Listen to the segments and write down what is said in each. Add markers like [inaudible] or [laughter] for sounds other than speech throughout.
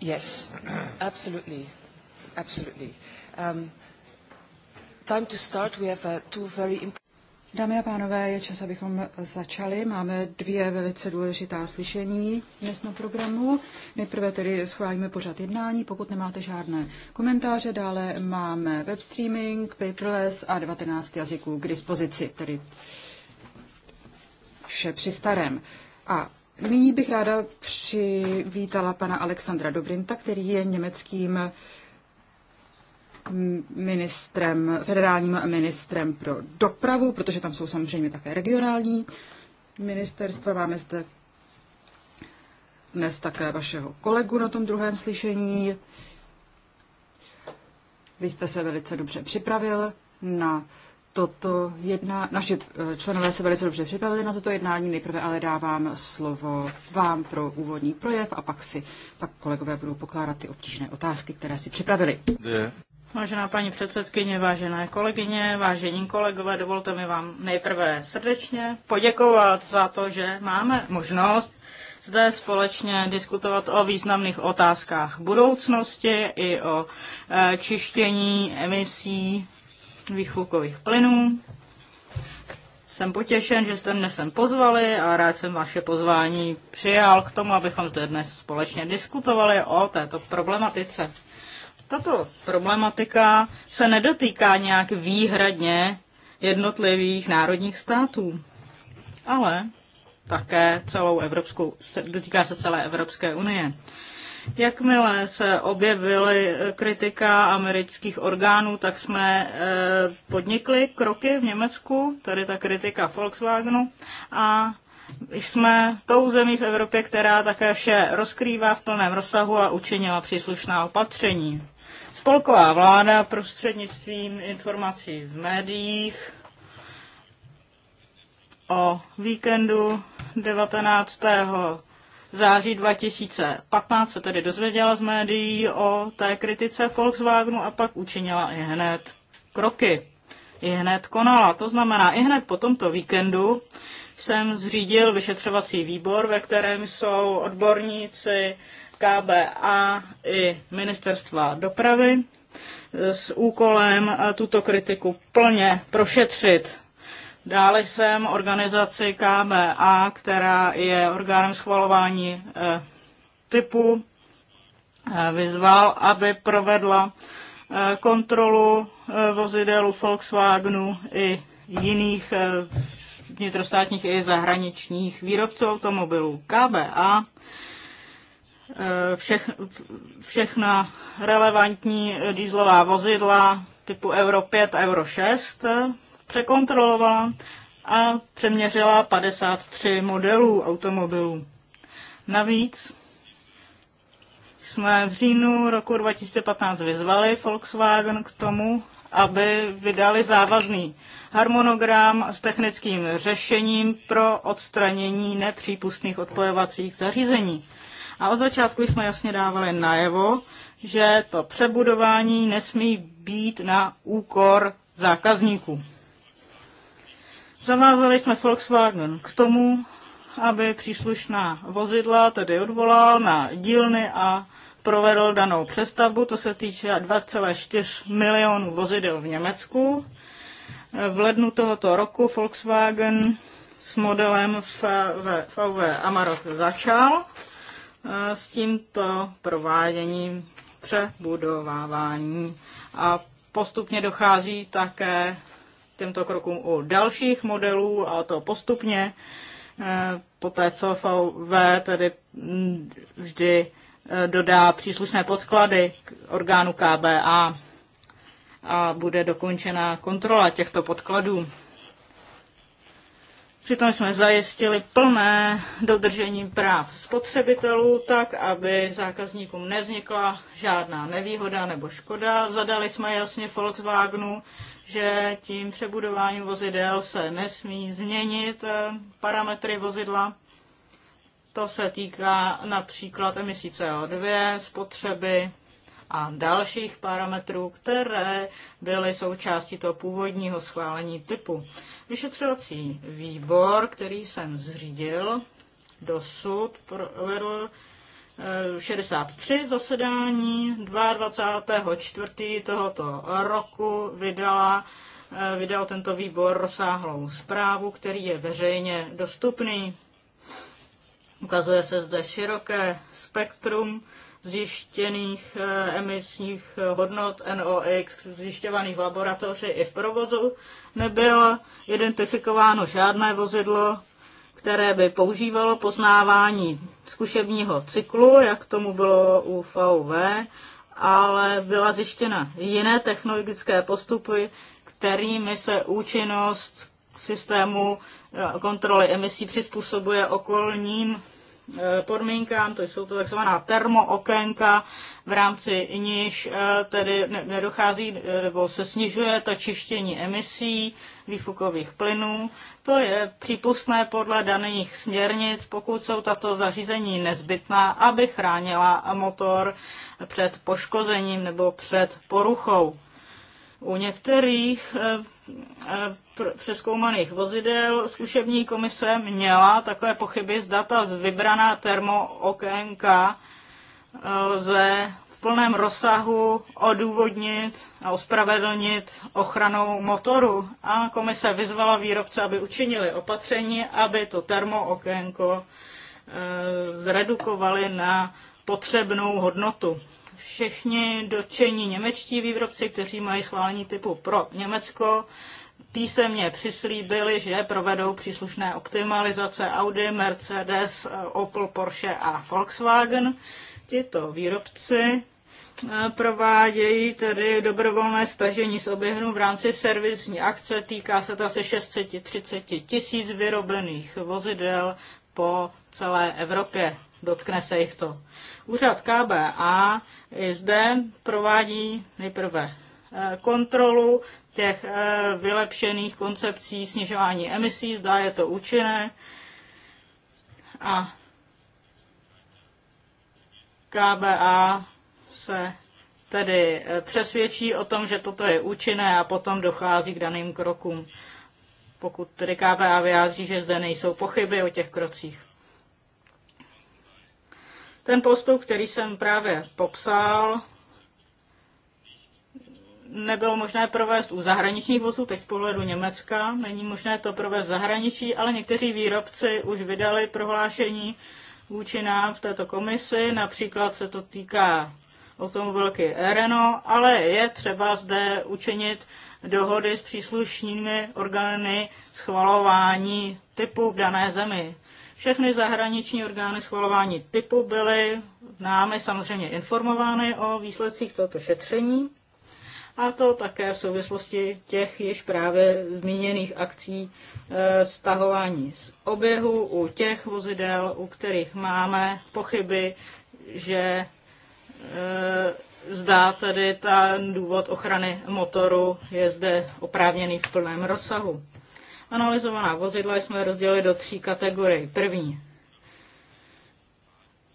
Yes, [clears throat] absolutely. Absolutely. Um, time to start. We have uh, two very important Dámy a pánové, je čas, abychom začali. Máme dvě velice důležitá slyšení dnes na programu. Nejprve tedy schválíme pořad jednání, pokud nemáte žádné komentáře. Dále máme web streaming, paperless a 19 jazyků k dispozici, tedy vše při starém. A Nyní bych ráda přivítala pana Alexandra Dobrinta, který je německým ministrem, federálním ministrem pro dopravu, protože tam jsou samozřejmě také regionální ministerstva. Máme zde dnes také vašeho kolegu na tom druhém slyšení. Vy jste se velice dobře připravil na toto jedna, naši eh, členové se velice dobře připravili na toto jednání. Nejprve ale dávám slovo vám pro úvodní projev a pak si pak kolegové budou pokládat ty obtížné otázky, které si připravili. Je. Vážená paní předsedkyně, vážené kolegyně, vážení kolegové, dovolte mi vám nejprve srdečně poděkovat za to, že máme možnost zde společně diskutovat o významných otázkách budoucnosti i o eh, čištění emisí výfukových plynů. Jsem potěšen, že jste mě sem pozvali a rád jsem vaše pozvání přijal k tomu, abychom zde dnes společně diskutovali o této problematice. Tato problematika se nedotýká nějak výhradně jednotlivých národních států, ale také celou Evropskou, dotýká se celé Evropské unie. Jakmile se objevily eh, kritika amerických orgánů, tak jsme eh, podnikli kroky v Německu, tady ta kritika Volkswagenu a jsme tou zemí v Evropě, která také vše rozkrývá v plném rozsahu a učinila příslušná opatření. Spolková vláda prostřednictvím informací v médiích o víkendu 19 září 2015 se tedy dozvěděla z médií o té kritice Volkswagenu a pak učinila i hned kroky. I hned konala. To znamená, i hned po tomto víkendu jsem zřídil vyšetřovací výbor, ve kterém jsou odborníci KBA i ministerstva dopravy s úkolem tuto kritiku plně prošetřit. Dále jsem organizaci KBA, která je orgánem schvalování eh, typu, eh, vyzval, aby provedla eh, kontrolu vozidelů Volkswagenu i jiných vnitrostátních i zahraničních výrobců automobilů KBA. Všech, všechna relevantní dýzlová vozidla typu Euro 5, Euro 6 překontrolovala a přeměřila 53 modelů automobilů. Navíc jsme v říjnu roku 2015 vyzvali Volkswagen k tomu, aby vydali závazný harmonogram s technickým řešením pro odstranění nepřípustných odpojovacích zařízení. A od začátku jsme jasně dávali najevo, že to přebudování nesmí být na úkor zákazníků. Zavázali jsme Volkswagen k tomu, aby příslušná vozidla tedy odvolal na dílny a provedl danou přestavbu. To se týče 2,4 milionů vozidel v Německu. V lednu tohoto roku Volkswagen s modelem VW Amarok začal eh, s tímto prováděním přebudovávání a postupně dochází také těmto krokům u dalších modelů a to postupně, e, poté co VV tedy vždy e, dodá příslušné podklady k orgánu KBA a bude dokončena kontrola těchto podkladů. Přitom jsme zajistili plné dodržení práv spotřebitelů tak, aby zákazníkům nevznikla žádná nevýhoda nebo škoda. Zadali jsme jasně Volkswagenu, že tím přebudováním vozidel se nesmí změnit eh, parametry vozidla. To se týká například emisí CO2, spotřeby a dalších parametrů, které byly součástí toho původního schválení typu. Vyšetřovací výbor, který jsem zřídil, dosud provedl 63 eh, zasedání, 22. 4. tohoto roku vydala, eh, vydal tento výbor rozsáhlou zprávu, který je veřejně dostupný. Ukazuje se zde široké spektrum zjištěných eh, emisních hodnot NOx zjišťovaných v laboratoři i v provozu nebylo identifikováno žádné vozidlo, které by používalo poznávání zkušebního cyklu, jak tomu bylo u VV, ale byla zjištěna jiné technologické postupy, kterými se účinnost systému eh, kontroly emisí přizpůsobuje okolním Eh, podmínkám, to jsou to takzvaná termookénka, v rámci níž eh, tedy nedochází eh, nebo se snižuje to čištění emisí výfukových plynů. To je přípustné podle daných směrnic, pokud jsou tato zařízení nezbytná, aby chránila motor před poškozením nebo před poruchou. U některých eh, eh, přeskoumaných vozidel zkušební komise měla takové pochyby z data z vybraná termookénka eh, lze v plném rozsahu odůvodnit a ospravedlnit ochranou motoru a komise vyzvala výrobce, aby učinili opatření, aby to termookénko zredukovali na potřebnou hodnotu všichni dočení němečtí výrobci, kteří mají schválení typu pro Německo, písemně přislíbili, že provedou příslušné optimalizace Audi, Mercedes, Opel, Porsche a Volkswagen. Tito výrobci eh, provádějí tedy dobrovolné stažení z oběhnu v rámci servisní akce. Týká se to asi 630 tisíc vyrobených vozidel po celé Evropě dotkne se jich to. Úřad KBA i zde provádí nejprve eh, kontrolu těch eh, vylepšených koncepcí snižování emisí, zda je to účinné. A KBA se tedy eh, přesvědčí o tom, že toto je účinné a potom dochází k daným krokům. Pokud tedy KBA vyjádří, že zde nejsou pochyby o těch krocích. Ten postup, který jsem právě popsal, nebylo možné provést u zahraničních vozů, teď z pohledu Německa, není možné to provést v zahraničí, ale někteří výrobci už vydali prohlášení vůči nám v této komisi, například se to týká automobilky Renault, ale je třeba zde učinit dohody s příslušnými orgány schvalování typu v dané zemi. Všechny zahraniční orgány schvalování typu byly námi samozřejmě informovány o výsledcích tohoto šetření a to také v souvislosti těch již právě zmíněných akcí e, stahování z oběhu u těch vozidel, u kterých máme pochyby, že e, zdá tedy ten důvod ochrany motoru je zde oprávněný v plném rozsahu. Analyzovaná vozidla jsme rozdělili do tří kategorií. První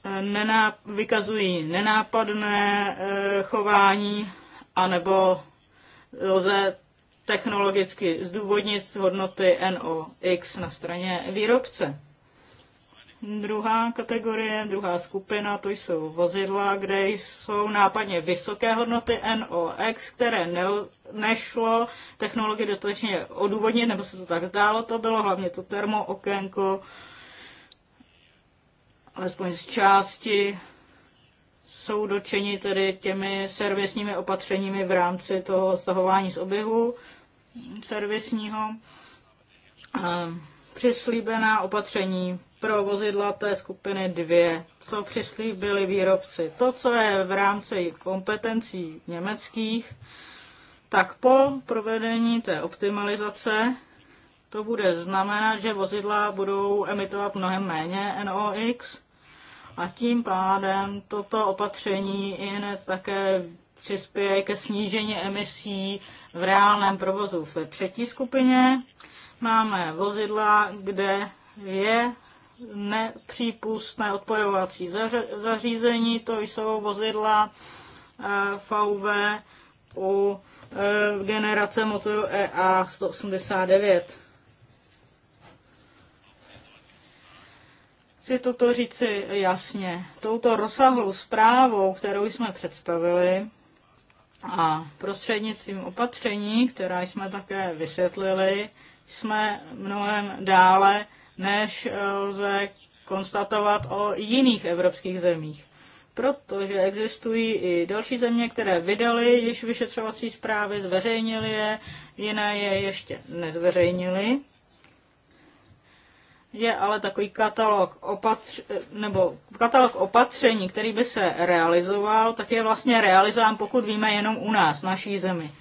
e, nená, vykazují nenápadné e, chování, anebo lze technologicky zdůvodnit hodnoty NOx na straně výrobce. Druhá kategorie, druhá skupina, to jsou vozidla, kde jsou nápadně vysoké hodnoty NOx, které ne, nešlo technologii dostatečně odůvodnit, nebo se to tak zdálo, to bylo hlavně to termookénko, alespoň z části jsou dočeni tedy těmi servisními opatřeními v rámci toho stahování z oběhu servisního. Přislíbená opatření pro vozidla té skupiny dvě, co přislíbili výrobci. To, co je v rámci kompetencí německých, tak po provedení té optimalizace to bude znamenat, že vozidla budou emitovat mnohem méně NOx a tím pádem toto opatření i hned také přispěje ke snížení emisí v reálném provozu. Ve třetí skupině máme vozidla, kde je nepřípustné odpojovací zařízení, to jsou vozidla VV eh, u eh, generace motoru EA 189. Chci toto říci jasně. Touto rozsáhlou zprávou, kterou jsme představili, a prostřednictvím opatření, která jsme také vysvětlili, jsme mnohem dále než eh, lze konstatovat o jiných evropských zemích. Protože existují i další země, které vydali již vyšetřovací zprávy, zveřejnili je, jiné je ještě nezveřejnili. Je ale takový katalog, opatř, nebo katalog opatření, který by se realizoval, tak je vlastně realizován, pokud víme, jenom u nás, naší zemi.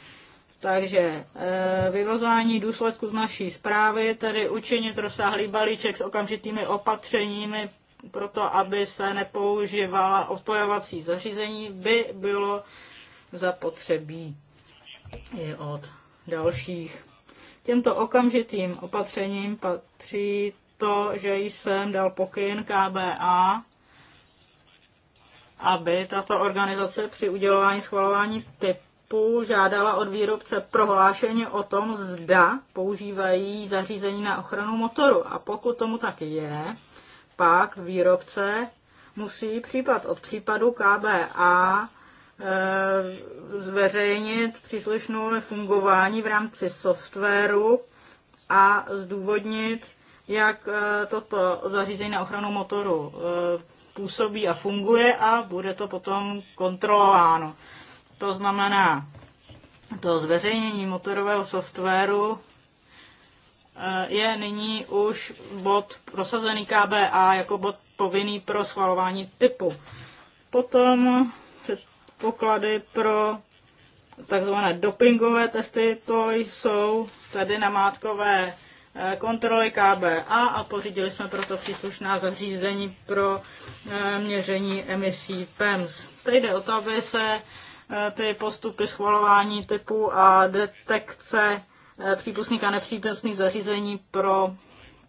Takže eh, vyvozování důsledku z naší zprávy, tedy učinit rozsáhlý balíček s okamžitými opatřeními pro to, aby se nepoužívala odpojovací zařízení, by bylo zapotřebí i od dalších. Těmto okamžitým opatřením patří to, že jsem dal pokyn KBA, aby tato organizace při udělování schvalování typ EPU žádala od výrobce prohlášení o tom, zda používají zařízení na ochranu motoru. A pokud tomu tak je, pak výrobce musí případ od případu KBA eh, zveřejnit příslušnou fungování v rámci softwaru a zdůvodnit, jak eh, toto zařízení na ochranu motoru eh, působí a funguje a bude to potom kontrolováno. To znamená, to zveřejnění motorového softwaru eh, je nyní už bod prosazený KBA jako bod povinný pro schvalování typu. Potom předpoklady pro takzvané dopingové testy, to jsou tady namátkové eh, kontroly KBA a pořídili jsme proto příslušná zařízení pro eh, měření emisí PEMS. Teď jde o to, aby se Eh, ty postupy schvalování typu a detekce eh, přípustných a nepřípustných zařízení pro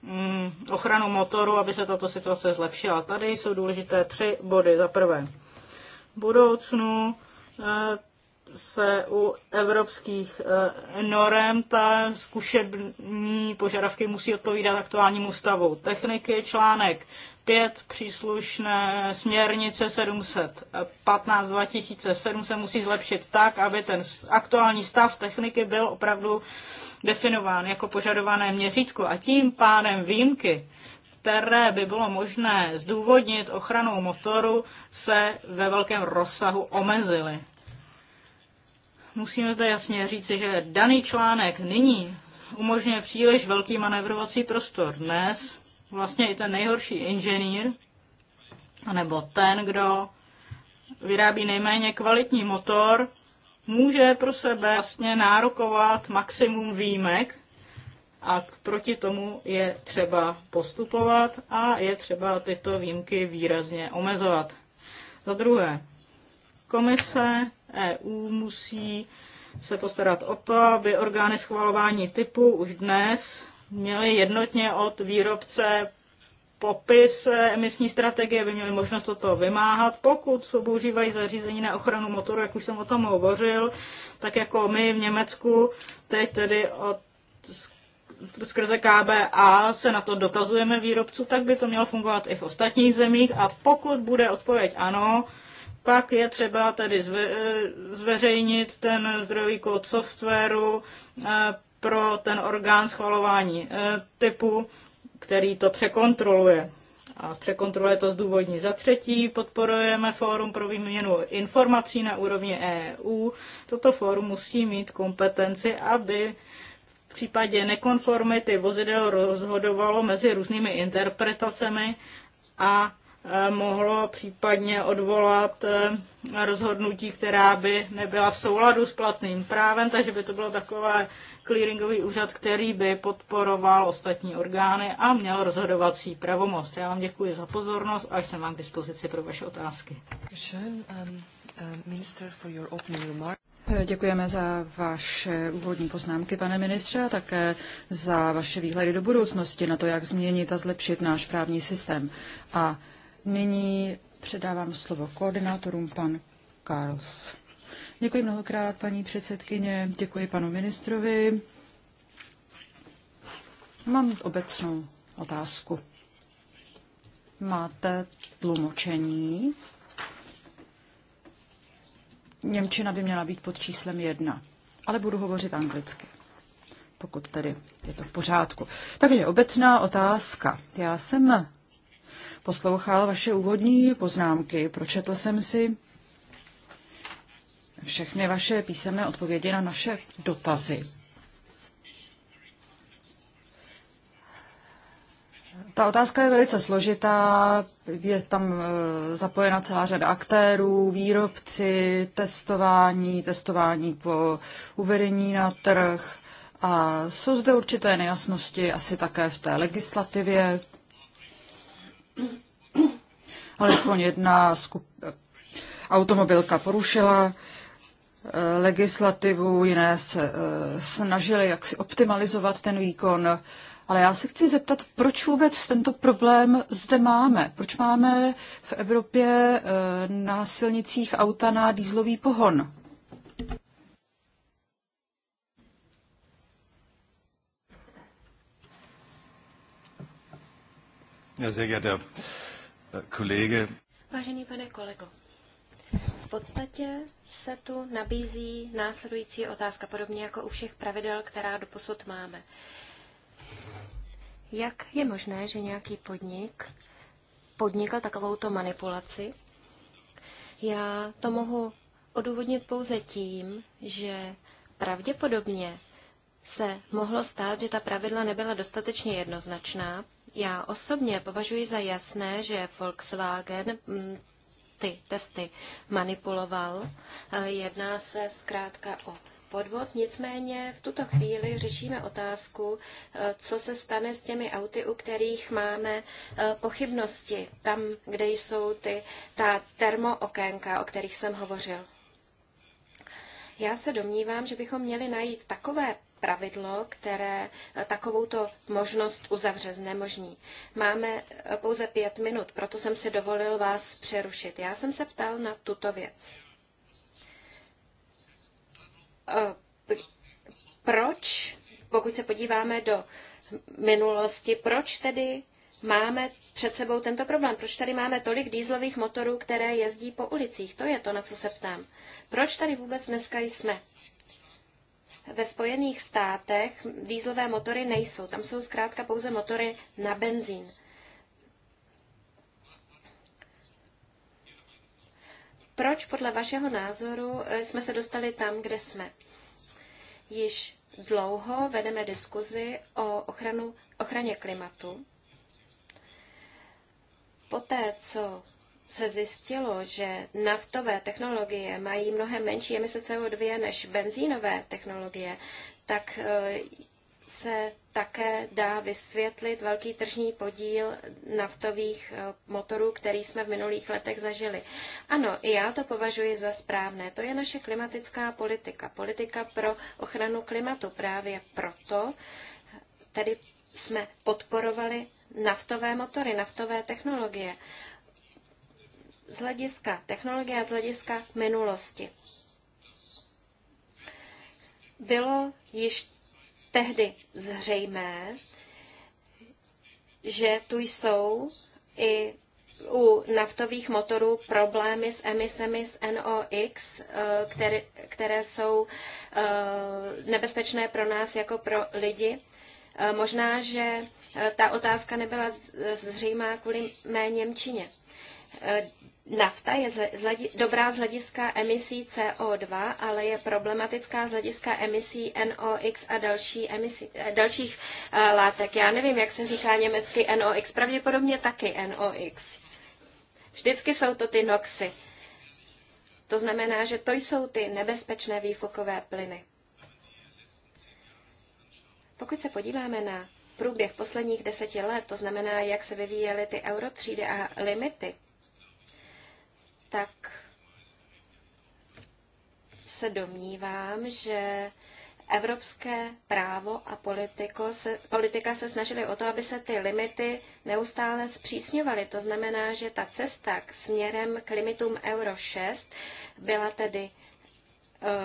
mm, ochranu motoru, aby se tato situace zlepšila. Tady jsou důležité tři body. Za prvé, v budoucnu eh, se u evropských norem ta zkušební požadavky musí odpovídat aktuálnímu stavu. Techniky článek 5 příslušné směrnice 715-2007 se musí zlepšit tak, aby ten aktuální stav techniky byl opravdu definován jako požadované měřítko a tím pádem výjimky, které by bylo možné zdůvodnit ochranou motoru, se ve velkém rozsahu omezily. Musíme zde jasně říci, že daný článek nyní umožňuje příliš velký manevrovací prostor. Dnes vlastně i ten nejhorší inženýr, nebo ten, kdo vyrábí nejméně kvalitní motor, může pro sebe vlastně nárokovat maximum výjimek a proti tomu je třeba postupovat a je třeba tyto výjimky výrazně omezovat. Za druhé, komise EU musí se postarat o to, aby orgány schvalování typu už dnes měli jednotně od výrobce popis emisní strategie, by měli možnost toto vymáhat, pokud používají zařízení na ochranu motoru, jak už jsem o tom hovořil, tak jako my v Německu, teď tedy od, skrze KBA se na to dotazujeme výrobců, tak by to mělo fungovat i v ostatních zemích a pokud bude odpověď ano, pak je třeba tedy zve, eh, zveřejnit ten zdrojový kód softwaru, eh, pro ten orgán schvalování eh, typu, který to překontroluje. A překontroluje to zdůvodní. Za třetí podporujeme fórum pro výměnu informací na úrovni EU. Toto fórum musí mít kompetenci, aby v případě nekonformity vozidel rozhodovalo mezi různými interpretacemi a eh, mohlo případně odvolat eh, rozhodnutí, která by nebyla v souladu s platným právem, takže by to bylo takové clearingový úřad, který by podporoval ostatní orgány a měl rozhodovací pravomoc. Já vám děkuji za pozornost a jsem vám k dispozici pro vaše otázky. Um, uh, Děkujeme za vaše úvodní poznámky, pane ministře, a také za vaše výhledy do budoucnosti na to, jak změnit a zlepšit náš právní systém. A Nyní předávám slovo koordinátorům pan Karls. Děkuji mnohokrát, paní předsedkyně, děkuji panu ministrovi. Mám obecnou otázku. Máte tlumočení? Němčina by měla být pod číslem jedna, ale budu hovořit anglicky, pokud tedy je to v pořádku. Takže obecná otázka. Já jsem poslouchal vaše úvodní poznámky, pročetl jsem si všechny vaše písemné odpovědi na naše dotazy. Ta otázka je velice složitá, je tam e, zapojena celá řada aktérů, výrobci, testování, testování po uvedení na trh a jsou zde určité nejasnosti asi také v té legislativě alespoň jedna skup, automobilka porušila eh, legislativu, jiné se eh, snažily jaksi optimalizovat ten výkon. Ale já se chci zeptat, proč vůbec tento problém zde máme? Proč máme v Evropě eh, na silnicích auta na dýzlový pohon? Sehr geehrter äh, Kollege. Vážený pane kolego, v podstatě se tu nabízí následující otázka, podobně jako u všech pravidel, která doposud máme. Jak je možné, že nějaký podnik podnikl takovouto manipulaci? Já to mohu odůvodnit pouze tím, že pravděpodobně se mohlo stát, že ta pravidla nebyla dostatečně jednoznačná já osobně považuji za jasné, že Volkswagen mm, ty testy manipuloval. E, jedná se zkrátka o podvod, nicméně v tuto chvíli řešíme otázku, e, co se stane s těmi auty, u kterých máme e, pochybnosti, tam, kde jsou ty, ta termookénka, o kterých jsem hovořil. Já se domnívám, že bychom měli najít takové pravidlo, které eh, takovouto možnost uzavře znemožní. Máme eh, pouze pět minut, proto jsem si dovolil vás přerušit. Já jsem se ptal na tuto věc. Eh, proč, pokud se podíváme do minulosti, proč tedy máme před sebou tento problém? Proč tady máme tolik dýzlových motorů, které jezdí po ulicích? To je to, na co se ptám. Proč tady vůbec dneska jsme? ve Spojených státech dýzlové motory nejsou. Tam jsou zkrátka pouze motory na benzín. Proč podle vašeho názoru jsme se dostali tam, kde jsme? Již dlouho vedeme diskuzi o ochranu, ochraně klimatu. Poté, co se zjistilo, že naftové technologie mají mnohem menší emise CO2 než benzínové technologie, tak e, se také dá vysvětlit velký tržní podíl naftových e, motorů, který jsme v minulých letech zažili. Ano, i já to považuji za správné. To je naše klimatická politika. Politika pro ochranu klimatu. Právě proto tedy jsme podporovali naftové motory, naftové technologie z hlediska technologie a z hlediska minulosti. Bylo již tehdy zřejmé, že tu jsou i u naftových motorů problémy s emisemi z NOx, eh, které, které jsou eh, nebezpečné pro nás jako pro lidi. Eh, možná, že ta otázka nebyla zřejmá kvůli mé Němčině. Nafta je zledi- dobrá z hlediska emisí CO2, ale je problematická z hlediska emisí NOx a další emisí, eh, dalších eh, látek. Já nevím, jak se říká německy NOx, pravděpodobně taky NOx. Vždycky jsou to ty noxy. To znamená, že to jsou ty nebezpečné výfukové plyny. Pokud se podíváme na průběh posledních deseti let, to znamená, jak se vyvíjely ty eurotřídy a limity, tak se domnívám, že evropské právo a politiko se, politika se snažili o to, aby se ty limity neustále zpřísňovaly. To znamená, že ta cesta k směrem k limitům Euro 6 byla tedy e,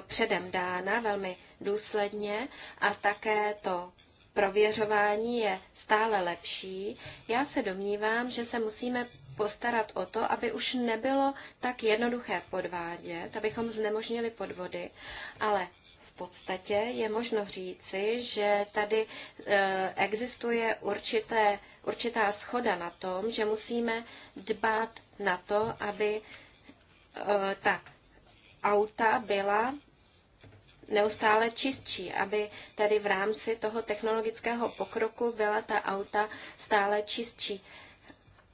předem dána velmi důsledně a také to prověřování je stále lepší. Já se domnívám, že se musíme postarat o to, aby už nebylo tak jednoduché podvádět, abychom znemožnili podvody, ale v podstatě je možno říci, že tady e, existuje určité, určitá schoda na tom, že musíme dbát na to, aby e, ta auta byla neustále čistší, aby tedy v rámci toho technologického pokroku byla ta auta stále čistší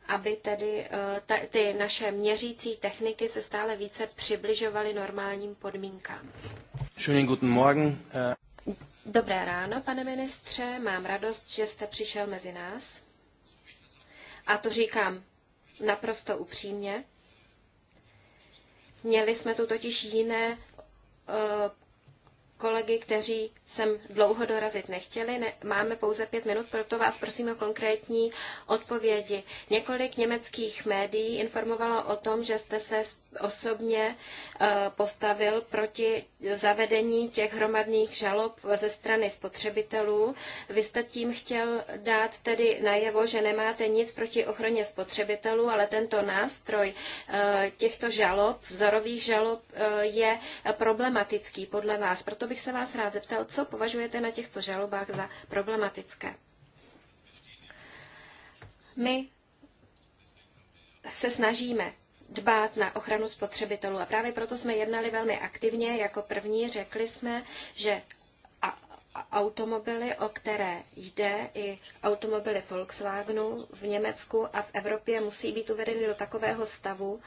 aby tedy eh, ty naše měřící techniky se stále více přibližovaly normálním podmínkám. Schönen guten Morgen. Dobré ráno, pane ministře. Mám radost, že jste přišel mezi nás. A to říkám naprosto upřímně. Měli jsme tu totiž jiné eh, kolegy, kteří sem dlouho dorazit nechtěli. Ne, máme pouze pět minut, proto vás prosím o konkrétní odpovědi. Několik německých médií informovalo o tom, že jste se osobně eh, postavil proti zavedení těch hromadných žalob ze strany spotřebitelů. Vy jste tím chtěl dát tedy najevo, že nemáte nic proti ochraně spotřebitelů, ale tento nástroj eh, těchto žalob, vzorových žalob, eh, je problematický podle vás. Proto bych se vás rád zeptal, co považujete na těchto žalobách za problematické. My se snažíme dbát na ochranu spotřebitelů a právě proto jsme jednali velmi aktivně. Jako první řekli jsme, že automobily, o které jde, i automobily Volkswagenu v Německu a v Evropě musí být uvedeny do takového stavu,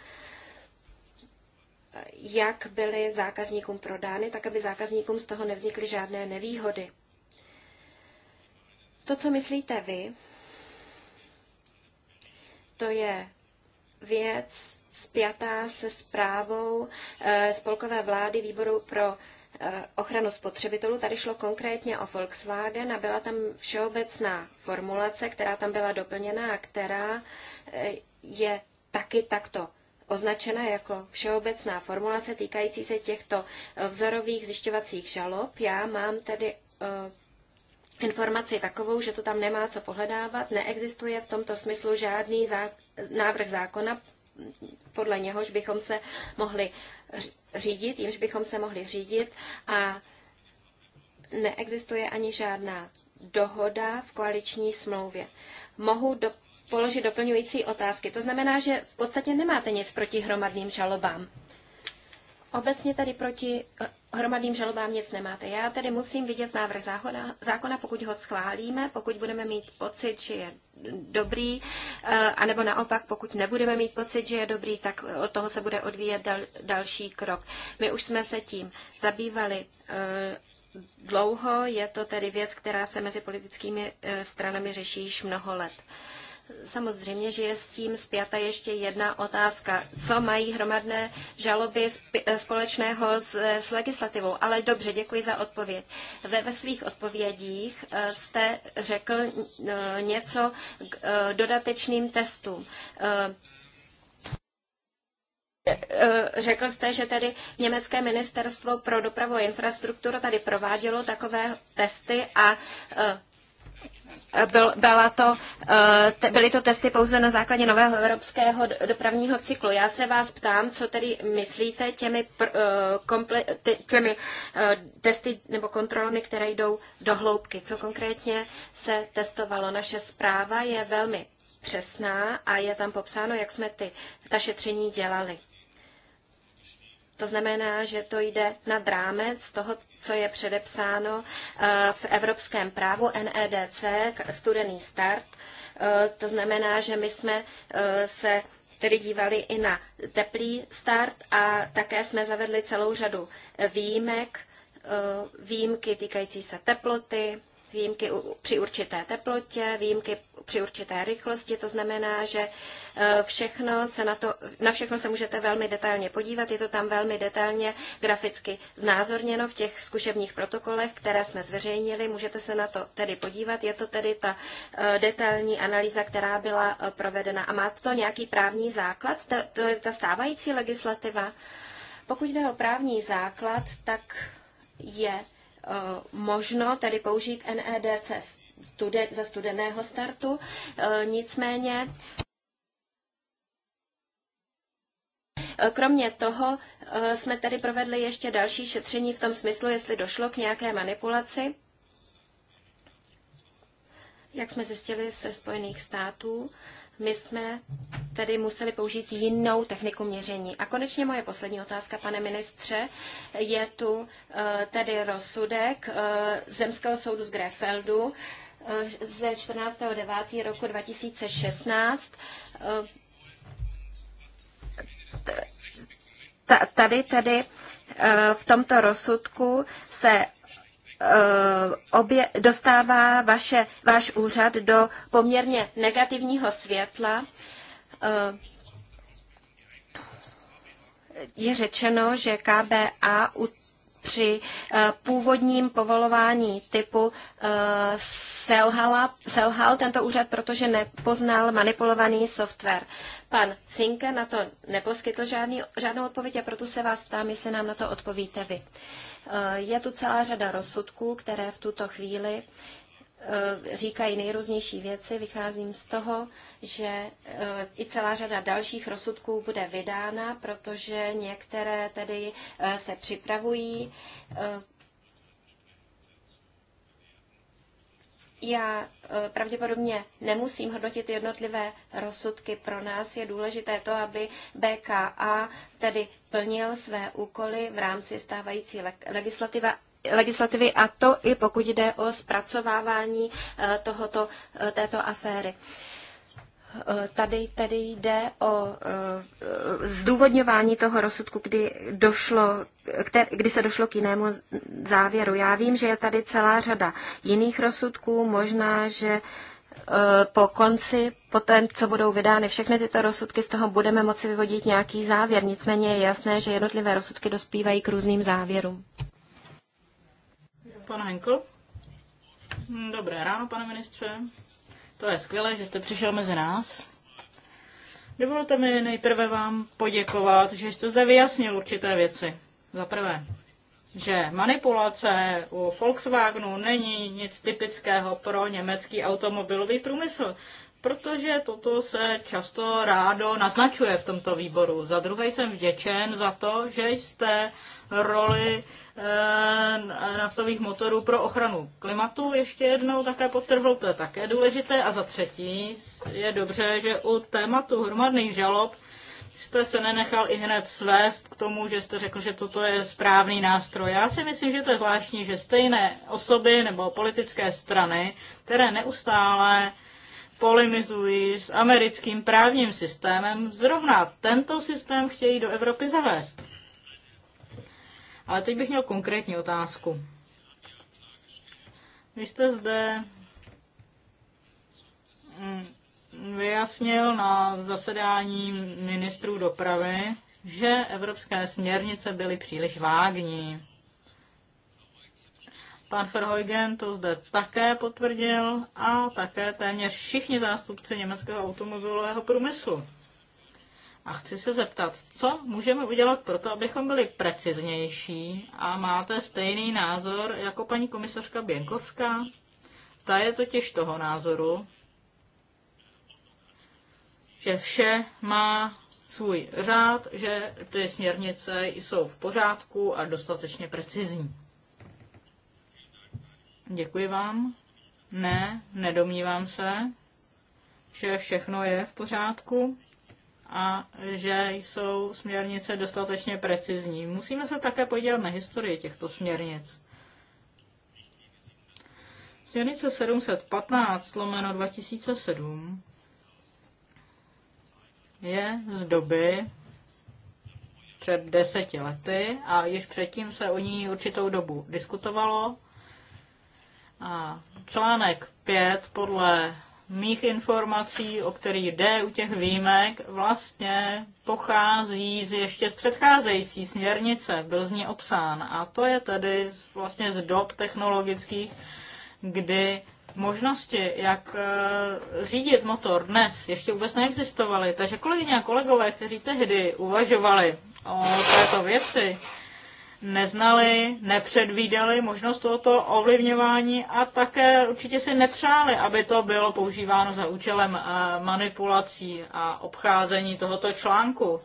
jak byly zákazníkům prodány, tak aby zákazníkům z toho nevznikly žádné nevýhody. To, co myslíte vy, to je věc spjatá se zprávou eh, spolkové vlády výboru pro eh, ochranu spotřebitelů. Tady šlo konkrétně o Volkswagen a byla tam všeobecná formulace, která tam byla doplněna a která eh, je taky takto označena jako všeobecná formulace týkající se těchto eh, vzorových zjišťovacích žalob. Já mám tedy eh, informaci takovou, že to tam nemá co pohledávat. Neexistuje v tomto smyslu žádný návrh zákona, podle něhož bychom se mohli řídit, jimž bychom se mohli řídit a neexistuje ani žádná dohoda v koaliční smlouvě. Mohu do, položit doplňující otázky. To znamená, že v podstatě nemáte nic proti hromadným žalobám. Obecně tady proti eh, hromadným žalobám nic nemáte. Já tedy musím vidět návrh zákona, zákona, pokud ho schválíme, pokud budeme mít pocit, že je dobrý, eh, anebo naopak, pokud nebudeme mít pocit, že je dobrý, tak od toho se bude odvíjet dal, další krok. My už jsme se tím zabývali eh, dlouho, je to tedy věc, která se mezi politickými stranami řeší již mnoho let. Samozřejmě, že je s tím zpěta ještě jedna otázka. Co mají hromadné žaloby eh, společného s, eh, s legislativou? Ale dobře, děkuji za odpověď. Ve, ve svých odpovědích eh, jste řekl něco k dodatečným testům. Řekl jste, že tedy německé ministerstvo pro dopravu a infrastrukturu tady provádělo takové testy a byl, byla to, eh, byly to testy pouze na základě nového evropského dopravního cyklu. Já se vás ptám, co tedy myslíte těmi, eh, komple, těmi eh, testy nebo kontrolami, které jdou do hloubky. Co konkrétně se testovalo? Naše zpráva je velmi přesná a je tam popsáno, jak jsme ty, ta šetření dělali. To znamená, že to jde nad rámec toho, co je předepsáno eh, v evropském právu NEDC, studený start. Eh, to znamená, že my jsme eh, se tedy dívali i na teplý start a také jsme zavedli celou řadu výjimek, výjimky týkající se teploty, výjimky při určité teplotě, výjimky při určité rychlosti, to znamená, že e, všechno se na, to, na všechno se můžete velmi detailně podívat, je to tam velmi detailně graficky znázorněno v těch zkušebních protokolech, které jsme zveřejnili, můžete se na to tedy podívat, je to tedy ta e, detailní analýza, která byla e, provedena a má to nějaký právní základ, to, to je ta stávající legislativa. Pokud jde o právní základ, tak je Eh, možno tedy použít NEDC studen, ze studeného startu. Eh, nicméně eh, Kromě toho jsme tady provedli ještě další šetření v tom smyslu, jestli došlo k nějaké manipulaci. Jak jsme zjistili ze Spojených států, my jsme tedy museli použít jinou techniku měření. A konečně moje poslední otázka, pane ministře, je tu eh, tedy rozsudek eh, Zemského soudu z Grefeldu eh, ze 14.9. roku 2016. Tady tedy v tomto rozsudku se Eh, obě, dostává vaše, váš úřad do poměrně negativního světla. Eh, je řečeno, že KBA u při eh, původním povolování typu selhala, selhal tento úřad, protože nepoznal manipulovaný software. Pan Cinke na to neposkytl žádný, žádnou odpověď a proto se vás ptám, jestli nám na to odpovíte vy. Uh, Eh, je tu celá řada rozsudků, které v tuto chvíli eh, říkají nejrůznější věci. Vycházím z toho, že eh, i celá řada dalších rozsudků bude vydána, protože některé tedy se připravují. Já pravděpodobně nemusím hodnotit jednotlivé rozsudky. Pro nás je důležité to, aby BKA tedy plnil své úkoly v rámci stávající legislativa, legislativy a to i pokud jde o zpracovávání eh, tohoto, eh, této aféry. Eh, tady tedy jde o zdůvodňování toho rozsudku, kdy, došlo, kdy se došlo k jinému závěru. Já vím, že je tady celá řada jiných rozsudků, možná, že Eh, po konci, po tom, co budou vydány všechny tyto rozsudky, z toho budeme moci vyvodit nějaký závěr. Nicméně je jasné, že jednotlivé rozsudky dospívají k různým závěrům. Pan Henkel? Hm, dobré ráno, pane ministře. To je skvělé, že jste přišel mezi nás. Dovolte mi nejprve vám poděkovat, že jste zde vyjasnil určité věci. Za prvé, že manipulace u Volkswagenu není nic typického pro německý automobilový průmysl, protože toto se často rádo naznačuje v tomto výboru. Za druhé jsem vděčen za to, že jste roli eh, naftových motorů pro ochranu klimatu. Ještě jednou také potrhl, to je také důležité. A za třetí je dobře, že u tématu hromadných žalob jste se nenechal i hned svést k tomu, že jste řekl, že toto je správný nástroj. Já si myslím, že to je zvláštní, že stejné osoby nebo politické strany, které neustále polemizují s americkým právním systémem, zrovna tento systém chtějí do Evropy zavést. Ale teď bych měl konkrétní otázku. Vy jste zde mm, vyjasnil na zasedání ministrů dopravy, že evropské směrnice byly příliš vágní. Pan Verheugen to zde také potvrdil a také téměř všichni zástupci německého automobilového průmyslu. A chci se zeptat, co můžeme udělat pro to, abychom byli preciznější a máte stejný názor jako paní komisařka Běnkovská? Ta je totiž toho názoru, že vše má svůj řád, že ty směrnice jsou v pořádku a dostatečně precizní. Děkuji vám. Ne, nedomnívám se, že všechno je v pořádku a že jsou směrnice dostatečně precizní. Musíme se také podívat na historii těchto směrnic. Směrnice 715 lomeno 2007 je z doby před deseti lety a již předtím se o ní určitou dobu diskutovalo. A článek 5 podle mých informací, o který jde u těch výjimek, vlastně pochází z ještě z předcházející směrnice, byl z ní obsán. A to je tedy vlastně z dob technologických, kdy možnosti, jak eh, řídit motor dnes, ještě vůbec neexistovaly. Takže kolegyně a kolegové, kteří tehdy uvažovali o této věci, neznali, nepředvídali možnost tohoto ovlivňování a také určitě si nepřáli, aby to bylo používáno za účelem eh, manipulací a obcházení tohoto článku.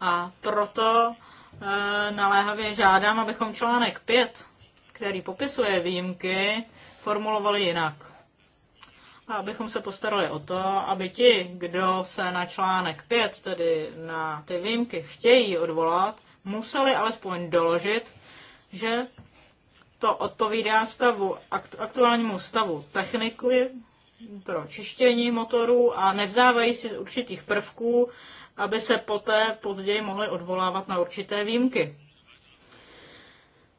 A proto eh, naléhavě žádám, abychom článek 5, který popisuje výjimky, formulovali jinak a abychom se postarali o to, aby ti, kdo se na článek 5, tedy na ty výjimky, chtějí odvolat, museli alespoň doložit, že to odpovídá stavu, aktuálnímu stavu techniky pro čištění motorů a nevzdávají si z určitých prvků, aby se poté později mohli odvolávat na určité výjimky.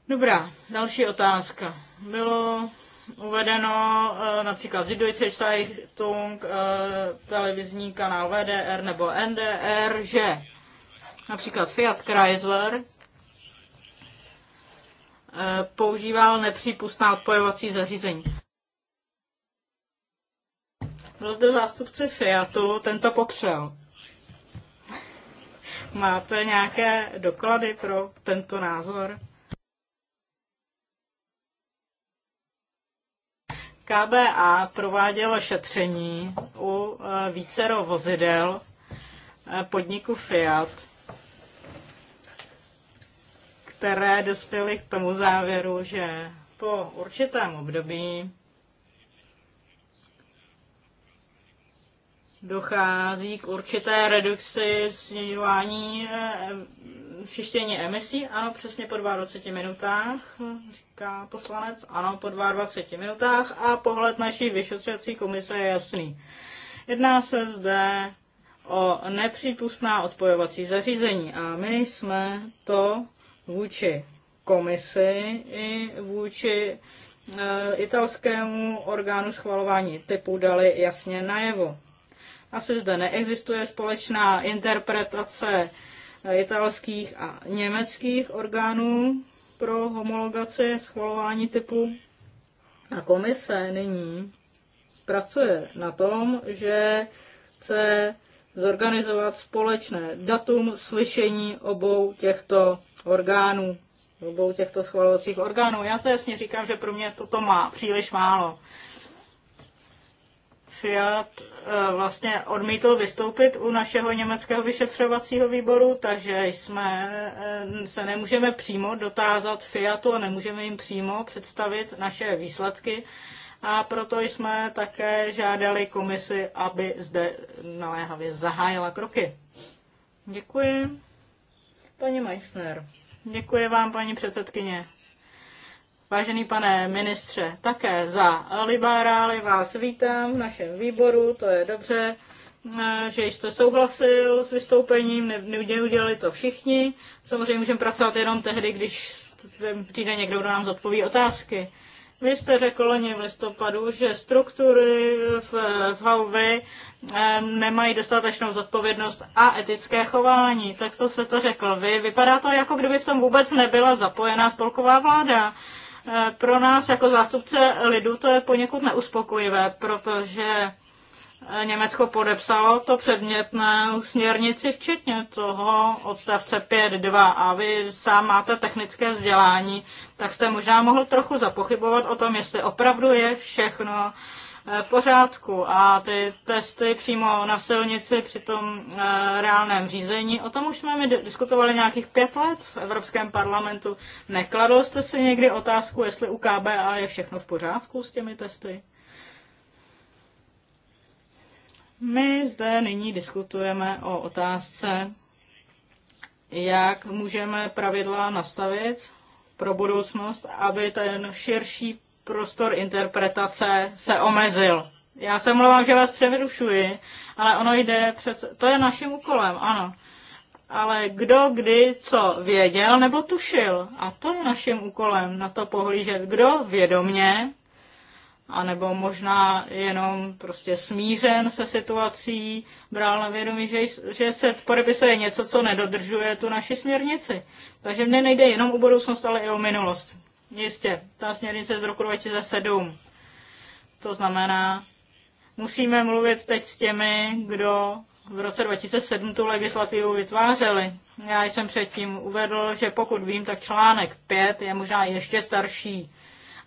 Dobrá, další otázka. Bylo uvedeno eh, například Süddeutsche Zeitung, eh, televizní kanál VDR nebo NDR, že například Fiat Chrysler eh, používal nepřípustná odpojovací zařízení. Byl zde zástupce Fiatu, ten to popřel. [laughs] Máte nějaké doklady pro tento názor? KBA provádělo šetření u e, vícero vozidel e, podniku Fiat, které dospěly k tomu závěru, že po určitém období dochází k určité redukci snižování e, čištění emisí, ano, přesně po 22 minutách, říká poslanec, ano, po 22 minutách a pohled naší vyšetřovací komise je jasný. Jedná se zde o nepřípustná odpojovací zařízení a my jsme to vůči komisi i vůči eh, italskému orgánu schvalování typu dali jasně najevo. Asi zde neexistuje společná interpretace italských a německých orgánů pro homologaci schvalování typu. A komise nyní pracuje na tom, že chce zorganizovat společné datum slyšení obou těchto orgánů, obou těchto schvalovacích orgánů. Já se jasně říkám, že pro mě toto má příliš málo. Fiat eh, vlastně odmítl vystoupit u našeho německého vyšetřovacího výboru, takže jsme eh, se nemůžeme přímo dotázat Fiatu a nemůžeme jim přímo představit naše výsledky. A proto jsme také žádali komisi, aby zde naléhavě zahájila kroky. Děkuji. Paní Meissner. Děkuji vám, paní předsedkyně. Vážený pane ministře, také za liberály vás vítám v našem výboru, to je dobře, eh, že jste souhlasil s vystoupením, neudělali to všichni. Samozřejmě můžeme pracovat jenom tehdy, když přijde někdo, kdo nám zodpoví otázky. Vy jste řekl loni v listopadu, že struktury v, v HV eh, nemají dostatečnou zodpovědnost a etické chování. Tak to se to řekl vy. Vypadá to, jako kdyby v tom vůbec nebyla zapojená spolková vláda. Pro nás jako zástupce lidu to je poněkud neuspokojivé, protože Německo podepsalo to předmětnou směrnici, včetně toho odstavce 5.2. A vy sám máte technické vzdělání, tak jste možná mohl trochu zapochybovat o tom, jestli opravdu je všechno v pořádku a ty testy přímo na silnici při tom eh, reálném řízení, o tom už jsme mi diskutovali nějakých pět let v Evropském parlamentu. Nekladl jste si někdy otázku, jestli u KBA je všechno v pořádku s těmi testy? My zde nyní diskutujeme o otázce, jak můžeme pravidla nastavit pro budoucnost, aby ten širší prostor interpretace se omezil. Já se mluvám, že vás přerušuji, ale ono jde přece, to je naším úkolem, ano. Ale kdo kdy co věděl nebo tušil, a to je naším úkolem na to pohlížet, kdo vědomně, anebo možná jenom prostě smířen se situací, bral na vědomí, že, že se podepisuje něco, co nedodržuje tu naši směrnici. Takže mně nejde jenom o budoucnost, ale i o minulost. Jistě, ta směrnice z roku 2007. To znamená, musíme mluvit teď s těmi, kdo v roce 2007 tu legislativu vytvářeli. Já jsem předtím uvedl, že pokud vím, tak článek 5 je možná ještě starší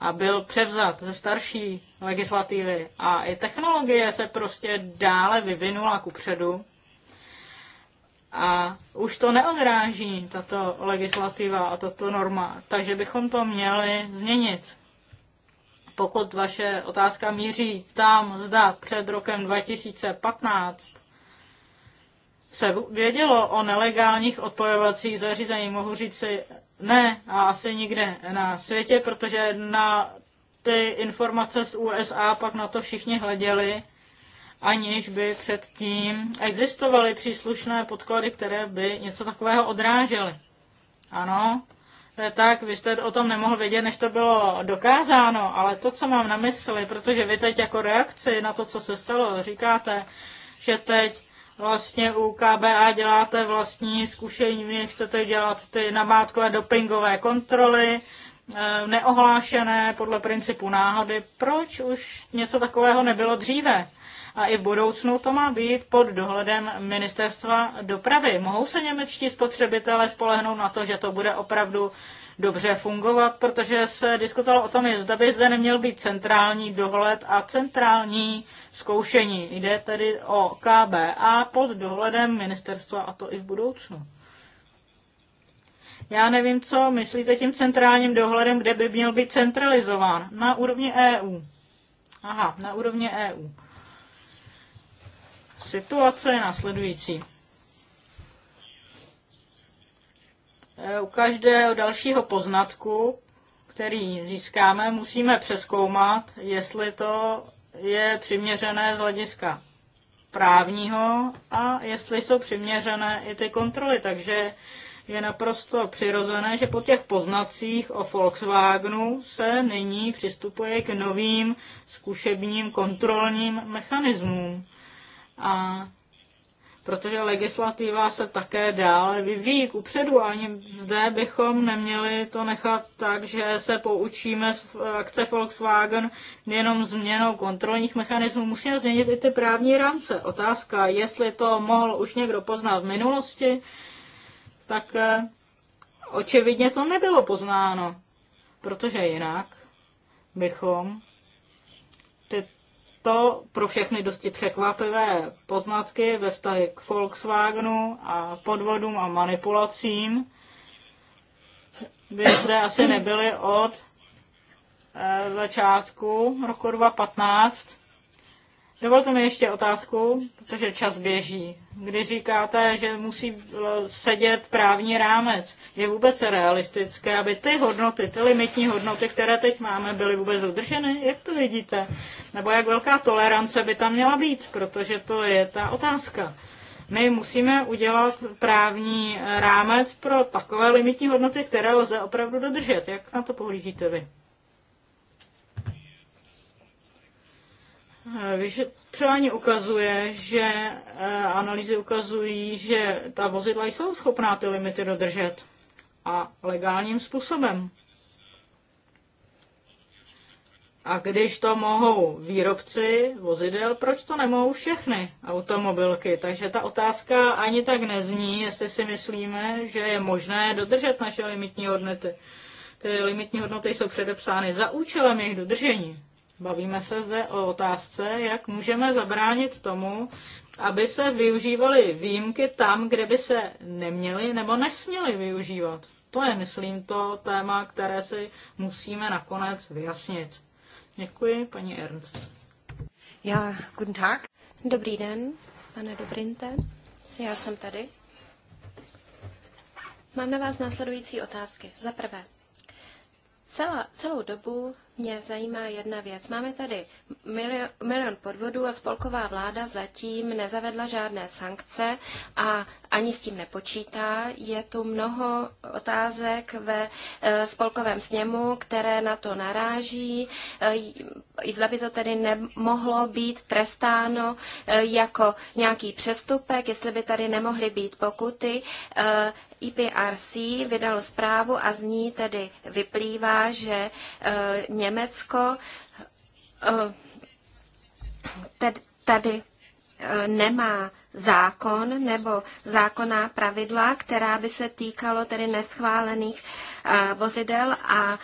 a byl převzat ze starší legislativy. A i technologie se prostě dále vyvinula ku předu. A už to neodráží tato legislativa a tato norma, takže bychom to měli změnit. Pokud vaše otázka míří tam, zda před rokem 2015 se vědělo o nelegálních odpojovacích zařízení, mohu říct si ne a asi nikde na světě, protože na ty informace z USA pak na to všichni hleděli aniž by předtím existovaly příslušné podklady, které by něco takového odrážely. Ano, tak vy jste o tom nemohl vědět, než to bylo dokázáno, ale to, co mám na mysli, protože vy teď jako reakci na to, co se stalo, říkáte, že teď vlastně u KBA děláte vlastní zkušení, chcete dělat ty namátkové dopingové kontroly, eh, neohlášené podle principu náhody. Proč už něco takového nebylo dříve? a i v budoucnu to má být pod dohledem ministerstva dopravy. Mohou se němečtí spotřebitelé spolehnout na to, že to bude opravdu dobře fungovat, protože se diskutovalo o tom, zda by zde neměl být centrální dohled a centrální zkoušení. Jde tedy o KBA pod dohledem ministerstva a to i v budoucnu. Já nevím, co myslíte tím centrálním dohledem, kde by měl být centralizován. Na úrovni EU. Aha, na úrovni EU. Situace je následující. E, u každého dalšího poznatku, který získáme, musíme přeskoumat, jestli to je přiměřené z hlediska právního a jestli jsou přiměřené i ty kontroly. Takže je naprosto přirozené, že po těch poznacích o Volkswagenu se nyní přistupuje k novým zkušebním kontrolním mechanismům a protože legislativa se také dále vyvíjí k upředu, ani zde bychom neměli to nechat tak, že se poučíme z akce Volkswagen jenom změnou kontrolních mechanismů. Musíme změnit i ty právní rámce. Otázka, jestli to mohl už někdo poznat v minulosti, tak eh, očividně to nebylo poznáno, protože jinak bychom to pro všechny dosti překvapivé poznatky ve vztahu k Volkswagenu a podvodům a manipulacím by zde asi nebyly od eh, začátku roku 2015 Dovolte mi ještě otázku, protože čas běží. Kdy říkáte, že musí eh, sedět právní rámec, je vůbec realistické, aby ty hodnoty, ty limitní hodnoty, které teď máme, byly vůbec dodrženy? Jak to vidíte? Nebo jak velká tolerance by tam měla být? Protože to je ta otázka. My musíme udělat právní eh, rámec pro takové limitní hodnoty, které lze opravdu dodržet. Jak na to pohlížíte vy? Vyšetřování ukazuje, že eh, analýzy ukazují, že ta vozidla jsou schopná ty limity dodržet a legálním způsobem. A když to mohou výrobci vozidel, proč to nemohou všechny automobilky? Takže ta otázka ani tak nezní, jestli si myslíme, že je možné dodržet naše limitní hodnoty. Ty limitní hodnoty jsou předepsány za účelem jejich dodržení. Bavíme se zde o otázce, jak můžeme zabránit tomu, aby se využívaly výjimky tam, kde by se neměly nebo nesměly využívat. To je, myslím, to téma, které si musíme nakonec vyjasnit. Děkuji, paní Ernst. Já, guten Tag. Dobrý den, pane Dobrinte. Já jsem tady. Mám na vás následující otázky. Za prvé, celá, celou dobu mě zajímá jedna věc. Máme tady milion, milion podvodů a spolková vláda zatím nezavedla žádné sankce a ani s tím nepočítá. Je tu mnoho otázek ve eh, spolkovém sněmu, které na to naráží. Eh, zda by to tedy nemohlo být trestáno eh, jako nějaký přestupek, jestli by tady nemohly být pokuty. IPRC vydal zprávu a z ní tedy vyplývá, že Německo eh, tady eh, nemá zákon nebo zákonná pravidla, která by se týkalo tedy neschválených eh, vozidel a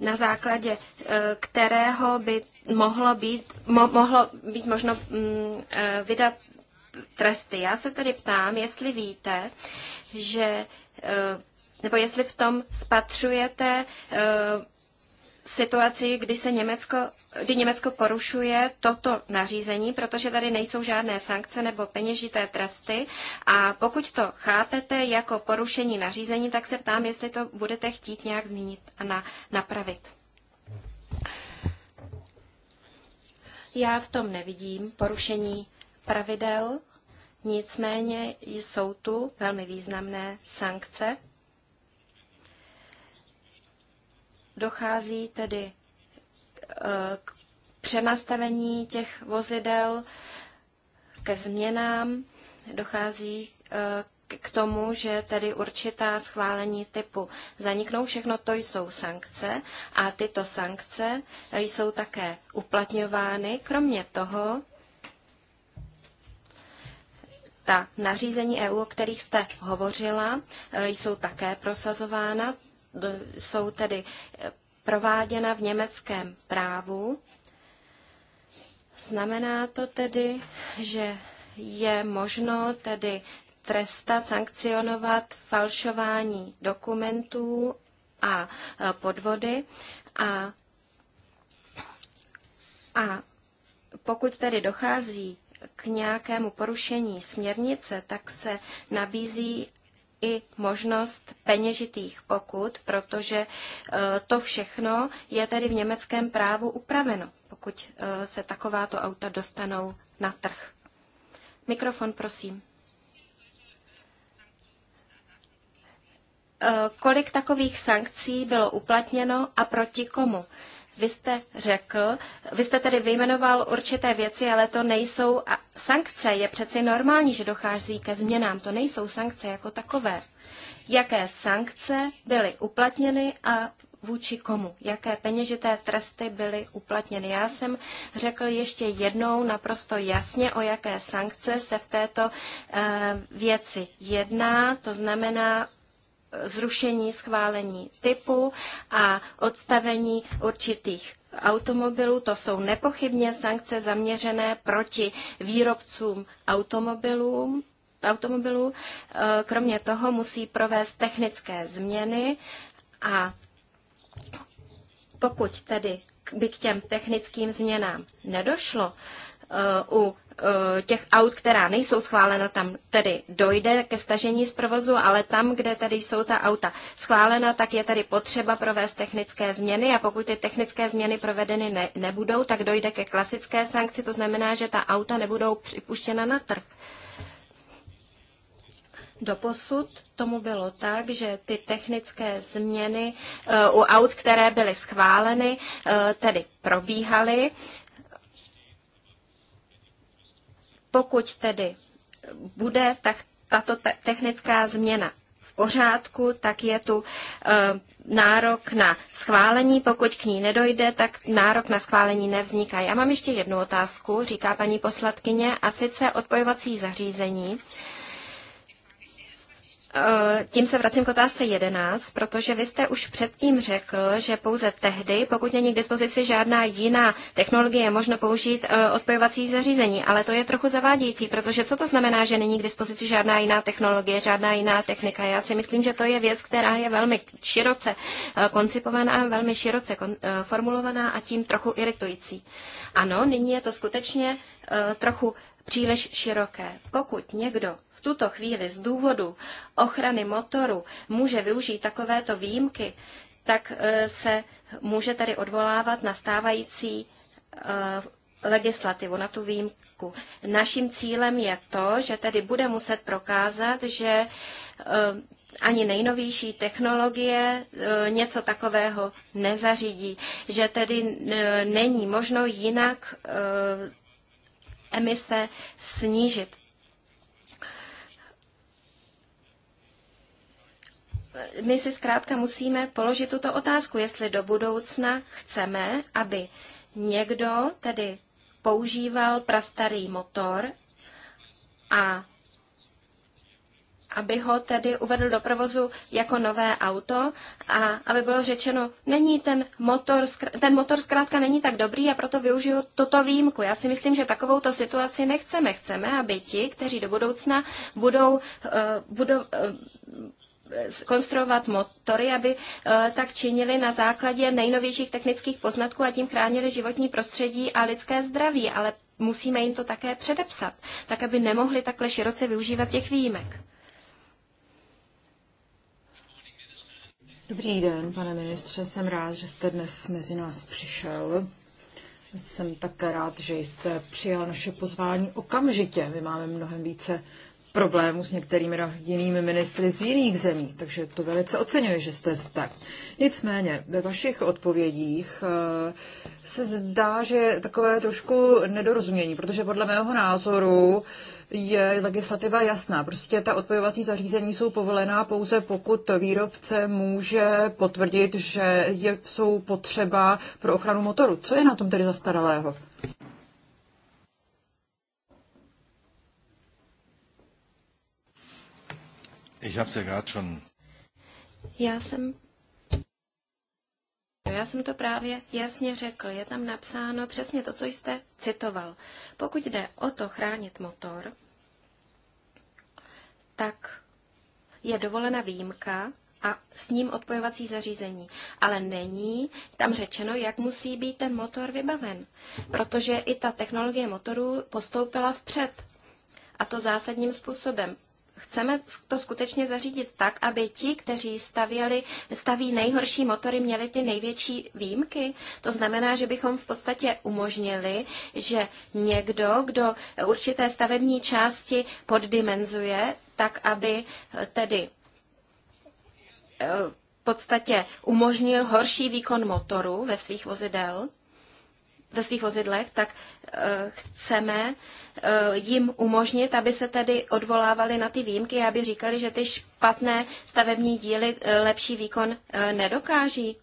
na základě kterého by mohlo být, mo, mohlo být možno mm, vydat tresty. Já se tedy ptám, jestli víte, že nebo jestli v tom spatřujete situaci, kdy se Německo, kdy Německo porušuje toto nařízení, protože tady nejsou žádné sankce nebo peněžité tresty. A pokud to chápete jako porušení nařízení, tak se ptám, jestli to budete chtít nějak změnit a na, napravit. Já v tom nevidím porušení pravidel, nicméně jsou tu velmi významné sankce. Dochází tedy e, k přenastavení těch vozidel, ke změnám, dochází e, k tomu, že tedy určitá schválení typu zaniknou. Všechno to jsou sankce a tyto sankce jsou také uplatňovány. Kromě toho, ta nařízení EU, o kterých jste hovořila, e, jsou také prosazována jsou tedy eh, prováděna v německém právu. Znamená to tedy, že je možno tedy trestat, sankcionovat falšování dokumentů a eh, podvody a, a pokud tedy dochází k nějakému porušení směrnice, tak se nabízí i možnost peněžitých pokut, protože e, to všechno je tedy v německém právu upraveno, pokud e, se takováto auta dostanou na trh. Mikrofon, prosím. E, kolik takových sankcí bylo uplatněno a proti komu? Vy jste řekl, vy jste tedy vyjmenoval určité věci, ale to nejsou a sankce. Je přeci normální, že dochází ke změnám. To nejsou sankce jako takové. Jaké sankce byly uplatněny a vůči komu, jaké peněžité tresty byly uplatněny. Já jsem řekl ještě jednou naprosto jasně, o jaké sankce se v této eh, věci jedná, to znamená zrušení schválení typu a odstavení určitých automobilů. To jsou nepochybně sankce zaměřené proti výrobcům automobilů. automobilů. E, kromě toho musí provést technické změny a pokud tedy by k těm technickým změnám nedošlo, u e, těch aut, která nejsou schválena, tam tedy dojde ke stažení z provozu, ale tam, kde tady jsou ta auta schválena, tak je tady potřeba provést technické změny a pokud ty technické změny provedeny ne, nebudou, tak dojde ke klasické sankci, to znamená, že ta auta nebudou připuštěna na trh. Doposud tomu bylo tak, že ty technické změny e, u aut, které byly schváleny, e, tedy probíhaly. Pokud tedy bude tak tato te- technická změna v pořádku, tak je tu e, nárok na schválení, pokud k ní nedojde, tak nárok na schválení nevzniká. Já mám ještě jednu otázku, říká paní posladkyně, a sice odpojovací zařízení. Eh, tím se vracím k otázce 11, protože vy jste už předtím řekl, že pouze tehdy, pokud není k dispozici žádná jiná technologie, je možno použít eh, odpojovací zařízení. Ale to je trochu zavádějící, protože co to znamená, že není k dispozici žádná jiná technologie, žádná jiná technika? Já si myslím, že to je věc, která je velmi široce eh, koncipovaná, velmi široce formulovaná a tím trochu iritující. Ano, nyní je to skutečně trochu příliš široké. Pokud někdo v tuto chvíli z důvodu ochrany motoru může využít takovéto výjimky, tak e, se může tady odvolávat na stávající e, legislativu, na tu výjimku. Naším cílem je to, že tedy bude muset prokázat, že e, ani nejnovější technologie něco takového nezařídí, že tedy není možno jinak emise snížit. My si zkrátka musíme položit tuto otázku, jestli do budoucna chceme, aby někdo tedy používal prastarý motor a aby ho tedy uvedl do provozu jako nové auto a aby bylo řečeno, není ten motor, ten motor zkrátka není tak dobrý a proto využiju toto výjimku. Já si myslím, že takovouto situaci nechceme. Chceme, aby ti, kteří do budoucna budou, eh, budou eh, konstruovat motory, aby eh, tak činili na základě nejnovějších technických poznatků a tím chránili životní prostředí a lidské zdraví, ale musíme jim to také předepsat, tak aby nemohli takhle široce využívat těch výjimek. Dobrý den, pane ministře, jsem rád, že jste dnes mezi nás přišel. Jsem také rád, že jste přijal naše pozvání okamžitě. My máme mnohem více problémů s některými jinými ministry z jiných zemí, takže to velice oceňuji, že jste zde. Nicméně, ve vašich odpovědích eh, se zdá, že je takové trošku nedorozumění, protože podle mého názoru je legislativa jasná. Prostě ta odpojovací zařízení jsou povolená pouze pokud výrobce může potvrdit, že je, jsou potřeba pro ochranu motoru. Co je na tom tedy zastaralého? Já jsem já jsem to právě jasně řekl. Je tam napsáno přesně to, co jste citoval. Pokud jde o to chránit motor, tak je dovolena výjimka a s ním odpojovací zařízení. Ale není tam řečeno, jak musí být ten motor vybaven, protože i ta technologie motorů postoupila vpřed. A to zásadním způsobem chceme to skutečně zařídit tak, aby ti, kteří stavěli, staví nejhorší motory, měli ty největší výjimky. To znamená, že bychom v podstatě umožnili, že někdo, kdo určité stavební části poddimenzuje, tak aby eh, tedy eh, v podstatě umožnil horší výkon motoru ve svých vozidel, ve svých vozidlech, tak eh, chceme eh, jim umožnit, aby se tedy odvolávali na ty výjimky, aby říkali, že ty špatné stavební díly eh, lepší výkon nedokáží.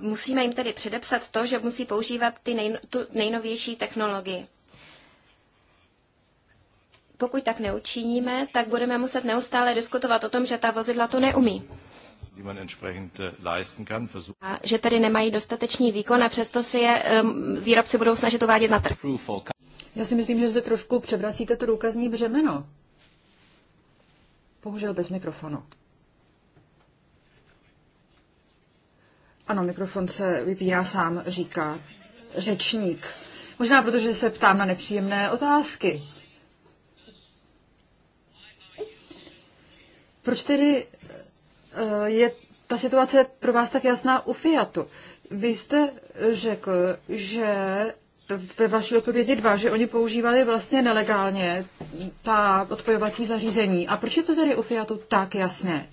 Musíme jim tedy předepsat to, že musí používat ty nej, tu nejnovější technologii pokud tak neučiníme, tak budeme muset neustále diskutovat o tom, že ta vozidla to neumí. Äh, a že tedy nemají dostatečný výkon a přesto si je ehm, výrobci budou snažit uvádět na trh. Já si myslím, že se trošku převracíte to důkazní břemeno. Bohužel bez mikrofonu. Ano, mikrofon se vypíná sám, říká řečník. Možná protože se ptám na nepříjemné otázky. Proč tedy Eh, je ta situace pro vás tak jasná u Fiatu. Vy jste řekl, že ve vaší odpovědi dva, že oni používali vlastně nelegálně ta odpojovací zařízení. A proč je to tedy u Fiatu tak jasné?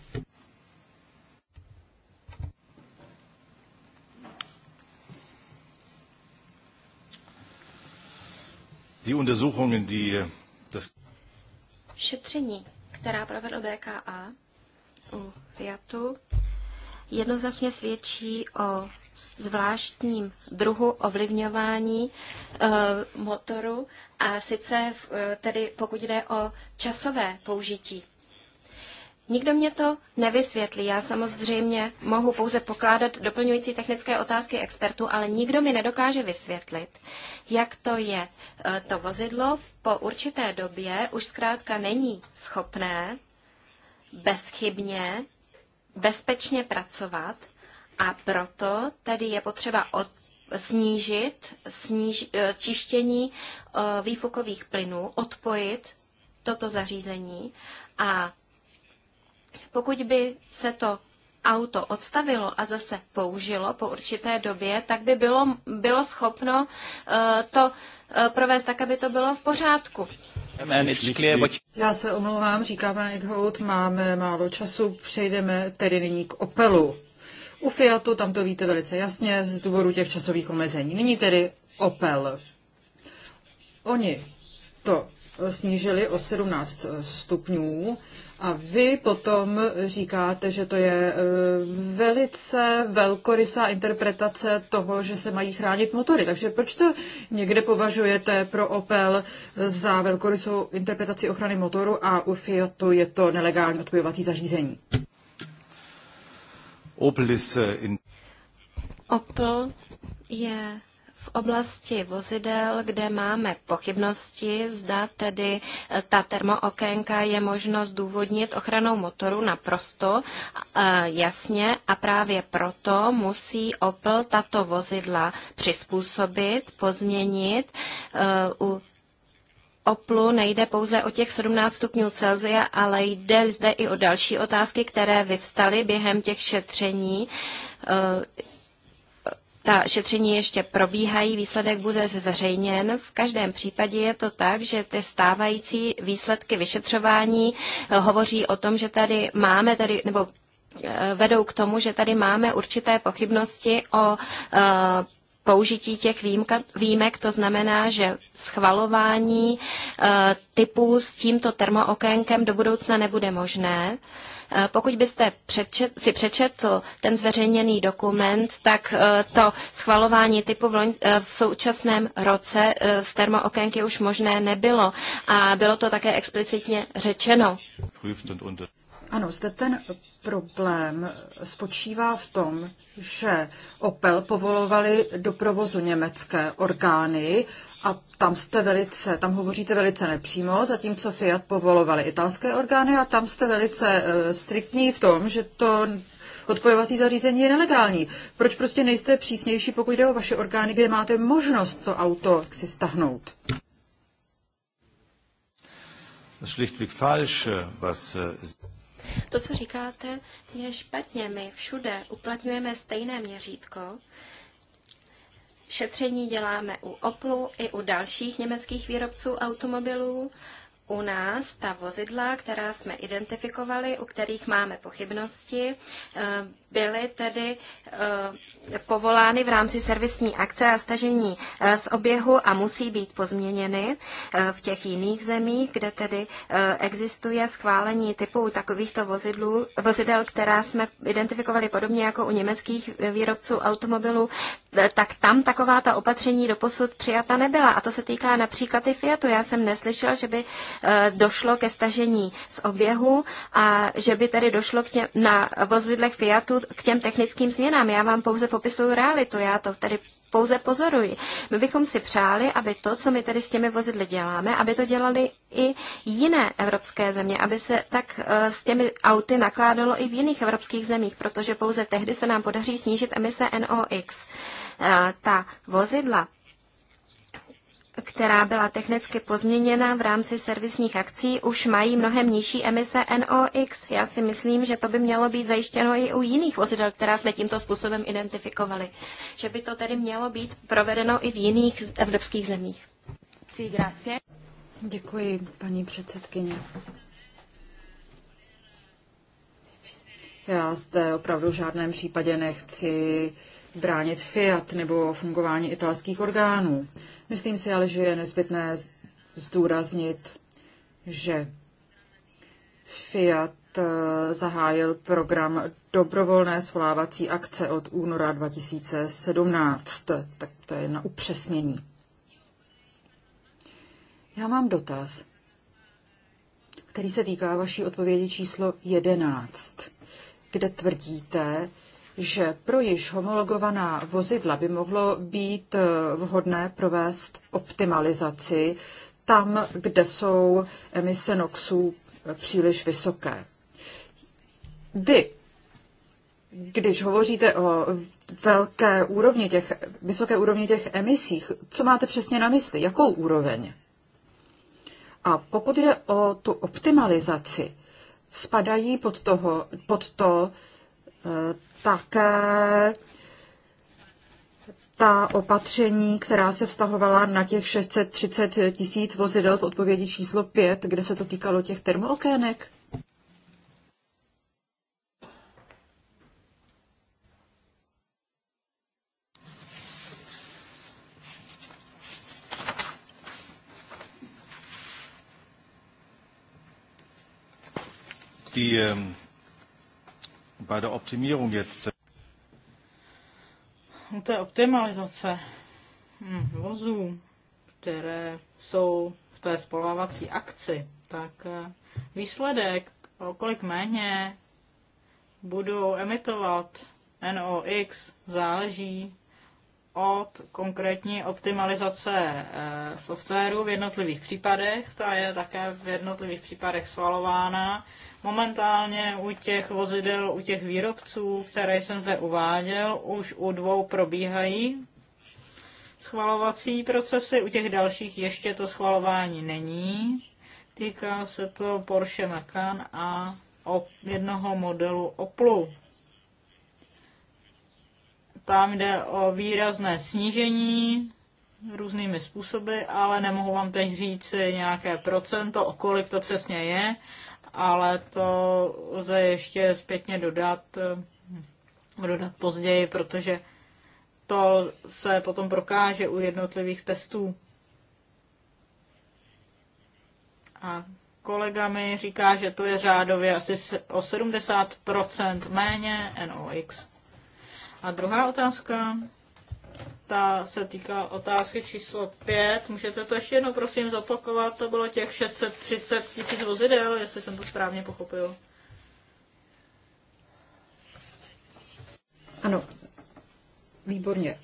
Die Untersuchungen, die äh, das Šetření, která provedlo BKA u Fiatu jednoznačně svědčí o zvláštním druhu ovlivňování e, motoru a sice v, eh, tedy pokud jde o časové použití. Nikdo mě to nevysvětlí. Já samozřejmě mohu pouze pokládat doplňující technické otázky expertů, ale nikdo mi nedokáže vysvětlit, jak to je. E, to vozidlo po určité době už zkrátka není schopné bezchybně bezpečně pracovat a proto tedy je potřeba od, snížit sníž, eh, čištění eh, výfukových plynů, odpojit toto zařízení a pokud by se to auto odstavilo a zase použilo po určité době, tak by bylo, bylo schopno eh, to eh, provést tak, aby to bylo v pořádku. Já se omlouvám, říká pan Eichhout, máme málo času, přejdeme tedy nyní k Opelu. U Fiatu tam to víte velice jasně z důvodu těch časových omezení. Nyní tedy Opel. Oni to snížili o 17 stupňů a vy potom říkáte, že to je e, velice velkorysá interpretace toho, že se mají chránit motory. Takže proč to někde považujete pro Opel za velkorysou interpretaci ochrany motoru a u Fiatu je to nelegální odpojovací zařízení? Opel, e, Opel je v oblasti vozidel, kde máme pochybnosti, zda tedy eh, ta termookénka je možno zdůvodnit ochranou motoru naprosto eh, jasně a právě proto musí Opel tato vozidla přizpůsobit, pozměnit eh, u Oplu nejde pouze o těch 17 stupňů Celsia, ale jde zde i o další otázky, které vyvstaly během těch šetření. Ta šetření ještě probíhají, výsledek bude zveřejněn. V každém případě je to tak, že ty stávající výsledky vyšetřování eh, hovoří o tom, že tady máme tady, nebo eh, vedou k tomu, že tady máme určité pochybnosti o eh, použití těch výjimka, výjimek, to znamená, že schvalování typů s tímto termookénkem do budoucna nebude možné. Eh, pokud byste si přečetl ten zveřejněný dokument, tak eh, to schvalování typu v, loň, eh, v současném roce z termookénky už možné nebylo a bylo to také explicitně řečeno. Ano, zde ten problém spočívá v tom, že Opel povolovali do provozu německé orgány a tam jste velice, tam hovoříte velice nepřímo, zatímco Fiat povolovali italské orgány a tam jste velice e, striktní v tom, že to odpojovací zařízení je nelegální. Proč prostě nejste přísnější, pokud jde o vaše orgány, kde máte možnost to auto si stahnout? Das schlichtweg falsch, was äh, to, co říkáte, je špatně. My všude uplatňujeme stejné měřítko. Šetření děláme u Oplu i u dalších německých výrobců automobilů u nás ta vozidla, která jsme identifikovali, u kterých máme pochybnosti, eh, byly tedy eh, povolány v rámci servisní akce a stažení eh, z oběhu a musí být pozměněny v těch jiných zemích, kde tedy existuje schválení typu takovýchto vozidlů, vozidel, která jsme identifikovali podobně jako u německých výrobců automobilů, tak tam taková ta opatření doposud přijata nebyla. A to se týká například i Fiatu. Já jsem neslyšel, že by Eh, došlo ke stažení z oběhu a že by tedy došlo k těm, na vozidlech Fiatu k těm technickým změnám. Já vám pouze popisuju realitu, já to tedy pouze pozoruji. My bychom si přáli, aby to, co my tedy s těmi vozidly děláme, aby to dělali i jiné evropské země, aby se tak eh, s těmi auty nakládalo i v jiných evropských zemích, protože pouze tehdy se nám podaří snížit emise NOx. Eh, ta vozidla která byla technicky pozměněna v rámci servisních akcí, už mají mnohem nižší emise NOx. Já si myslím, že to by mělo být zajištěno i u jiných vozidel, která jsme tímto způsobem identifikovali. Že by to tedy mělo být provedeno i v jiných evropských zemích. Sí, grazie. Děkuji, paní předsedkyně. Já zde opravdu v žádném případě nechci bránit Fiat nebo fungování italských orgánů. Myslím si ale, že je nezbytné zdůraznit, že Fiat eh, zahájil program dobrovolné svolávací akce od února 2017. Tak to je na upřesnění. Já mám dotaz, který se týká vaší odpovědi číslo 11, kde tvrdíte, že pro již homologovaná vozidla by mohlo být eh, vhodné provést optimalizaci tam, kde jsou emise NOXů eh, příliš vysoké. Vy, když hovoříte o velké úrovni těch, vysoké úrovni těch emisích, co máte přesně na mysli? Jakou úroveň? A pokud jde o tu optimalizaci, spadají pod, toho, pod to, Eh, také ta opatření, která se vztahovala na těch 630 tisíc vozidel v odpovědi číslo 5, kde se to týkalo těch termookének? Die, ehm, bei der Optimierung jetzt. optimalizace hm, vozů, které jsou v té spolávací akci, tak eh, výsledek, kolik méně budou emitovat NOx, záleží od konkrétní optimalizace eh, softwaru v jednotlivých případech. Ta je také v jednotlivých případech svalována. Momentálně u těch vozidel, u těch výrobců, které jsem zde uváděl, už u dvou probíhají schvalovací procesy, u těch dalších ještě to schvalování není. Týká se to Porsche Macan a jednoho modelu Oplu. Tam jde o výrazné snížení různými způsoby, ale nemohu vám teď říct nějaké procento, o kolik to přesně je, ale to lze ještě zpětně dodat, dodat později, protože to se potom prokáže u jednotlivých testů. A kolega mi říká, že to je řádově asi o 70% méně NOx. A druhá otázka, ta se týká otázky číslo 5. Můžete to ještě jednou prosím zopakovat? To bylo těch 630 tisíc vozidel, jestli jsem to správně pochopil. Ano, výborně.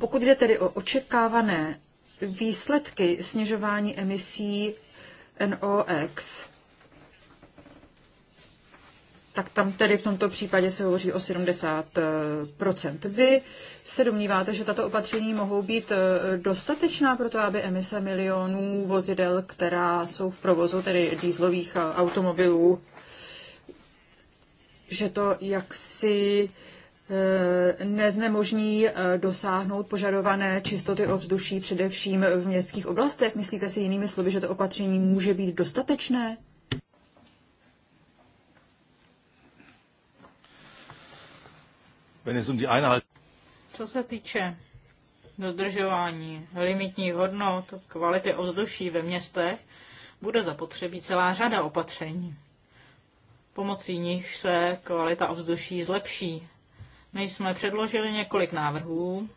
Pokud jde tedy o očekávané výsledky snižování emisí NOx, tak tam tedy v tomto případě se hovoří o 70%. Vy se domníváte, že tato opatření mohou být eh, dostatečná pro to, aby emise milionů vozidel, která jsou v provozu, tedy dýzlových eh, automobilů, že to jaksi eh, neznemožní dosáhnout požadované čistoty ovzduší především v městských oblastech? Myslíte si jinými slovy, že to opatření může být dostatečné? Um Co se týče dodržování limitních hodnot kvality ovzduší ve městech, bude zapotřebí celá řada opatření. Pomocí nich se kvalita ovzduší zlepší. My jsme předložili několik návrhů.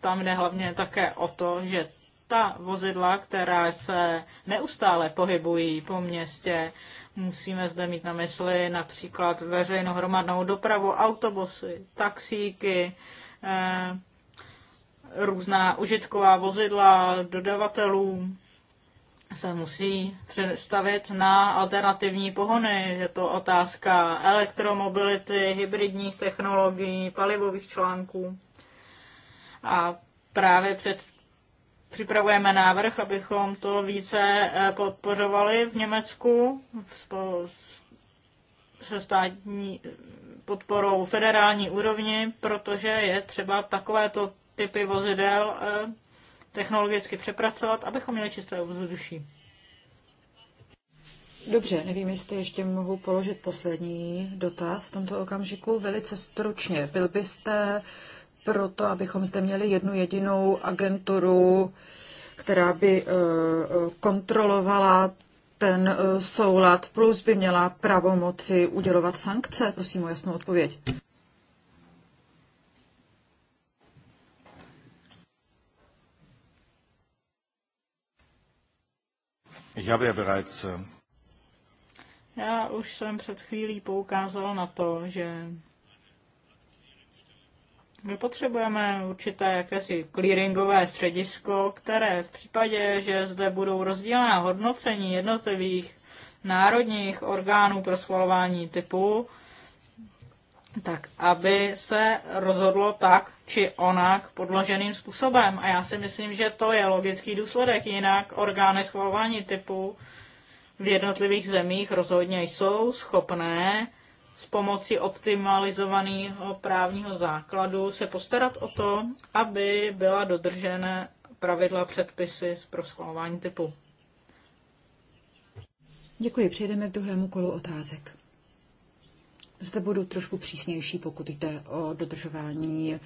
Tam jde hlavně také o to, že ta vozidla, která se neustále pohybují po městě, Musíme zde mít na mysli například veřejnou hromadnou dopravu, autobusy, taxíky, eh, různá užitková vozidla dodavatelů se musí představit na alternativní pohony. Je to otázka elektromobility, hybridních technologií, palivových článků. A právě před připravujeme návrh, abychom to více eh, podporovali v Německu se státní eh, podporou federální úrovni, protože je třeba takovéto typy vozidel eh, technologicky přepracovat, abychom měli čisté ovzduší. Dobře, nevím, jestli ještě mohu položit poslední dotaz v tomto okamžiku. Velice stručně. Byl byste uh, proto, abychom zde měli jednu jedinou agenturu, která by eh, eh, kontrolovala ten eh, soulad, plus by měla pravomoci udělovat sankce? Prosím o jasnou odpověď. Já bych bereits... Äh, Já už jsem před chvílí poukázal na to, že my potřebujeme určité jakési clearingové středisko, které v případě, že zde budou rozdílná hodnocení jednotlivých národních orgánů pro schvalování typu, tak aby se rozhodlo tak či onak podloženým způsobem. A já si myslím, že to je logický důsledek. Jinak orgány schvalování typu v jednotlivých zemích rozhodně jsou schopné s pomocí optimalizovaného právního základu se postarat o to, aby byla dodržena pravidla předpisy pro schvalování typu. Děkuji, přejdeme k druhému kolu otázek. Zde budu trošku přísnější, pokud jde o dodržování eh,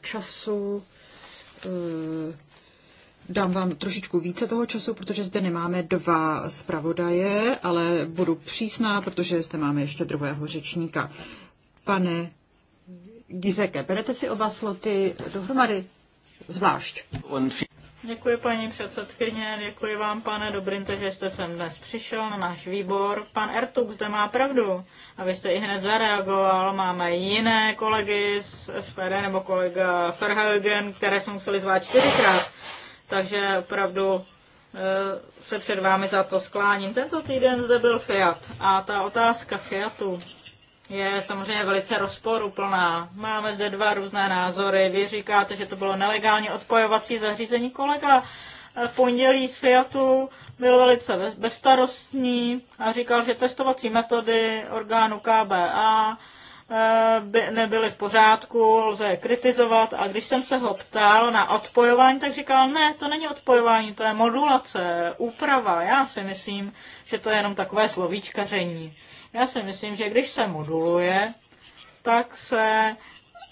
času. Eh, Dám vám trošičku více toho času, protože zde nemáme dva zpravodaje, ale budu přísná, protože zde máme ještě druhého řečníka. Pane Gizeke, berete si oba sloty dohromady zvlášť? Děkuji paní předsedkyně, děkuji vám pane Dobrinte, že jste sem dnes přišel na náš výbor. Pan Ertuk zde má pravdu a vy jste i hned zareagoval. Máme jiné kolegy z SPD nebo kolega Ferhagen, které jsme museli zvát čtyřikrát takže opravdu eh, se před vámi za to skláním. Tento týden zde byl Fiat a ta otázka Fiatu je samozřejmě velice rozporuplná. Máme zde dva různé názory. Vy říkáte, že to bylo nelegální odpojovací zařízení. Kolega eh, v pondělí z Fiatu byl velice bezstarostný a říkal, že testovací metody orgánu KBA Eh, by nebyly v pořádku, lze je kritizovat a když jsem se ho ptal na odpojování, tak říkal, ne, to není odpojování, to je modulace, úprava. Já si myslím, že to je jenom takové slovíčkaření. Já si myslím, že když se moduluje, tak se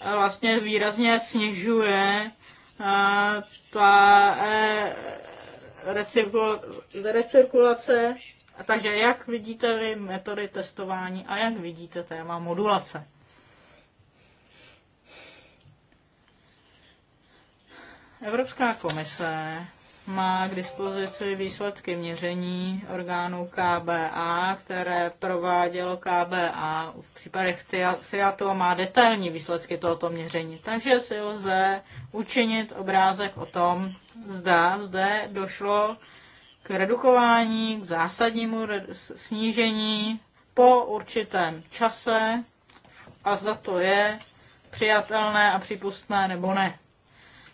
eh, vlastně výrazně snižuje eh, ta recirkulace takže jak vidíte vy metody testování a jak vidíte téma modulace? Evropská komise má k dispozici výsledky měření orgánů KBA, které provádělo KBA. V případech Fiatu má detailní výsledky tohoto měření, takže si lze učinit obrázek o tom, zda zde došlo k redukování, k zásadnímu snížení po určitém čase a zda to je přijatelné a přípustné nebo ne.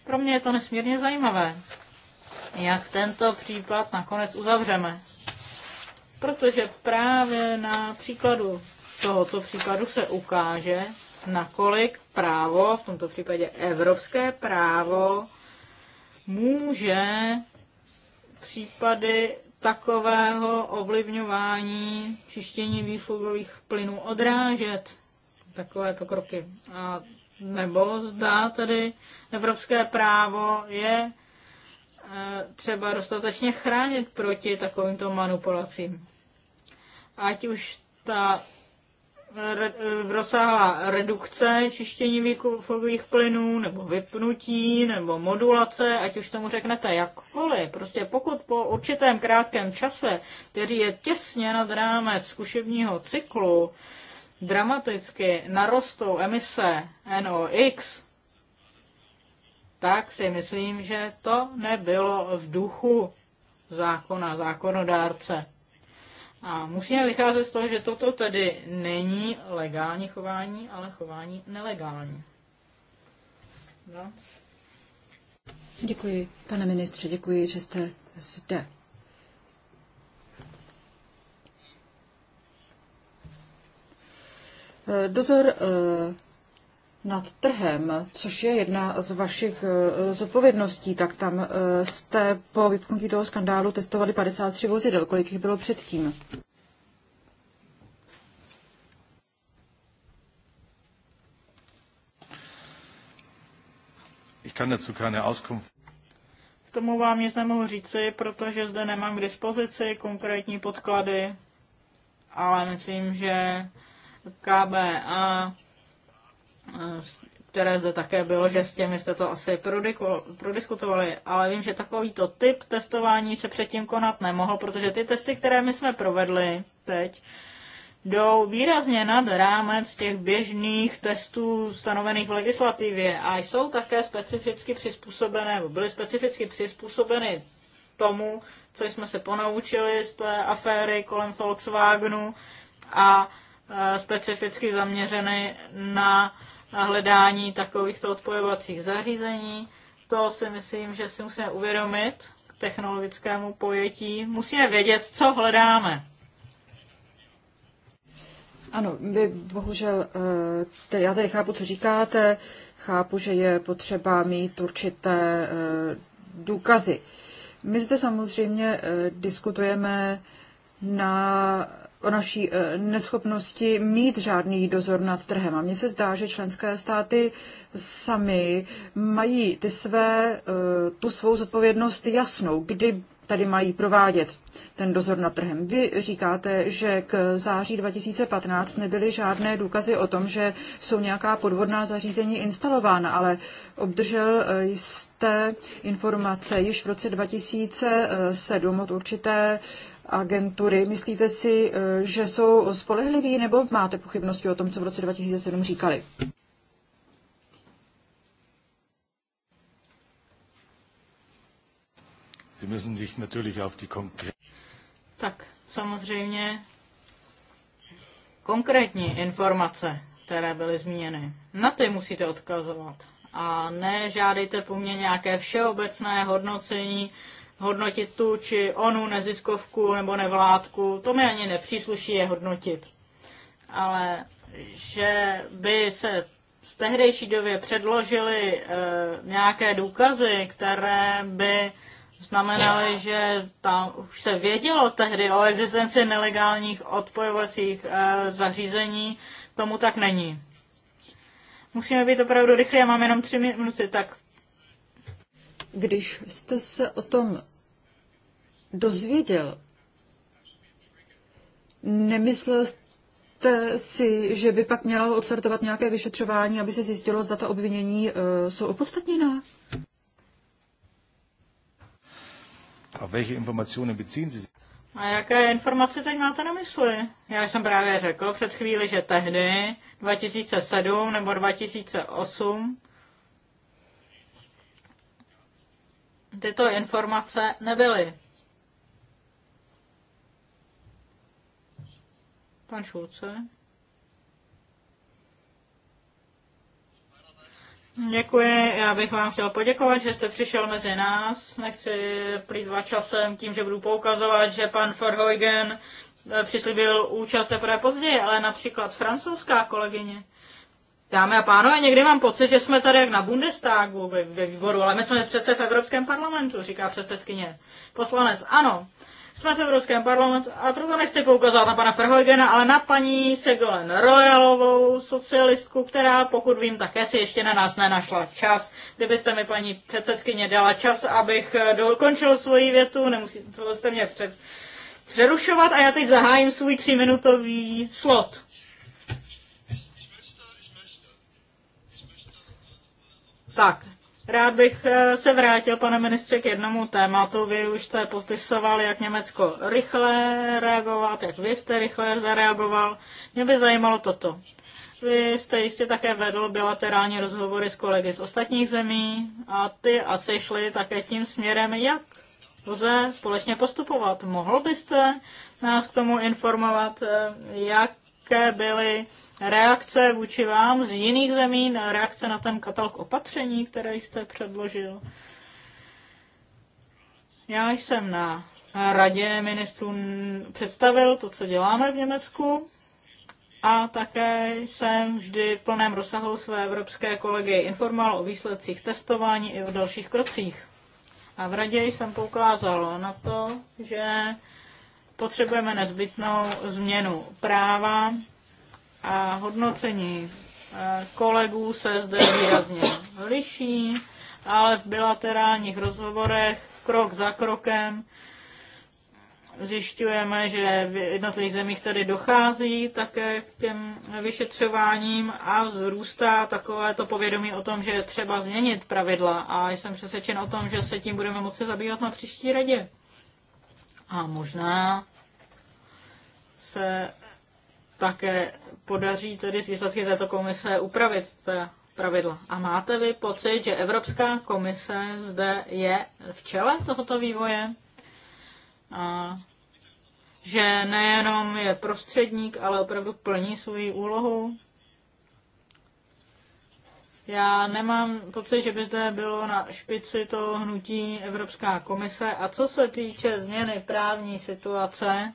Pro mě je to nesmírně zajímavé, jak tento případ nakonec uzavřeme. Protože právě na příkladu tohoto případu se ukáže, nakolik právo, v tomto případě evropské právo, může případy takového ovlivňování čištění výfukových plynů odrážet takovéto kroky. A nebo zda tedy evropské právo je eh, třeba dostatečně chránit proti takovýmto manipulacím. Ať už ta v rozsáhlá redukce čištění výkufových plynů, nebo vypnutí, nebo modulace, ať už tomu řeknete jakkoliv. Prostě pokud po určitém krátkém čase, který je těsně nad rámec zkušebního cyklu, dramaticky narostou emise NOx, tak si myslím, že to nebylo v duchu zákona, zákonodárce. A musíme vycházet z toho, že toto tedy není legální chování, ale chování nelegální. Vlac. Děkuji, pane ministře, děkuji, že jste zde. Eh, dozor eh, nad trhem, což je jedna z vašich eh, zodpovědností, tak tam eh, jste po vypnutí toho skandálu testovali 53 vozidel. Kolik jich bylo předtím? Ich kann dazu keine Auskunft. K tomu vám nic nemohu říci, protože zde nemám k dispozici konkrétní podklady, ale myslím, že KBA které zde také bylo, že s těmi jste to asi prodiskutovali, ale vím, že takovýto typ testování se předtím konat nemohl, protože ty testy, které my jsme provedli teď, jdou výrazně nad rámec těch běžných testů stanovených v legislativě a jsou také specificky přizpůsobené, byly specificky přizpůsobeny tomu, co jsme se ponaučili z té aféry kolem Volkswagenu a e, specificky zaměřeny na na hledání takovýchto odpojovacích zařízení. To si myslím, že si musíme uvědomit k technologickému pojetí. Musíme vědět, co hledáme. Ano, vy bohužel, eh, te, já tady chápu, co říkáte, chápu, že je potřeba mít určité eh, důkazy. My zde samozřejmě eh, diskutujeme na o naší eh, neschopnosti mít žádný dozor nad trhem. A mně se zdá, že členské státy sami mají ty své, eh, tu svou zodpovědnost jasnou, kdy tady mají provádět ten dozor nad trhem. Vy říkáte, že k září 2015 nebyly žádné důkazy o tom, že jsou nějaká podvodná zařízení instalována, ale obdržel eh, jste informace již v roce 2007 od určité agentury. Myslíte si, eh, že jsou spolehliví nebo máte pochybnosti o tom, co v roce 2007 říkali? tak samozřejmě konkrétní informace, které byly zmíněny, na ty musíte odkazovat. A nežádejte po mně nějaké všeobecné hodnocení hodnotit tu či onu neziskovku nebo nevládku, to mi ani nepřísluší je hodnotit. Ale že by se v tehdejší době předložily e, nějaké důkazy, které by znamenaly, že tam už se vědělo tehdy o existenci nelegálních odpojovacích e, zařízení, tomu tak není. Musíme být opravdu rychlí, já mám jenom tři minuty, tak když jste se o tom dozvěděl. Nemyslel jste si, že by pak mělo odstartovat nějaké vyšetřování, aby se zjistilo, zda ta obvinění e, jsou opodstatněná? beziehen Sie A jaké informace teď máte na mysli? Já jsem právě řekl před chvíli, že tehdy, 2007 nebo 2008, tyto informace nebyly. Pan Šulce. Děkuji, já bych vám chtěl poděkovat, že jste přišel mezi nás. Nechci plýtvat časem tím, že budu poukazovat, že pan Verhoeven eh, přislíbil účast teprve později, ale například francouzská kolegyně. Dámy a pánové, někdy mám pocit, že jsme tady jak na Bundestagu ve výboru, ale my jsme přece v Evropském parlamentu, říká předsedkyně. Poslanec, ano, jsme v Evropském parlamentu a proto nechci poukazovat na pana Verheugena, ale na paní Segolen Royalovou, socialistku, která, pokud vím, také si ještě na nás nenašla čas. Kdybyste mi, paní předsedkyně, dala čas, abych eh, dokončil svoji větu, nemusíte jste mě před, přerušovat a já teď zahájím svůj tříminutový slot. Tak, Rád bych eh, se vrátil, pane ministře, k jednomu tématu. Vy už jste popisoval, jak Německo rychle reagovat, jak vy jste rychle zareagoval. Mě by zajímalo toto. Vy jste jistě také vedl bilaterální rozhovory s kolegy z ostatních zemí a ty asi šly také tím směrem, jak lze společně postupovat. Mohl byste nás k tomu informovat, eh, jak jaké byly reakce vůči vám z jiných zemí, na reakce na ten katalog opatření, které jste předložil. Já jsem na radě ministrů představil to, co děláme v Německu a také jsem vždy v plném rozsahu své evropské kolegy informoval o výsledcích testování i o dalších krocích. A v radě jsem poukázal na to, že potřebujeme nezbytnou změnu práva a hodnocení eh, kolegů se zde výrazně liší, ale v bilaterálních rozhovorech krok za krokem zjišťujeme, že v jednotlivých zemích tady dochází také k těm vyšetřováním a vzrůstá takové to povědomí o tom, že je třeba změnit pravidla a jsem přesvědčen o tom, že se tím budeme moci zabývat na příští radě a možná se také podaří tedy z výsledky této komise upravit ta pravidla. A máte vy pocit, že Evropská komise zde je v čele tohoto vývoje? A že nejenom je prostředník, ale opravdu plní svoji úlohu? Já nemám pocit, že by zde bylo na špici to hnutí Evropská komise. A co se týče změny právní situace,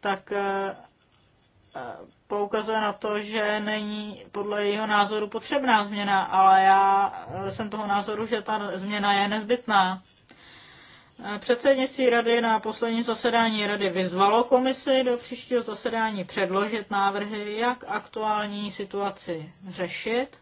tak eh, eh, poukazuje na to, že není podle jeho názoru potřebná změna, ale já eh, jsem toho názoru, že ta změna je nezbytná. Předsednictví rady na poslední zasedání rady vyzvalo komisi do příštího zasedání předložit návrhy, jak aktuální situaci řešit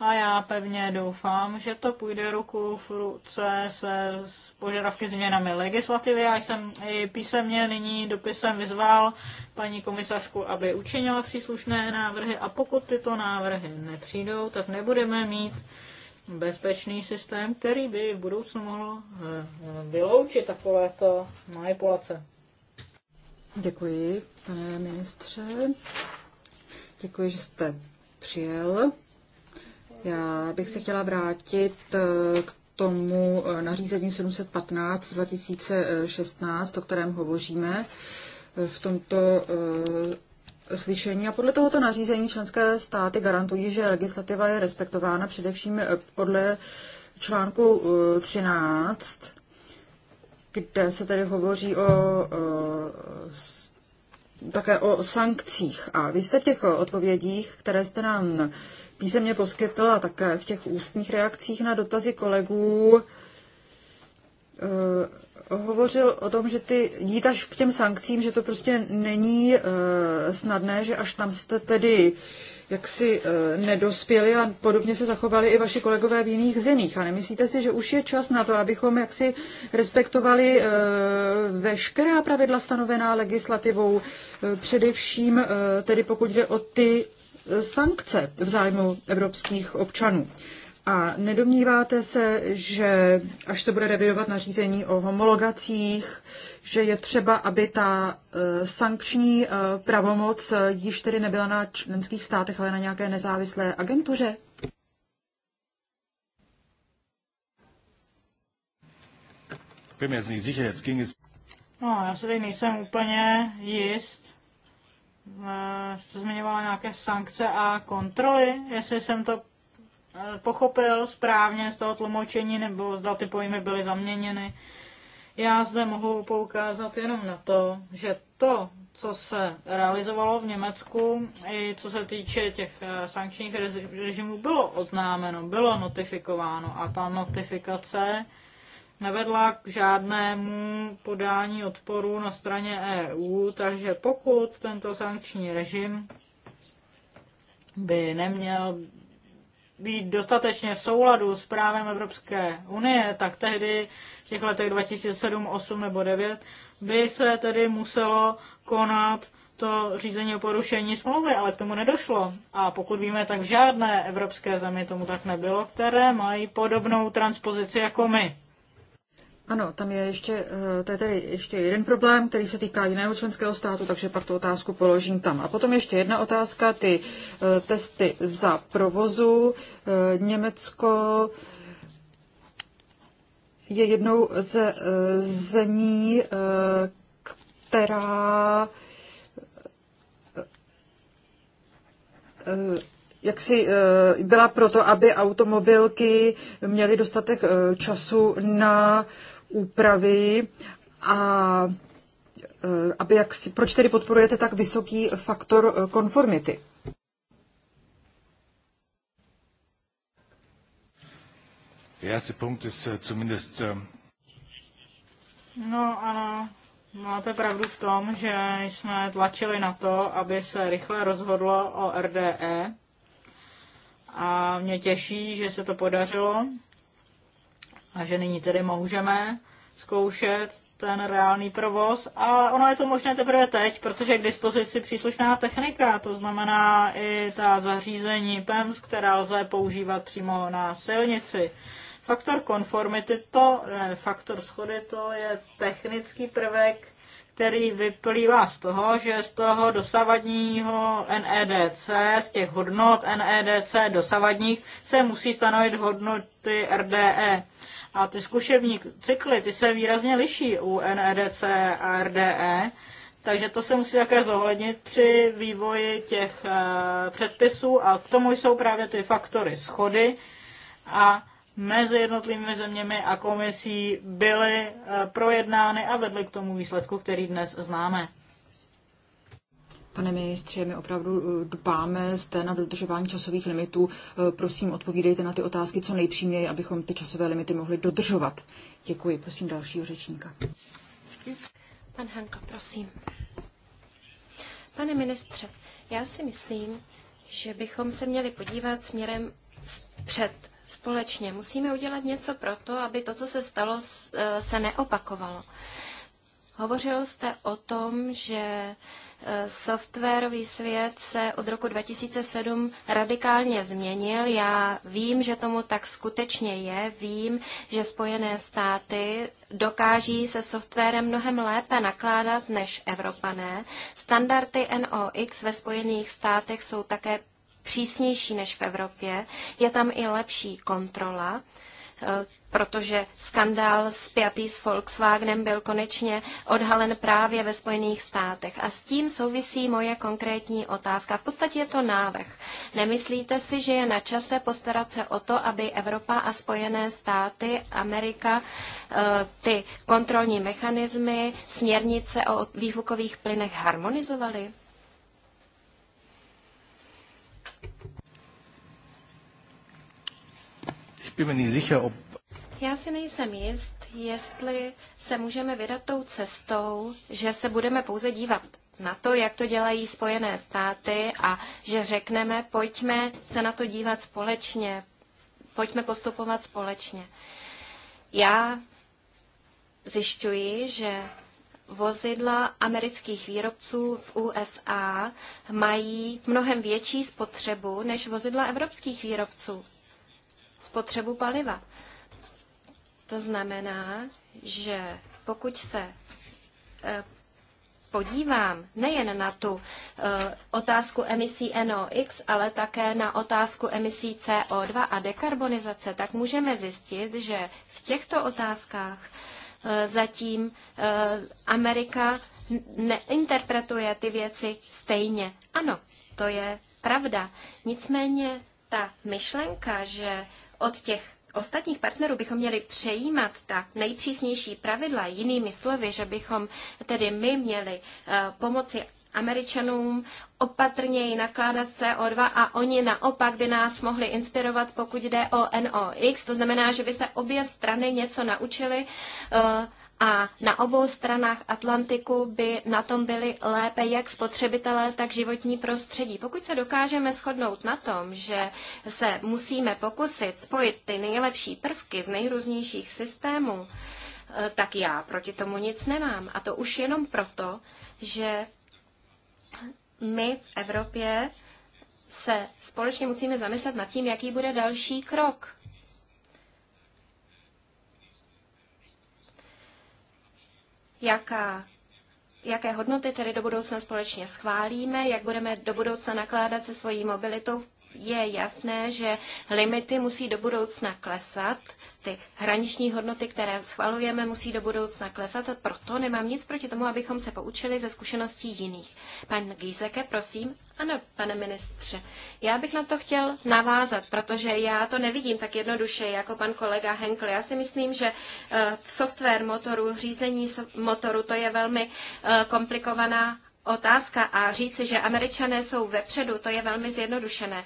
a já pevně doufám, že to půjde ruku v ruce se s požadavky změnami legislativy. Já jsem i písemně nyní dopisem vyzval paní komisařku, aby učinila příslušné návrhy a pokud tyto návrhy nepřijdou, tak nebudeme mít bezpečný systém, který by v budoucnu mohl eh, vyloučit takovéto manipulace. Děkuji, pane ministře. Děkuji, že jste přijel. Já bych se chtěla vrátit eh, k tomu eh, nařízení 715 2016, o kterém hovoříme eh, v tomto slyšení. A podle tohoto nařízení členské státy garantují, že legislativa je respektována především podle článku 13, kde se tedy hovoří o, také o sankcích. A vy jste v těch odpovědích, které jste nám písemně poskytl a také v těch ústních reakcích na dotazy kolegů eh, hovořil o tom, že ty jít až k těm sankcím, že to prostě není eh, snadné, že až tam jste tedy jak si eh, nedospěli a podobně se zachovali i vaši kolegové v jiných zemích. A nemyslíte si, že už je čas na to, abychom jaksi respektovali veškerá pravidla stanovená legislativou, především tedy pokud jde o ty sankce v zájmu evropských občanů. A nedomníváte se, že až se bude revidovat nařízení o homologacích, že je třeba, aby ta e, sankční e, pravomoc e, již tedy nebyla na členských státech, ale na nějaké nezávislé agentuře? No, já tady nejsem úplně jist, Eh, jste zmiňovala nějaké sankce a kontroly, jestli jsem to eh, pochopil správně z toho tlumočení, nebo zda ty pojmy byly zaměněny. Já zde mohu poukázat jenom na to, že to, co se realizovalo v Německu, i co se týče těch eh, sankčních režimů, bylo oznámeno, bylo notifikováno a ta notifikace nevedla k žádnému podání odporu na straně EU, takže pokud tento sankční režim by neměl být dostatečně v souladu s právem Evropské unie, tak tehdy v těch letech 2007, 8 nebo 9 by se tedy muselo konat to řízení o porušení smlouvy, ale k tomu nedošlo. A pokud víme, tak v žádné evropské zemi tomu tak nebylo, které mají podobnou transpozici jako my. Ano, tam je ještě, eh, to je tedy ještě jeden problém, který se týká jiného členského státu, takže pak tu otázku položím tam. A potom ještě jedna otázka, ty eh, testy za provozu. Eh, Německo je jednou ze zemí, která jak si byla proto, aby automobilky měly dostatek času na úpravy a eh, aby jak, proč tedy podporujete tak vysoký faktor eh, konformity? erste Punkt ist äh, zumindest. Ähm, no ano, máte pravdu v tom, že jsme tlačili na to, aby se rychle rozhodlo o RDE. A mě těší, že se to podařilo a že nyní tedy můžeme zkoušet ten reálný provoz, a ono je to možné teprve teď, protože je k dispozici příslušná technika, to znamená i ta zařízení PEMS, která lze používat přímo na silnici. Faktor konformity, to, ne, faktor schody, to je technický prvek, který vyplývá z toho, že z toho dosavadního NEDC, z těch hodnot NEDC dosavadních, se musí stanovit hodnoty RDE. A ty zkušební cykly, ty se výrazně liší u NEDC a RDE, takže to se musí také zohlednit při vývoji těch eh, předpisů a k tomu jsou právě ty faktory schody a mezi jednotlivými zeměmi a komisí byly eh, projednány a vedly k tomu výsledku, který dnes známe. Pane ministře, my opravdu eh, dbáme zde na dodržování časových limitů. Eh, prosím, odpovídejte na ty otázky co nejpřímněji, abychom ty časové limity mohli dodržovat. Děkuji. Prosím dalšího řečníka. Pan Hanko, prosím. Pane ministře, já si myslím, že bychom se měli podívat směrem před společně. Musíme udělat něco pro to, aby to, co se stalo, eh, se neopakovalo. Hovořil jste o tom, že Softwarový svět se od roku 2007 radikálně změnil. Já vím, že tomu tak skutečně je. Vím, že Spojené státy dokáží se softwarem mnohem lépe nakládat než Evropané. Standardy NOx ve Spojených státech jsou také přísnější než v Evropě. Je tam i lepší kontrola protože skandál spjatý s Volkswagenem byl konečně odhalen právě ve Spojených státech. A s tím souvisí moje konkrétní otázka. V podstatě je to návrh. Nemyslíte si, že je na čase postarat se o to, aby Evropa a Spojené státy, Amerika, eh, ty kontrolní mechanismy, směrnice o výfukových plynech harmonizovaly? Ich bin mir nicht sicher, ob já si nejsem jist, jestli se můžeme vydat tou cestou, že se budeme pouze dívat na to, jak to dělají Spojené státy a že řekneme, pojďme se na to dívat společně, pojďme postupovat společně. Já zjišťuji, že vozidla amerických výrobců v USA mají mnohem větší spotřebu než vozidla evropských výrobců. Spotřebu paliva. To znamená, že pokud se eh, podívám nejen na tu eh, otázku emisí NOx, ale také na otázku emisí CO2 a dekarbonizace, tak můžeme zjistit, že v těchto otázkách eh, zatím Amerika neinterpretuje ty věci stejně. Ano, to je pravda. Nicméně ta myšlenka, že od těch ostatních partnerů bychom měli přejímat ta nejpřísnější pravidla, jinými slovy, že bychom tedy my měli eh, pomoci Američanům opatrněji nakládat CO2 a oni naopak by nás mohli inspirovat, pokud jde o NOx. To znamená, že by se obě strany něco naučili eh, a na obou stranách Atlantiku by na tom byli lépe jak spotřebitelé, tak životní prostředí. Pokud se dokážeme shodnout na tom, že se musíme pokusit spojit ty nejlepší prvky z nejrůznějších systémů, eh, tak já proti tomu nic nemám. A to už jenom proto, že my v Evropě se společně musíme zamyslet nad tím, jaký bude další krok jaká jaké hodnoty tedy do budoucna společně schválíme, jak budeme do budoucna nakládat se svojí mobilitou. Je jasné, že limity musí do budoucna klesat, ty hraniční hodnoty, které schvalujeme, musí do budoucna klesat a proto nemám nic proti tomu, abychom se poučili ze zkušeností jiných. Pan Gízeke, prosím. Ano, pane ministře, já bych na to chtěl navázat, protože já to nevidím tak jednoduše jako pan kolega Henkel. Já si myslím, že eh, software motoru, řízení motoru, to je velmi eh, komplikovaná otázka a říci, že američané jsou vepředu, to je velmi zjednodušené.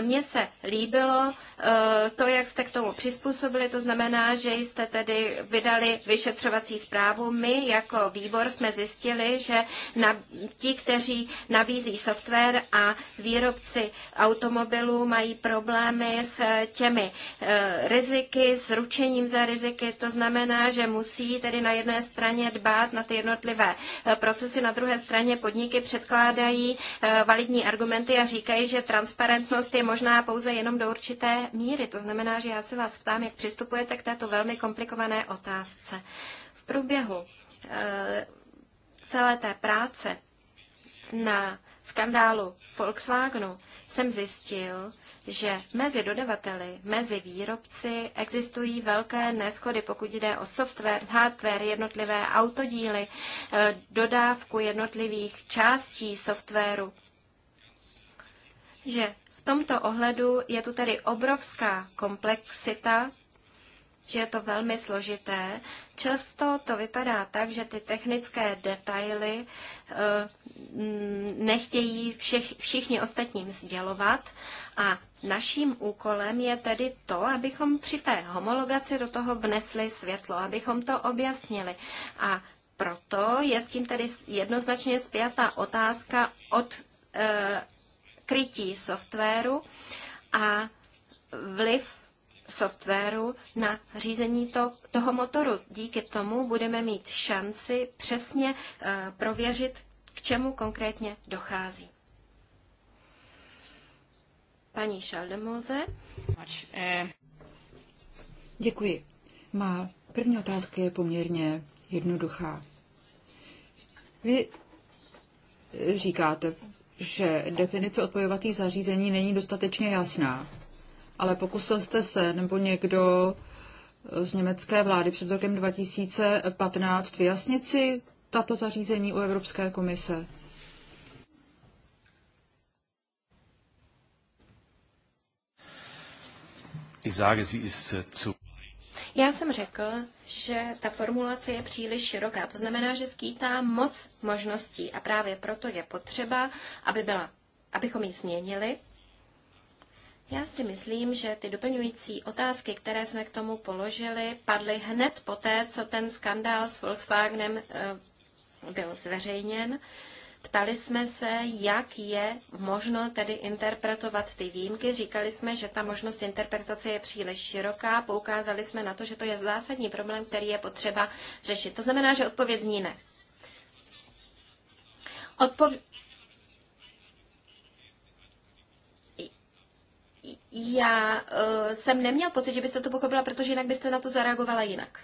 Mně se líbilo eh, to, jak jste k tomu přizpůsobili, to znamená, že jste tedy vydali vyšetřovací zprávu. My jako výbor jsme zjistili, že na, ti, kteří nabízí software a výrobci automobilů mají problémy s těmi eh, riziky, s ručením za riziky, to znamená, že musí tedy na jedné straně dbát na ty jednotlivé eh, procesy, na druhé straně podniky předkládají eh, validní argumenty a říkají, že transparentnost je možná pouze jenom do určité míry. To znamená, že já se vás ptám, jak přistupujete k této velmi komplikované otázce. V průběhu eh, celé té práce na skandálu Volkswagenu jsem zjistil, že mezi dodavateli, mezi výrobci existují velké neschody, pokud jde o software, hardware, jednotlivé autodíly, eh, dodávku jednotlivých částí softwaru. Že v tomto ohledu je tu tedy obrovská komplexita že je to velmi složité. Často to vypadá tak, že ty technické detaily eh, nechtějí všech, všichni ostatním sdělovat a naším úkolem je tedy to, abychom při té homologaci do toho vnesli světlo, abychom to objasnili. A proto je s tím tedy jednoznačně zpětá otázka od eh, krytí softwaru a vliv softwaru na řízení to, toho motoru. Díky tomu budeme mít šanci přesně eh, prověřit, k čemu konkrétně dochází. Paní Šaldemoze. Děkuji. Má první otázka je poměrně jednoduchá. Vy eh, říkáte, že definice odpojovatých zařízení není dostatečně jasná ale pokusil jste se, nebo někdo eh, z německé vlády před rokem 2015 vyjasnit si tato zařízení u Evropské komise? Äh, Já jsem řekl, že ta formulace je příliš široká. To znamená, že skýtá moc možností a právě proto je potřeba, aby byla, abychom ji změnili já si myslím, že ty doplňující otázky, které jsme k tomu položili, padly hned poté, co ten skandál s Volkswagenem eh, byl zveřejněn. Ptali jsme se, jak je možno tedy interpretovat ty výjimky. Říkali jsme, že ta možnost interpretace je příliš široká. Poukázali jsme na to, že to je zásadní problém, který je potřeba řešit. To znamená, že odpověď zní ne. Odpověď. já uh, jsem neměl pocit, že byste to pochopila, protože jinak byste na to zareagovala jinak.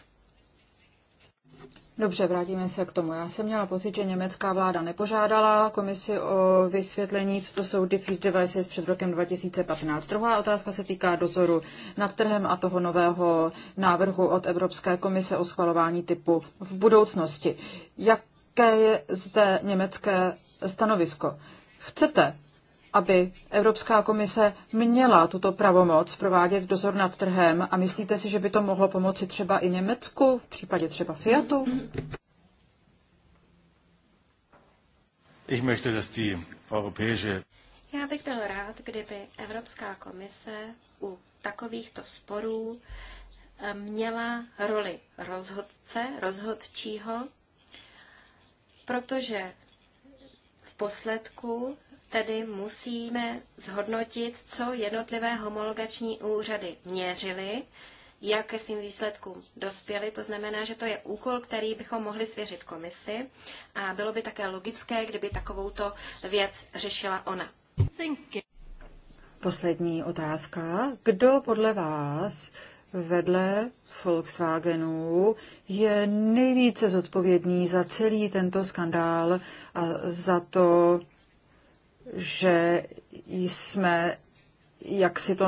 Dobře, vrátíme se k tomu. Já jsem měla pocit, že německá vláda nepožádala komisi o vysvětlení, co to jsou defeat devices před rokem 2015. Druhá otázka se týká dozoru nad trhem a toho nového návrhu od Evropské komise o schvalování typu v budoucnosti. Jaké je zde německé stanovisko? Chcete aby Evropská komise měla tuto pravomoc provádět dozor nad trhem a myslíte si, že by to mohlo pomoci třeba i Německu, v případě třeba Fiatu? Ich möchte, dass die europäische já bych byl rád, kdyby Evropská komise u takovýchto sporů eh, měla roli rozhodce, rozhodčího, protože v posledku tedy musíme zhodnotit, co jednotlivé homologační úřady měřily, jak ke svým výsledkům dospěli. To znamená, že to je úkol, který bychom mohli svěřit komisi a bylo by také logické, kdyby takovouto věc řešila ona. Poslední otázka. Kdo podle vás vedle Volkswagenu je nejvíce zodpovědný za celý tento skandál a za to, že jsme jak si to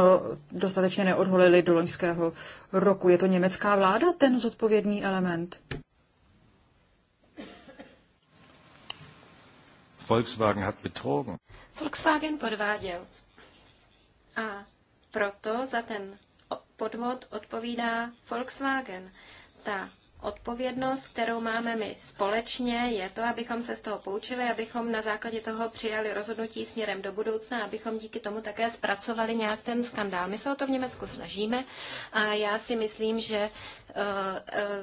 dostatečně neodholili do loňského roku. Je to německá vláda ten zodpovědný element? Volkswagen hat betrogen. Volkswagen podváděl. A proto za ten podvod odpovídá Volkswagen. Ta odpovědnost, kterou máme my společně, je to, abychom se z toho poučili, abychom na základě toho přijali rozhodnutí směrem do budoucna, abychom díky tomu také zpracovali nějak ten skandál. My se o to v Německu snažíme a já si myslím, že uh,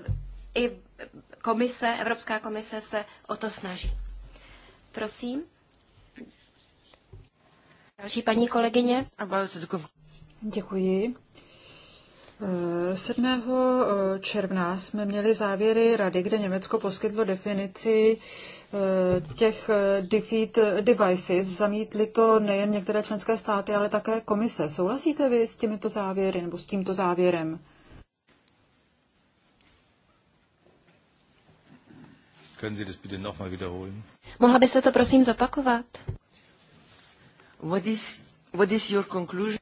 uh, i komise, Evropská komise se o to snaží. Prosím. Další paní kolegyně. Děkuji. 7. Eh, června jsme měli závěry rady, kde Německo poskytlo definici eh, těch eh, defeat devices. Zamítli to nejen některé členské státy, ale také komise. Souhlasíte vy s těmito závěry nebo s tímto závěrem? Können Sie das bitte wiederholen? Mohla byste to prosím zopakovat? What is, what is your conclusion?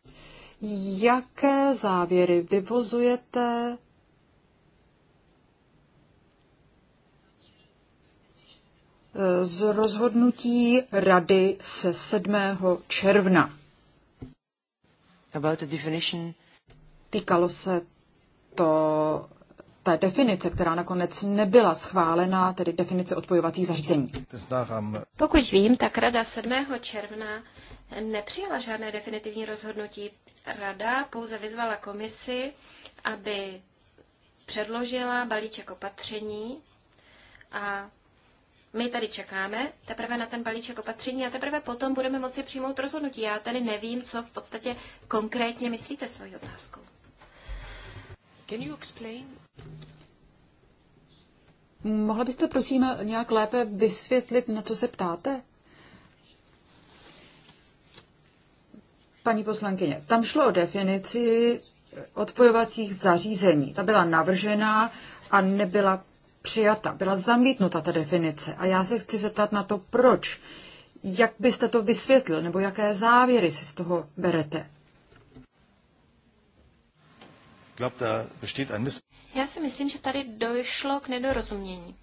jaké závěry vyvozujete z rozhodnutí rady se 7. června. About the definition. Týkalo se to té definice, která nakonec nebyla schválena, tedy definice odpojovacích zařízení. Pokud vím, tak Rada 7. června nepřijala žádné definitivní rozhodnutí. Rada pouze vyzvala komisi, aby předložila balíček opatření a my tady čekáme teprve na ten balíček opatření a teprve potom budeme moci přijmout rozhodnutí. Já tady nevím, co v podstatě konkrétně myslíte svojí otázkou. Can you explain? Mohla byste prosím nějak lépe vysvětlit, na co se ptáte? paní poslankyně. Tam šlo o definici eh, odpojovacích zařízení. Ta byla navržená a nebyla přijata. Byla zamítnuta ta definice. A já se chci zeptat na to, proč. Jak byste to vysvětlil, nebo jaké závěry si z toho berete? Já si myslím, že tady došlo k nedorozumění.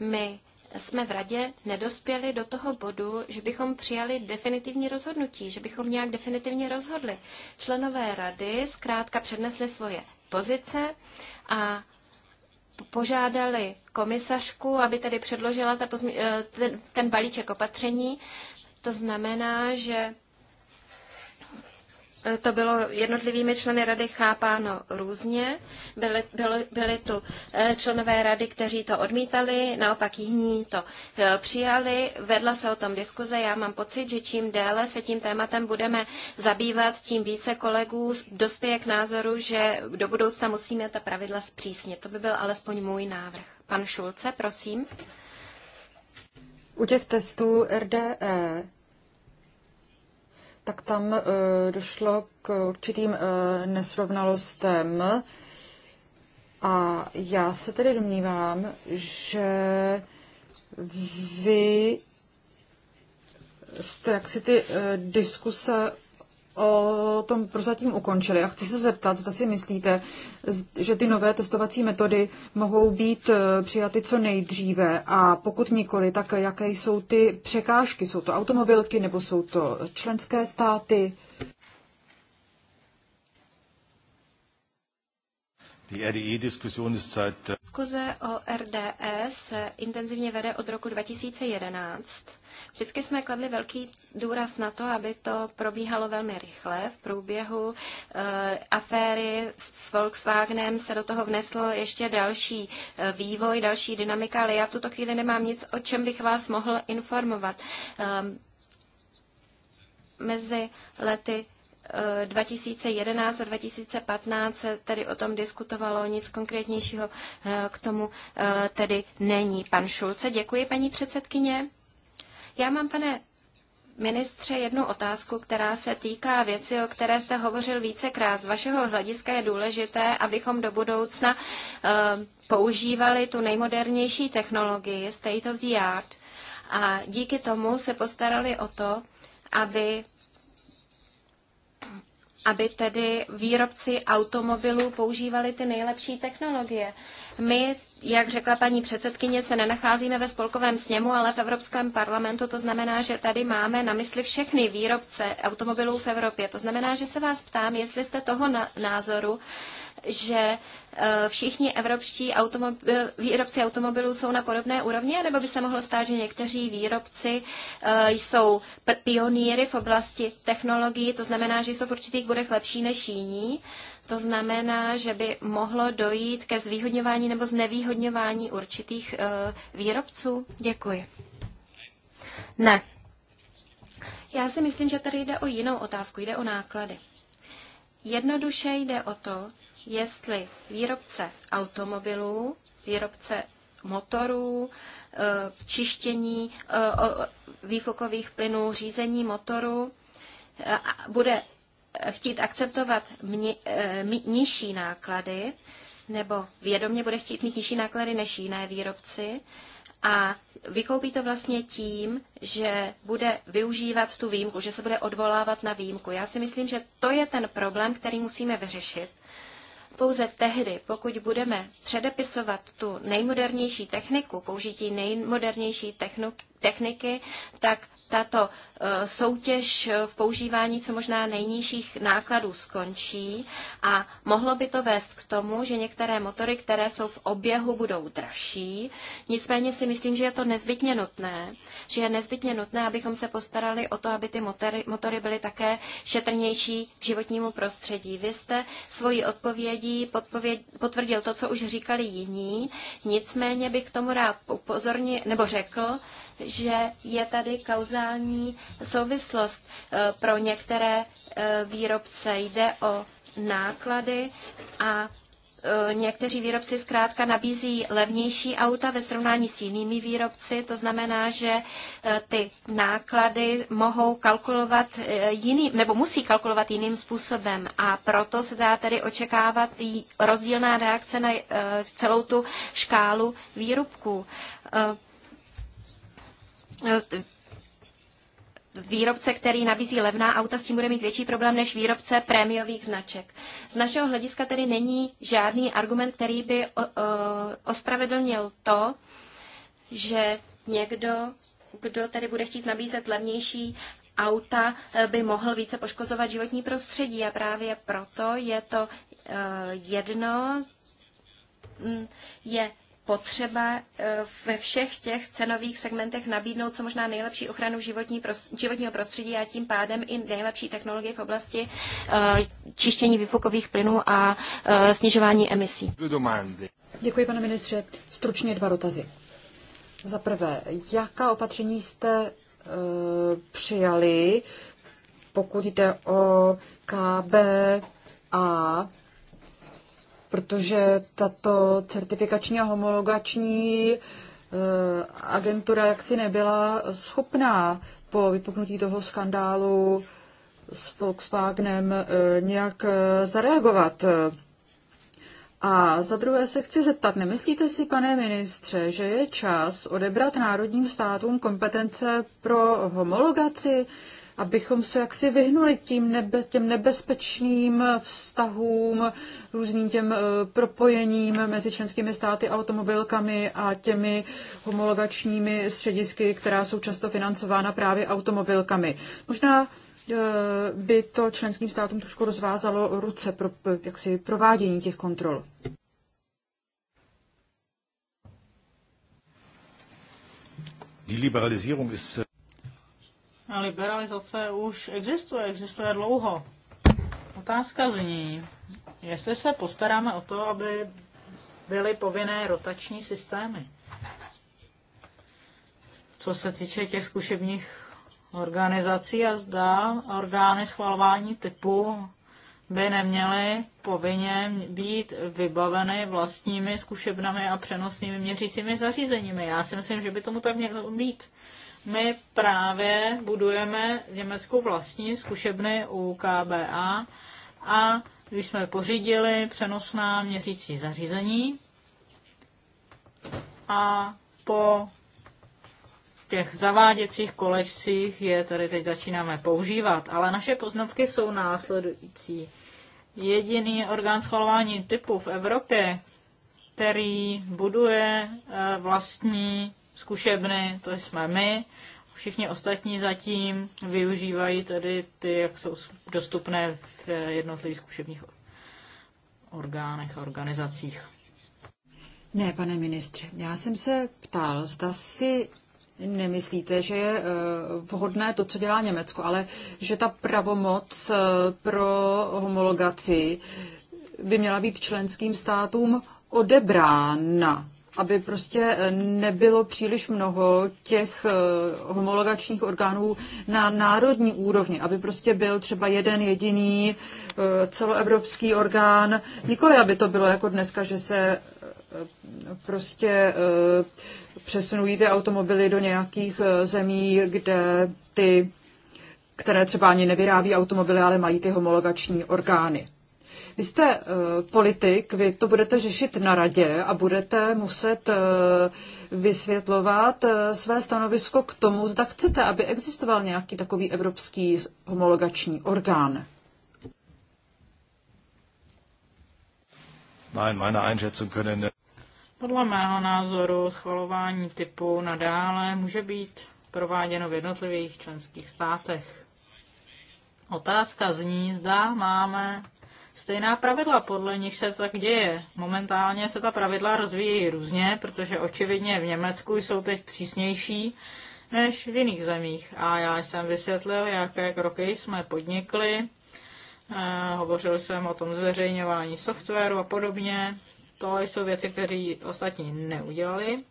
My jsme v radě nedospěli do toho bodu, že bychom přijali definitivní rozhodnutí, že bychom nějak definitivně rozhodli. Členové rady zkrátka přednesli svoje pozice a požádali komisařku, aby tady předložila ta pozmi- eh, ten, ten balíček opatření. To znamená, že Eh, to bylo jednotlivými členy rady chápáno různě. Byly byly, byly tu eh, členové rady, kteří to odmítali, naopak jiní to eh, přijali. Vedla se o tom diskuze. Já mám pocit, že čím déle se tím tématem budeme zabývat, tím více kolegů dospěje k názoru, že do budoucna musíme ta pravidla zpřísnit. To by byl alespoň můj návrh. Pan Šulce, prosím. U těch testů RDE tak tam eh, došlo k určitým eh, nesrovnalostem. A já se tedy domnívám, že vy jste jaksi ty eh, diskuse o tom prozatím ukončili. A chci se zeptat, zda si myslíte, že ty nové testovací metody mohou být eh, přijaty co nejdříve a pokud nikoli, tak jaké jsou ty překážky? Jsou to automobilky nebo jsou to členské státy? Äh, Diskuze o RDE se intenzivně vede od roku 2011. Vždycky jsme kladli velký důraz na to, aby to probíhalo velmi rychle. V průběhu uh, aféry s Volkswagenem se do toho vneslo ještě další uh, vývoj, další dynamika, ale já v tuto chvíli nemám nic, o čem bych vás mohl informovat. Um, mezi lety Eh, 2011 a 2015 se tedy o tom diskutovalo, nic konkrétnějšího eh, k tomu eh, tedy není. Pan Šulce, děkuji paní předsedkyně. Já mám, pane ministře, jednu otázku, která se týká věci, o které jste hovořil vícekrát. Z vašeho hlediska je důležité, abychom do budoucna používali tu nejmodernější technologii, state of the art, a díky tomu se postarali o to, aby aby tedy výrobci automobilů používali ty nejlepší technologie. My jak řekla paní předsedkyně, se nenacházíme ve spolkovém sněmu, ale v Evropském parlamentu. To znamená, že tady máme na mysli všechny výrobce automobilů v Evropě. To znamená, že se vás ptám, jestli jste toho názoru, že e, všichni evropští automobil, výrobci automobilů jsou na podobné úrovni, nebo by se mohlo stát, že někteří výrobci e, jsou pionýry v oblasti technologií, to znamená, že jsou v určitých bodech lepší než jiní. To znamená, že by mohlo dojít ke zvýhodňování nebo znevýhodňování určitých eh, výrobců? Děkuji. Ne. Já si myslím, že tady jde o jinou otázku, jde o náklady. Jednoduše jde o to, jestli výrobce automobilů, výrobce motorů, eh, čištění eh, výfukových plynů, řízení motoru bude chtít akceptovat eh, nižší náklady, nebo vědomě bude chtít mít nižší náklady než jiné výrobci, a vykoupí to vlastně tím, že bude využívat tu výjimku, že se bude odvolávat na výjimku. Já si myslím, že to je ten problém, který musíme vyřešit. Pouze tehdy, pokud budeme předepisovat tu nejmodernější techniku, použití nejmodernější techniky, tak tato e, soutěž v používání co možná nejnižších nákladů skončí a mohlo by to vést k tomu, že některé motory, které jsou v oběhu, budou dražší. Nicméně si myslím, že je to nezbytně nutné, že je nezbytně nutné, abychom se postarali o to, aby ty motory, motory byly také šetrnější k životnímu prostředí. Vy jste svoji odpovědí podpověd, potvrdil to, co už říkali jiní, nicméně bych k tomu rád upozornil, nebo řekl, že je tady kauzální souvislost eh, pro některé eh, výrobce. Jde o náklady a eh, někteří výrobci zkrátka nabízí levnější auta ve srovnání s jinými výrobci, to znamená, že ty náklady mohou kalkulovat jiným, nebo musí kalkulovat jiným způsobem a proto se dá tedy očekávat i rozdílná reakce na celou tu škálu výrobků. Eh, výrobce, který nabízí levná auta, s tím bude mít větší problém než výrobce prémiových značek. Z našeho hlediska tedy není žádný argument, který by eh, ospravedlnil to, že někdo, kdo tedy bude chtít nabízet levnější auta, eh, by mohl více poškozovat životní prostředí a právě proto je to jedno, mm, je potřeba e, ve všech těch cenových segmentech nabídnout co možná nejlepší ochranu životní prostředí, životního prostředí a tím pádem i nejlepší technologie v oblasti e, čištění vyfukových plynů a e, snižování emisí. Děkuji, pane ministře. Stručně dva dotazy. Za prvé, jaká opatření jste e, přijali, pokud jde o KB a protože tato certifikační a homologační eh, agentura jaksi nebyla schopná po vypuknutí toho skandálu s Volkswagenem eh, nějak eh, zareagovat. A za druhé se chci zeptat, nemyslíte si, pane ministře, že je čas odebrat národním státům kompetence pro homologaci? abychom se jaksi vyhnuli tím nebe, těm nebezpečným vztahům, různým těm eh, propojením mezi členskými státy, automobilkami a těmi homologačními středisky, která jsou často financována právě automobilkami. Možná eh, by to členským státům trošku rozvázalo ruce pro jaksi provádění těch kontrol. Die Liberalisierung ist liberalizace už existuje, existuje dlouho. Otázka zní, jestli se postaráme o to, aby byly povinné rotační systémy. Co se týče těch zkušebních organizací a zda orgány schvalování typu by neměly povinně být vybaveny vlastními zkušebnami a přenosnými měřícími zařízeními. Já si myslím, že by tomu tak mělo být. My právě budujeme v Německu vlastní zkušebny u KBA a když jsme pořídili přenosná měřící zařízení a po těch zaváděcích kolečcích je tady teď začínáme používat, ale naše poznatky jsou následující. Jediný orgán schvalování typu v Evropě, který buduje eh, vlastní zkušebny, to jsme my. Všichni ostatní zatím využívají tedy ty, jak jsou dostupné v jednotlivých zkušebních orgánech a organizacích. Ne, pane ministře, já jsem se ptal, zda si nemyslíte, že je eh, vhodné to, co dělá Německo, ale že ta pravomoc eh, pro homologaci by měla být členským státům odebrána aby prostě eh, nebylo příliš mnoho těch eh, homologačních orgánů na národní úrovni, aby prostě byl třeba jeden jediný eh, celoevropský orgán, nikoli aby to bylo jako dneska, že se prostě přesunují ty automobily do nějakých zemí, kde ty, které třeba ani nevyrábí automobily, ale mají ty homologační orgány. Vy jste eh, politik, vy to budete řešit na radě a budete muset eh, vysvětlovat eh, své stanovisko k tomu, zda chcete, aby existoval nějaký takový evropský homologační orgán. podle mého názoru schvalování typu nadále může být prováděno v jednotlivých členských státech. Otázka zní, zda máme stejná pravidla, podle nich se tak děje. Momentálně se ta pravidla rozvíjí různě, protože očividně v Německu jsou teď přísnější než v jiných zemích. A já jsem vysvětlil, jaké kroky jsme podnikli. E, hovořil jsem o tom zveřejňování softwaru a podobně. To jsou věci, které ostatní neudělali.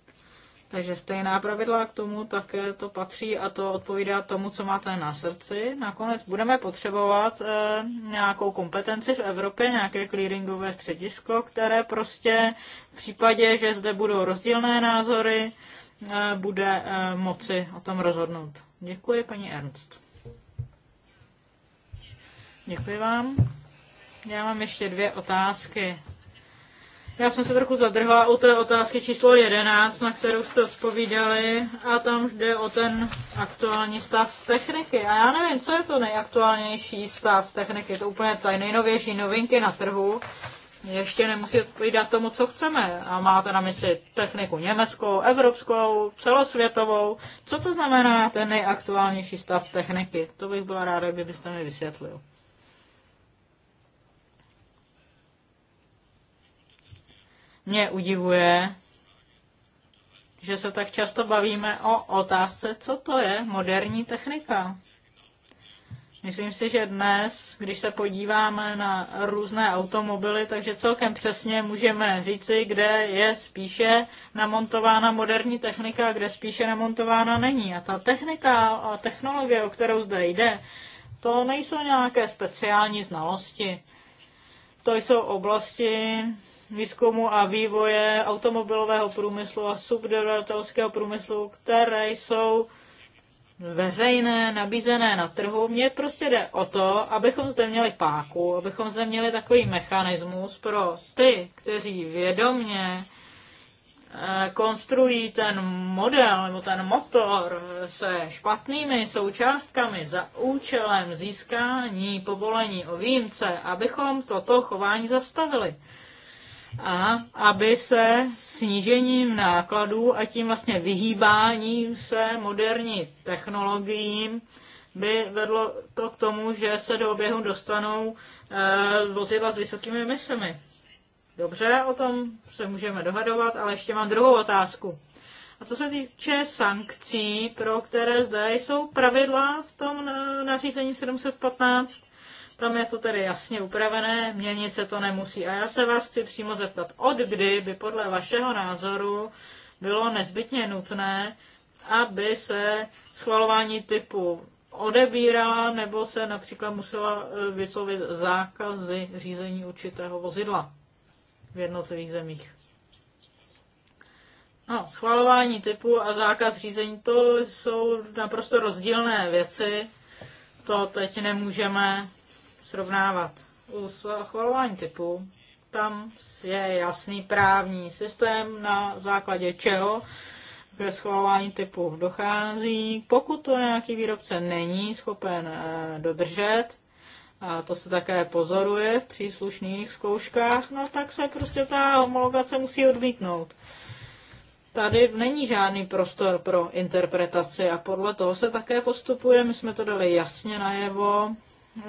Takže stejná pravidla k tomu také to patří a to odpovídá tomu, co máte na srdci. Nakonec budeme potřebovat eh, nějakou kompetenci v Evropě, nějaké clearingové středisko, které prostě v případě, že zde budou rozdílné názory, eh, bude eh, moci o tom rozhodnout. Děkuji, paní Ernst. Děkuji vám. Já mám ještě dvě otázky. Já jsem se trochu zadrhla u té otázky číslo 11, na kterou jste odpovídali, a tam jde o ten aktuální stav techniky. A já nevím, co je to nejaktuálnější stav techniky. Je to úplně ta nejnovější novinky na trhu. Ještě nemusí odpovídat tomu, co chceme. A máte na mysli techniku německou, evropskou, celosvětovou. Co to znamená ten nejaktuálnější stav techniky? To bych byla ráda, kdybyste mi vysvětlil. mě udivuje, že se tak často bavíme o otázce, co to je moderní technika. Myslím si, že dnes, když se podíváme na různé automobily, takže celkem přesně můžeme říci, kde je spíše namontována moderní technika, kde spíše namontována není. A ta technika a technologie, o kterou zde jde, to nejsou nějaké speciální znalosti. To jsou oblasti, výzkumu a vývoje automobilového průmyslu a subdodatelského průmyslu, které jsou veřejné, nabízené na trhu. Mně prostě jde o to, abychom zde měli páku, abychom zde měli takový mechanismus pro ty, kteří vědomně eh, konstruují ten model nebo ten motor eh, se špatnými součástkami za účelem získání povolení o výjimce, abychom toto chování zastavili a aby se snížením nákladů a tím vlastně vyhýbáním se moderní technologiím by vedlo to k tomu, že se do oběhu dostanou eh, vozidla s vysokými emisemi. Dobře, o tom se můžeme dohadovat, ale ještě mám druhou otázku. A co se týče sankcí, pro které zde jsou pravidla v tom nařízení 715, tam je to tedy jasně upravené, měnit se to nemusí. A já se vás chci přímo zeptat, od kdy by podle vašeho názoru bylo nezbytně nutné, aby se schvalování typu odebírala nebo se například musela eh, vyslovit zákazy řízení určitého vozidla v jednotlivých zemích. No, schvalování typu a zákaz řízení, to jsou naprosto rozdílné věci. To teď nemůžeme srovnávat. U schvalování typu tam je jasný právní systém, na základě čeho ke schvalování typu dochází. Pokud to nějaký výrobce není schopen eh, dodržet, a to se také pozoruje v příslušných zkouškách, no tak se prostě ta homologace musí odmítnout. Tady není žádný prostor pro interpretaci a podle toho se také postupuje. My jsme to dali jasně najevo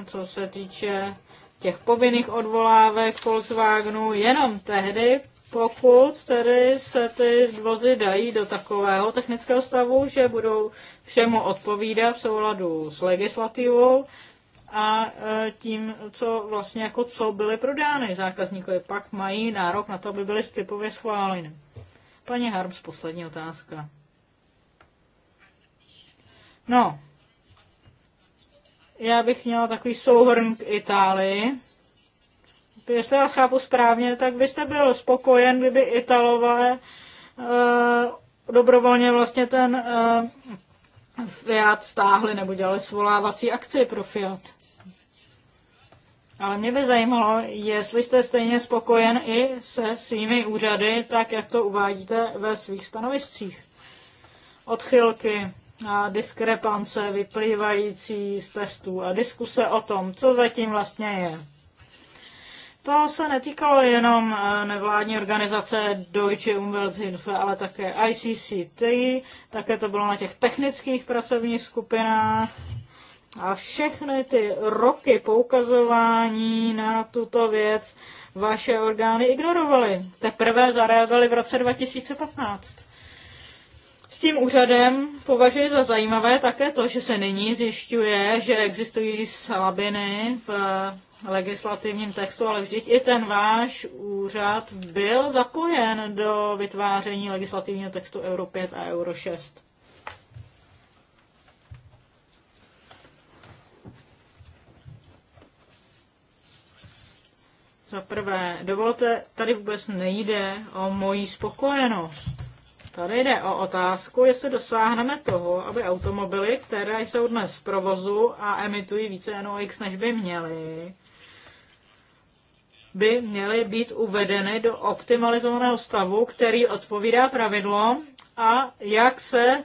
co se týče těch povinných odvolávek Volkswagenu jenom tehdy, pokud tedy se ty vozy dají do takového technického stavu, že budou všemu odpovídat v souladu s legislativou a e, tím, co vlastně jako co byly prodány zákazníkovi, pak mají nárok na to, aby byly typově schváleny. Paní Harms, poslední otázka. No, já bych měla takový souhrn k Itálii. Jestli vás chápu správně, tak byste byl spokojen, kdyby Italové e, dobrovolně vlastně ten e, Fiat stáhli nebo dělali svolávací akci pro Fiat. Ale mě by zajímalo, jestli jste stejně spokojen i se svými úřady, tak jak to uvádíte ve svých stanoviscích. Odchylky a diskrepance vyplývající z testů a diskuse o tom, co zatím vlastně je. To se netýkalo jenom eh, nevládní organizace Deutsche Umwelthilfe, ale také ICCT, také to bylo na těch technických pracovních skupinách. A všechny ty roky poukazování na tuto věc vaše orgány ignorovaly. Teprve zareagovaly v roce 2015. S tím úřadem považuji za zajímavé také to, že se nyní zjišťuje, že existují slabiny v legislativním textu, ale vždyť i ten váš úřad byl zapojen do vytváření legislativního textu Euro 5 a Euro 6. Za prvé, dovolte, tady vůbec nejde o moji spokojenost Tady jde o otázku, jestli dosáhneme toho, aby automobily, které jsou dnes v provozu a emitují více NOx, než by měly, by měly být uvedeny do optimalizovaného stavu, který odpovídá pravidlům a jak se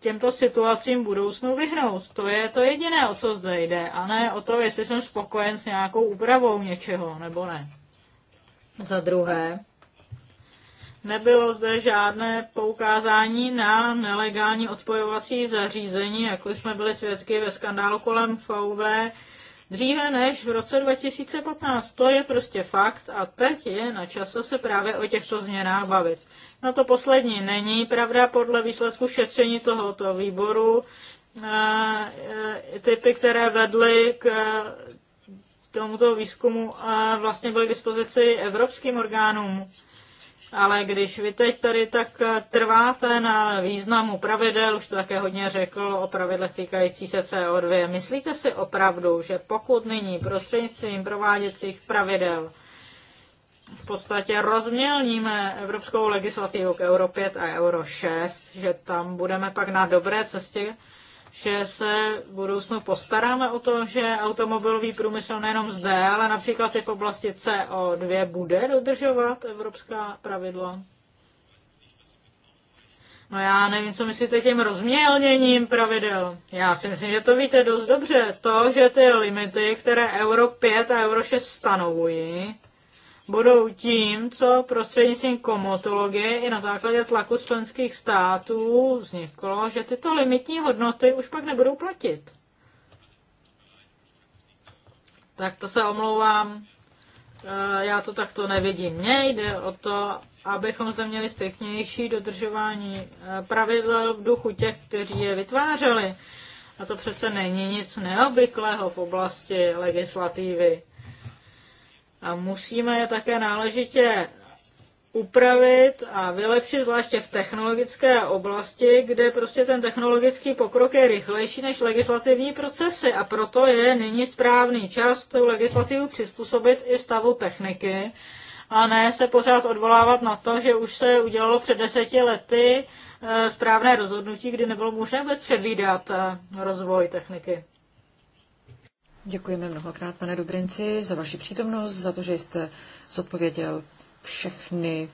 těmto situacím v budoucnu vyhnout. To je to jediné, o co zde jde, a ne o to, jestli jsem spokojen s nějakou úpravou něčeho, nebo ne. Za druhé, Nebylo zde žádné poukázání na nelegální odpojovací zařízení, jako jsme byli svědky ve skandálu kolem VV dříve než v roce 2015. To je prostě fakt a teď je na čase se právě o těchto změnách bavit. No to poslední není pravda podle výsledku šetření tohoto výboru. Eh, eh, typy, které vedly k eh, tomuto výzkumu, vlastně byly k dispozici evropským orgánům ale když vy teď tady tak eh, trváte na významu pravidel, už to také hodně řekl o pravidlech týkající se CO2, myslíte si opravdu, že pokud nyní prostřednictvím prováděcích pravidel v podstatě rozmělníme evropskou legislativu k Euro 5 a Euro 6, že tam budeme pak na dobré cestě, že se v budoucnu postaráme o to, že automobilový průmysl nejenom zde, ale například i v oblasti CO2 bude dodržovat evropská pravidla? No já nevím, co myslíte tím rozmělněním pravidel. Já si myslím, že to víte dost dobře. To, že ty limity, které Euro 5 a Euro 6 stanovují, budou tím, co prostřednictvím komotologie i na základě tlaku členských států vzniklo, že tyto limitní hodnoty už pak nebudou platit. Tak to se omlouvám, e, já to takto nevidím. Mně jde o to, abychom zde měli striktnější dodržování e, pravidel v duchu těch, kteří je vytvářeli. A to přece není nic neobvyklého v oblasti legislativy. A musíme je také náležitě upravit a vylepšit, zvláště v technologické oblasti, kde prostě ten technologický pokrok je rychlejší než legislativní procesy a proto je nyní správný čas tu legislativu přizpůsobit i stavu techniky a ne se pořád odvolávat na to, že už se udělalo před deseti lety eh, správné rozhodnutí, kdy nebylo možné vůbec předvídat eh, rozvoj techniky. Děkujeme mnohokrát, pane Dobrinci, za vaši přítomnost, za to, že jste zodpověděl všechny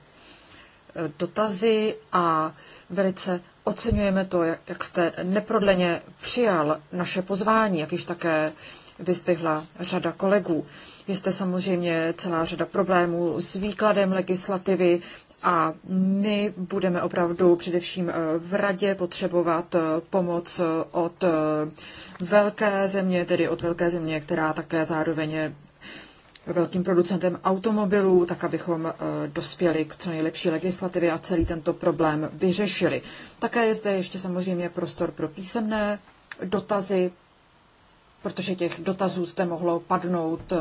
eh, dotazy a velice oceňujeme to, jak jste neprodleně přijal naše pozvání, jak již také vyzdvihla řada kolegů. Jste samozřejmě celá řada problémů s výkladem legislativy, a my budeme opravdu především eh, v radě potřebovat eh, pomoc eh, od velké země, tedy od velké země, která také zároveň je velkým producentem automobilů, tak abychom dospěli k co nejlepší legislativě a celý tento problém vyřešili. Také je zde ještě samozřejmě prostor pro písemné dotazy, protože těch dotazů zde mohlo padnout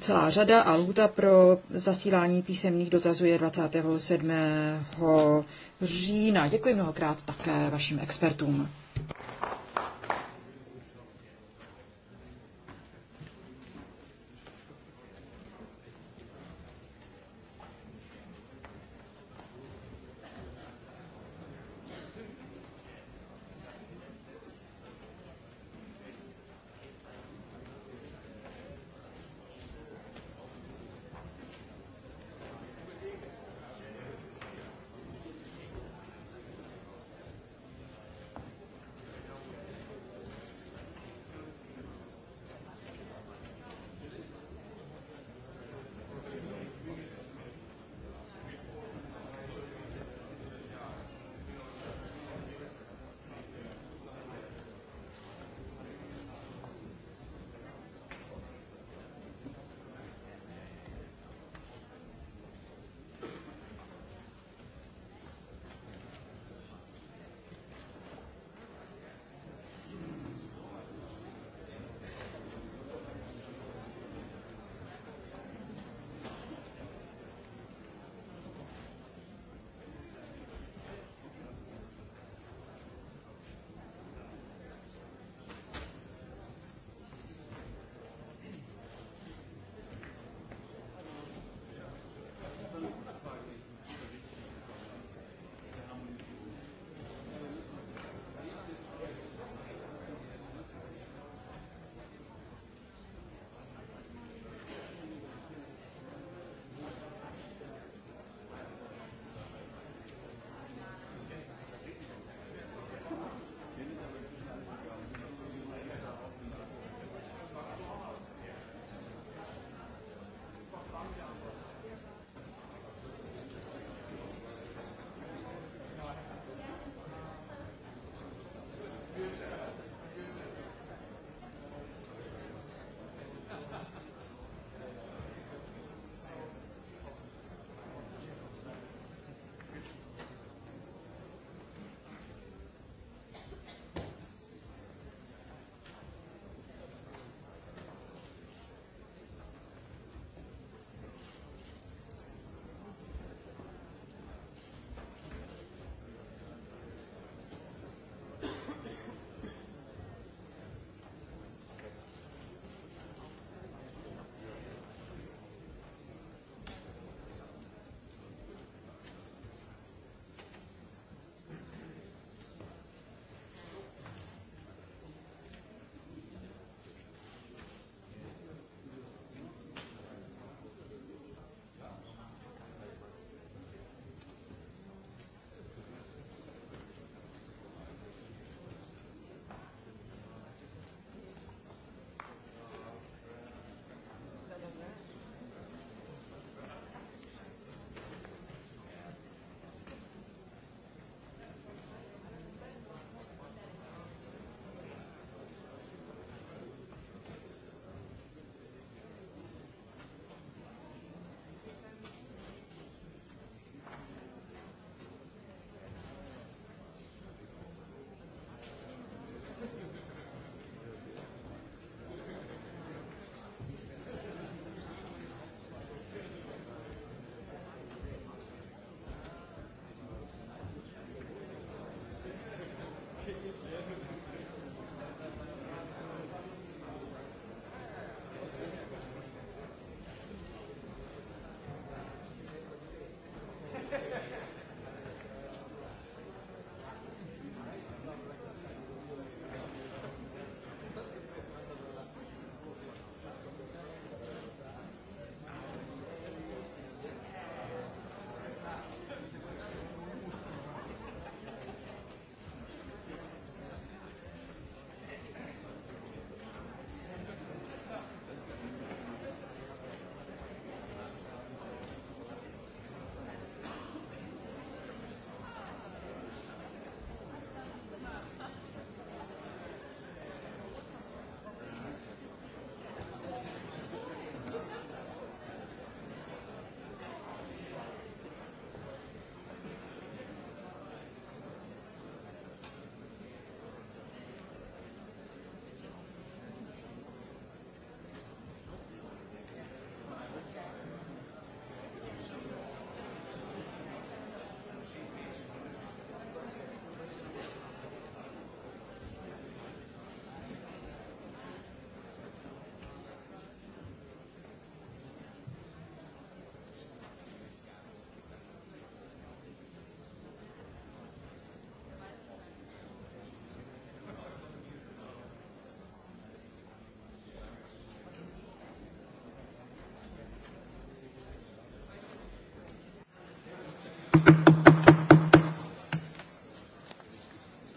celá řada a lhůta pro zasílání písemných dotazů je 27. října. Děkuji mnohokrát také vašim expertům.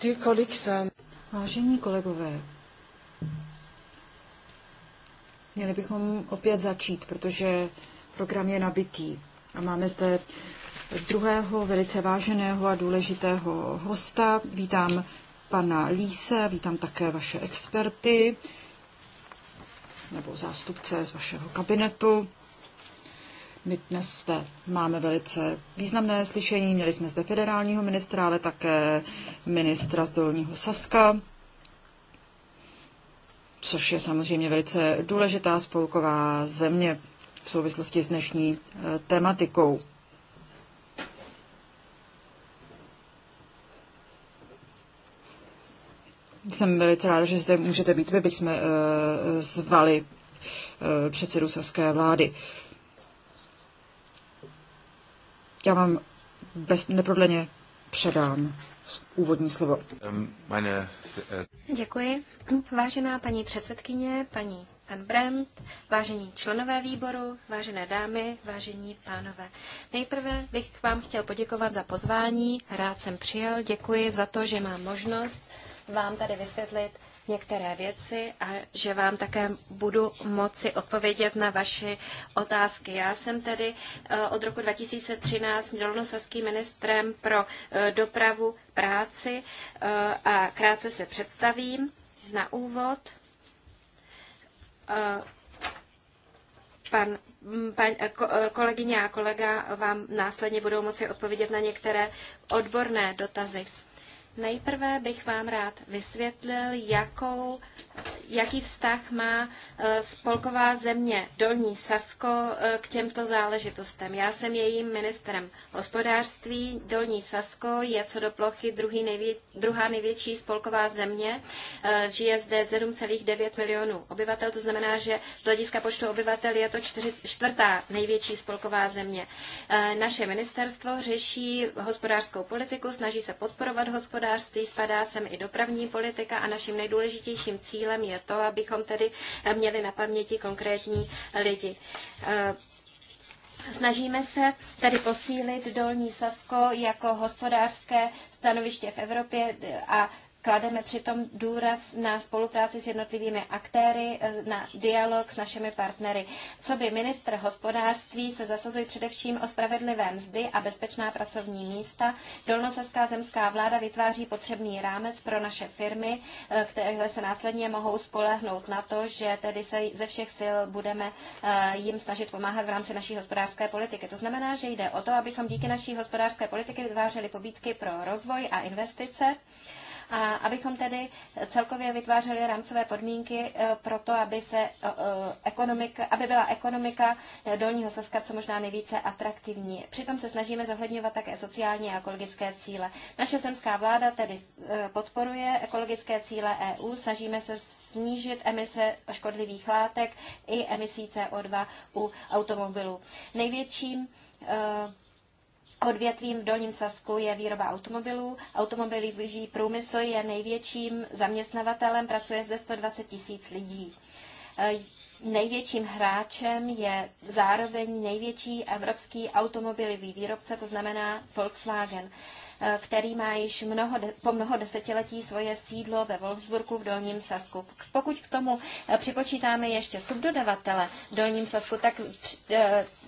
Um, Vážení kolegové, měli bychom opět začít, protože program je nabitý a máme zde druhého velice váženého a důležitého hosta. Vítám pana Líse, vítám také vaše experty nebo zástupce z vašeho kabinetu. My dnes zde máme velice významné slyšení. Měli jsme zde federálního ministra, ale také ministra z Dolního Saska, což je samozřejmě velice důležitá spolková země v souvislosti s dnešní eh, tematikou. Jsem velice ráda, že zde můžete být vy, byť jsme eh, zvali eh, předsedu saské vlády. Já vám bez, neprodleně předám úvodní slovo. Eh, děkuji. Vážená paní předsedkyně, paní pan Bremt, vážení členové výboru, vážené dámy, vážení pánové. Nejprve bych k vám chtěl poděkovat za pozvání, rád jsem přijel, děkuji za to, že mám možnost vám tady vysvětlit některé věci a že vám také budu moci odpovědět na vaše otázky. Já jsem tedy eh, od roku 2013 rovnosaským ministrem pro eh, dopravu práci eh, a krátce se představím na úvod. Pan Pan, kolegyně a kolega vám následně budou moci odpovědět na některé odborné dotazy. Nejprve bych vám rád vysvětlil, jakou, jaký vztah má e, spolková země Dolní Sasko e, k těmto záležitostem. Já jsem jejím ministrem hospodářství. Dolní Sasko je co do plochy druhý nejvě, druhá největší spolková země. E, žije zde 7,9 milionů obyvatel, to znamená, že z hlediska počtu obyvatel je to čtyři, čtvrtá největší spolková země. Naše ministerstvo řeší hospodářskou politiku, snaží se podporovat hospodářství hospodářství, spadá sem i dopravní politika a naším nejdůležitějším cílem je to, abychom tedy měli na paměti konkrétní lidi. Eh, snažíme se tady posílit Dolní Sasko jako hospodářské stanoviště v Evropě eh, a Klademe přitom důraz na spolupráci s jednotlivými aktéry, eh, na dialog s našimi partnery. Co by ministr hospodářství se zasazují především o spravedlivé mzdy a bezpečná pracovní místa. Dolnosaská zemská vláda vytváří potřebný rámec pro naše firmy, eh, které se následně mohou spolehnout na to, že tedy se ze všech sil budeme eh, jim snažit pomáhat v rámci naší hospodářské politiky. To znamená, že jde o to, abychom díky naší hospodářské politiky vytvářeli pobídky pro rozvoj a investice a abychom tedy celkově vytvářeli rámcové podmínky eh, pro to, aby, se eh, eh, ekonomika, aby byla ekonomika Dolního Saska co možná nejvíce atraktivní. Přitom se snažíme zohledňovat také sociální a ekologické cíle. Naše zemská vláda tedy podporuje ekologické cíle EU, snažíme se snížit emise škodlivých látek i emisí CO2 u automobilů. Největším uh, Odvětvím v Dolním Sasku je výroba automobilů. Automobilový průmysl je největším zaměstnavatelem, pracuje zde 120 tisíc lidí. E, největším hráčem je zároveň největší evropský automobilový výrobce, to znamená Volkswagen, e, který má již mnoho, po mnoho desetiletí svoje sídlo ve Wolfsburgu v Dolním Sasku. Pokud k tomu e, připočítáme ještě subdodavatele v Dolním Sasku, tak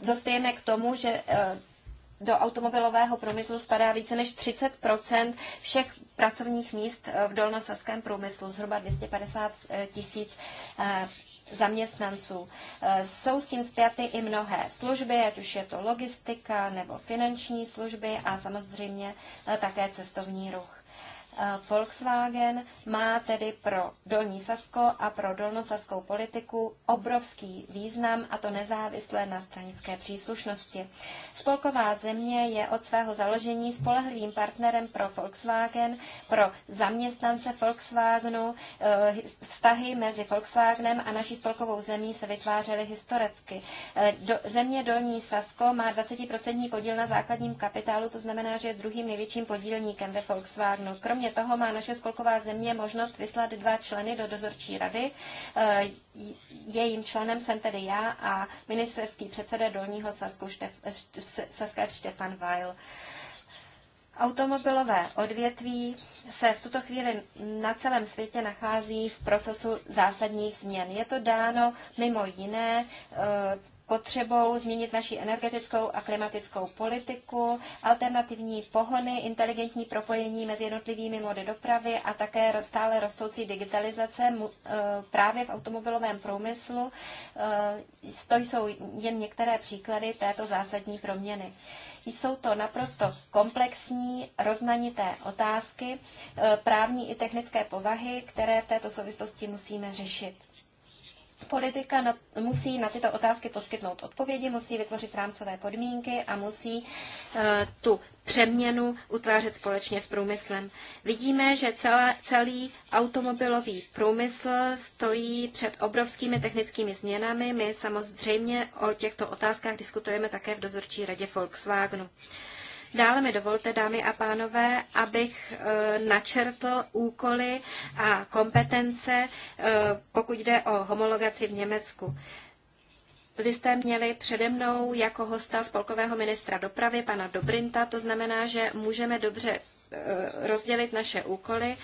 dospějeme k tomu, že do automobilového průmyslu spadá více než 30 všech pracovních míst eh, v dolnosaském průmyslu, zhruba 250 eh, tisíc eh, zaměstnanců. Jsou s tím zpěty i mnohé služby, ať už je to logistika nebo finanční služby a samozřejmě také cestovní ruch. Eh, Volkswagen má tedy pro Dolní Sasko a pro dolnosaskou politiku obrovský význam, a to nezávisle na stranické příslušnosti. Spolková země je od svého založení spolehlivým partnerem pro Volkswagen, pro zaměstnance Volkswagenu. Eh, vztahy mezi Volkswagenem a naší spolkovou zemí se vytvářely historicky. Eh, země Dolní Sasko má 20% podíl na základním kapitálu, to znamená, že je druhým největším podílníkem ve Volkswagenu. Kromě Kromě toho má naše spolková země možnost vyslat dva členy do dozorčí rady. Eh, jejím členem jsem tedy já a ministerský předseda Dolního Sasku Štef, Saska Štefan Weil. Automobilové odvětví se v tuto chvíli na celém světě nachází v procesu zásadních změn. Je to dáno mimo jiné eh, potřebou změnit naši energetickou a klimatickou politiku, alternativní pohony, inteligentní propojení mezi jednotlivými mody dopravy a také stále rostoucí digitalizace e, právě v automobilovém průmyslu. E, to jsou jen některé příklady této zásadní proměny. Jsou to naprosto komplexní, rozmanité otázky e, právní i technické povahy, které v této souvislosti musíme řešit. Politika musí na tyto otázky poskytnout odpovědi, musí vytvořit rámcové podmínky a musí eh, tu přeměnu utvářet společně s průmyslem. Vidíme, že celá, celý automobilový průmysl stojí před obrovskými technickými změnami. My samozřejmě o těchto otázkách diskutujeme také v dozorčí radě Volkswagenu. Dále mi dovolte, dámy a pánové, abych eh, načrtl úkoly a kompetence, eh, pokud jde o homologaci v Německu. Vy jste měli přede mnou jako hosta spolkového ministra dopravy, pana Dobrinta, to znamená, že můžeme dobře Eh, rozdělit naše úkoly.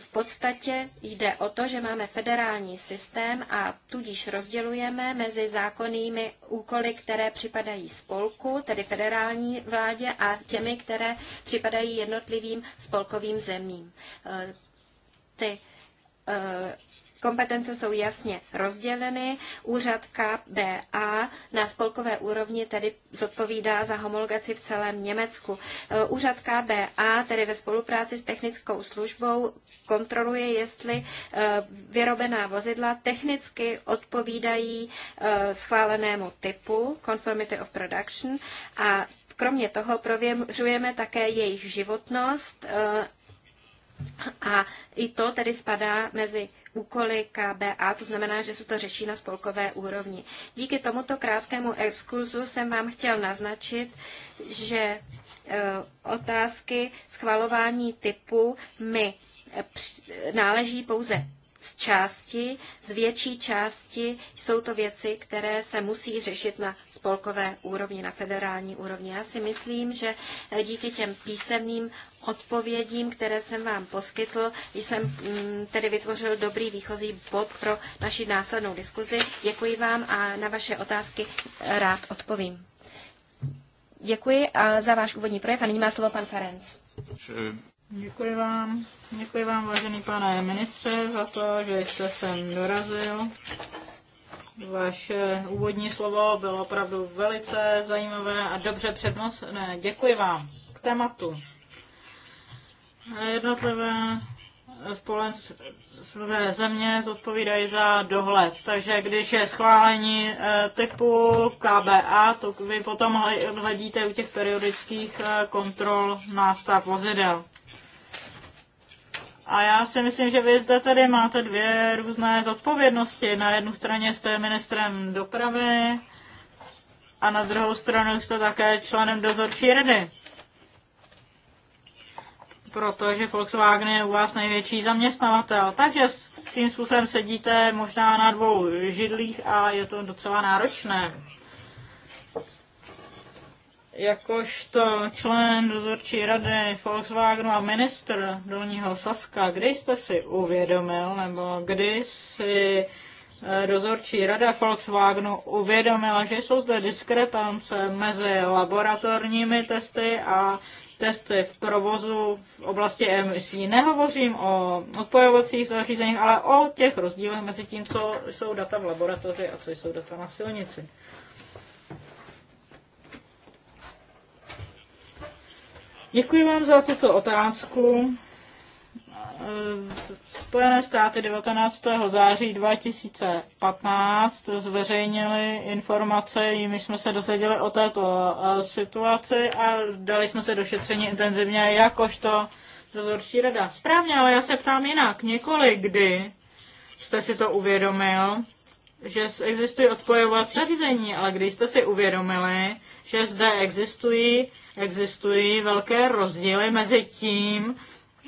V podstatě jde o to, že máme federální systém a tudíž rozdělujeme mezi zákonnými úkoly, které připadají spolku, tedy federální vládě, a těmi, které připadají jednotlivým spolkovým zemím. Eh, ty eh, kompetence jsou jasně rozděleny. Úřad KBA na spolkové úrovni tedy zodpovídá za homologaci v celém Německu. Eh, úřad KBA tedy ve spolupráci s technickou službou kontroluje, jestli eh, vyrobená vozidla technicky odpovídají eh, schválenému typu, conformity of production, a kromě toho prověřujeme také jejich životnost a i to tedy spadá mezi úkoly KBA, to znamená, že se to řeší na spolkové úrovni. Díky tomuto krátkému exkurzu jsem vám chtěl naznačit, že e, otázky schvalování typu mi e, e, náleží pouze z části, z větší části jsou to věci, které se musí řešit na spolkové úrovni, na federální úrovni. Já si myslím, že díky těm písemným odpovědím, které jsem vám poskytl, jsem mm, tedy vytvořil dobrý výchozí bod pro naši následnou diskuzi. Děkuji vám a na vaše otázky rád odpovím. Děkuji a za váš úvodní projev a nyní má slovo pan Ferenc. Děkuji vám. Děkuji vám, vážený pane ministře, za to, že jste sem dorazil. Vaše úvodní slovo bylo opravdu velice zajímavé a dobře přednosné. Děkuji vám. K tématu. Jednotlivé společné země zodpovídají za dohled. Takže když je schválení eh, typu KBA, to vy potom hledíte u těch periodických eh, kontrol na stav vozidel. A já si myslím, že vy zde tady máte dvě různé zodpovědnosti. Na jednu straně jste ministrem dopravy a na druhou stranu jste také členem dozorčí rady. Protože Volkswagen je u vás největší zaměstnavatel. Takže s tím způsobem sedíte možná na dvou židlích a je to docela náročné jakožto člen dozorčí rady Volkswagenu a minister Dolního Saska, kdy jste si uvědomil, nebo kdy si eh, dozorčí rada Volkswagenu uvědomila, že jsou zde diskrepance mezi laboratorními testy a testy v provozu v oblasti emisí. Nehovořím o odpojovacích zařízeních, ale o těch rozdílech mezi tím, co jsou data v laboratoři a co jsou data na silnici. Děkuji vám za tuto otázku. Spojené státy 19. září 2015 zveřejnili informace, jimi jsme se dozvěděli o této eh, situaci a dali jsme se do šetření intenzivně jakožto dozorčí rada. Správně, ale já se ptám jinak. Několik kdy jste si to uvědomil, že existují odpojovací zařízení, ale když jste si uvědomili, že zde existují existují velké rozdíly mezi tím,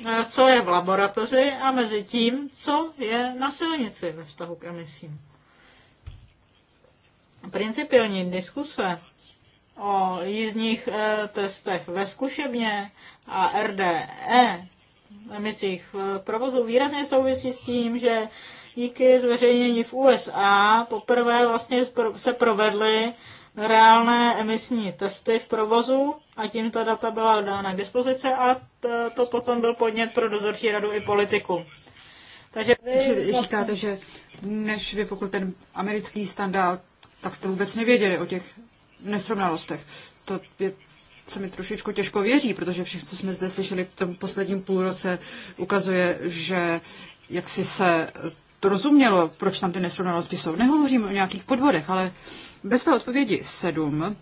eh, co je v laboratoři a mezi tím, co je na silnici ve vztahu k emisím. Principiální diskuse o jízdních eh, testech ve zkušebně a RDE emisích eh, provozu výrazně souvisí s tím, že díky zveřejnění v USA poprvé vlastně se provedly reálné emisní testy v provozu a tím ta data byla dána k dispozici a to potom byl podnět pro dozorčí radu i politiku. Takže vy Čili vlastně- říkáte, že než vypukl ten americký standard, tak jste vůbec nevěděli o těch nesrovnalostech. To je, se mi trošičku těžko věří, protože všechno, co jsme zde slyšeli v tom posledním půlroce, ukazuje, že jak si se to rozumělo, proč tam ty nesrovnalosti jsou. Nehovořím o nějakých podvodech, ale ve své odpovědi 7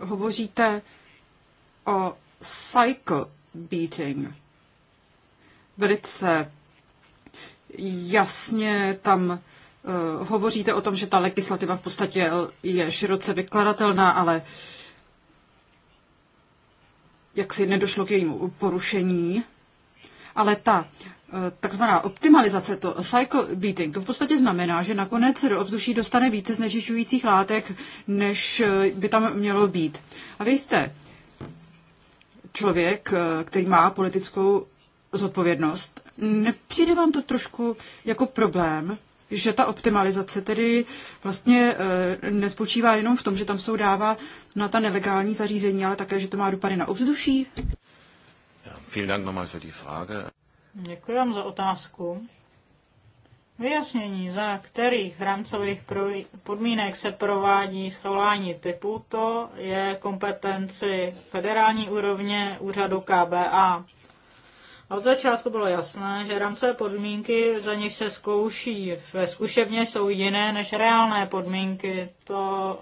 hovoříte o cycle beating. Velice jasně tam eh, hovoříte o tom, že ta legislativa v podstatě je široce vykladatelná, ale jak si nedošlo k jejímu porušení. Ale ta takzvaná optimalizace, to cycle beating, to v podstatě znamená, že nakonec se do ovzduší dostane více znečišťujících látek, než eh, by tam mělo být. A vy jste člověk, eh, který má politickou zodpovědnost. Nepřijde vám to trošku jako problém, že ta optimalizace tedy vlastně eh, nespočívá jenom v tom, že tam jsou dává na ta nelegální zařízení, ale také, že to má dopady na obzduší. Ja, vielen Dank nochmal für die Frage. Děkuji vám za otázku. Vyjasnění, za kterých rámcových podmínek se provádí schvalování typu, to je kompetenci federální úrovně úřadu KBA. od začátku bylo jasné, že rámcové podmínky, za něž se zkouší ve zkušebně, jsou jiné než reálné podmínky. To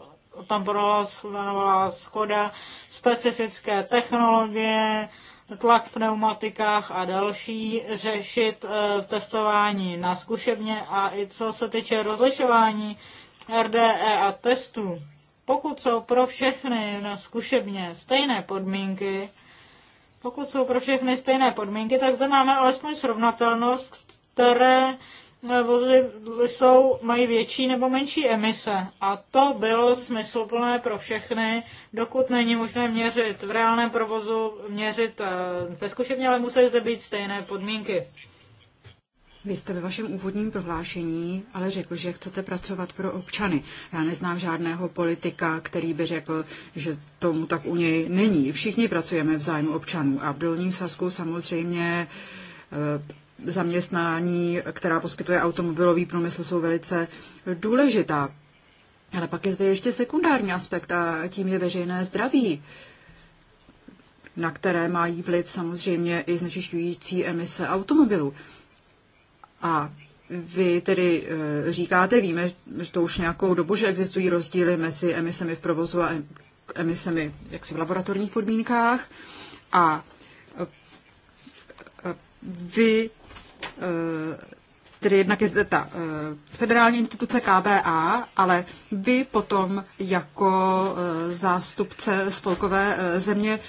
tam byla schoda specifické technologie, tlak v pneumatikách a další, řešit eh, testování na zkušebně a i co se týče rozlišování RDE a testů. Pokud jsou pro všechny na zkušebně stejné podmínky, pokud jsou pro všechny stejné podmínky, tak zde máme alespoň srovnatelnost, které vozy jsou, mají větší nebo menší emise. A to bylo smysluplné pro všechny, dokud není možné měřit v reálném provozu, měřit eh, ve zkušebně, ale musí zde být stejné podmínky. Vy jste ve vašem úvodním prohlášení ale řekl, že chcete pracovat pro občany. Já neznám žádného politika, který by řekl, že tomu tak u něj není. Všichni pracujeme v zájmu občanů a v Dolním Sasku samozřejmě eh, zaměstnání, která poskytuje automobilový průmysl, jsou velice důležitá. Ale pak je zde ještě sekundární aspekt a tím je veřejné zdraví, na které mají vliv samozřejmě i znečišťující emise automobilů. A vy tedy eh, říkáte, víme, že to už nějakou dobu, že existují rozdíly mezi emisemi v provozu a emisemi jaksi v laboratorních podmínkách. A eh, vy Eh, tedy jednak je zde ta eh, federální instituce KBA, ale vy potom jako eh, zástupce spolkové země,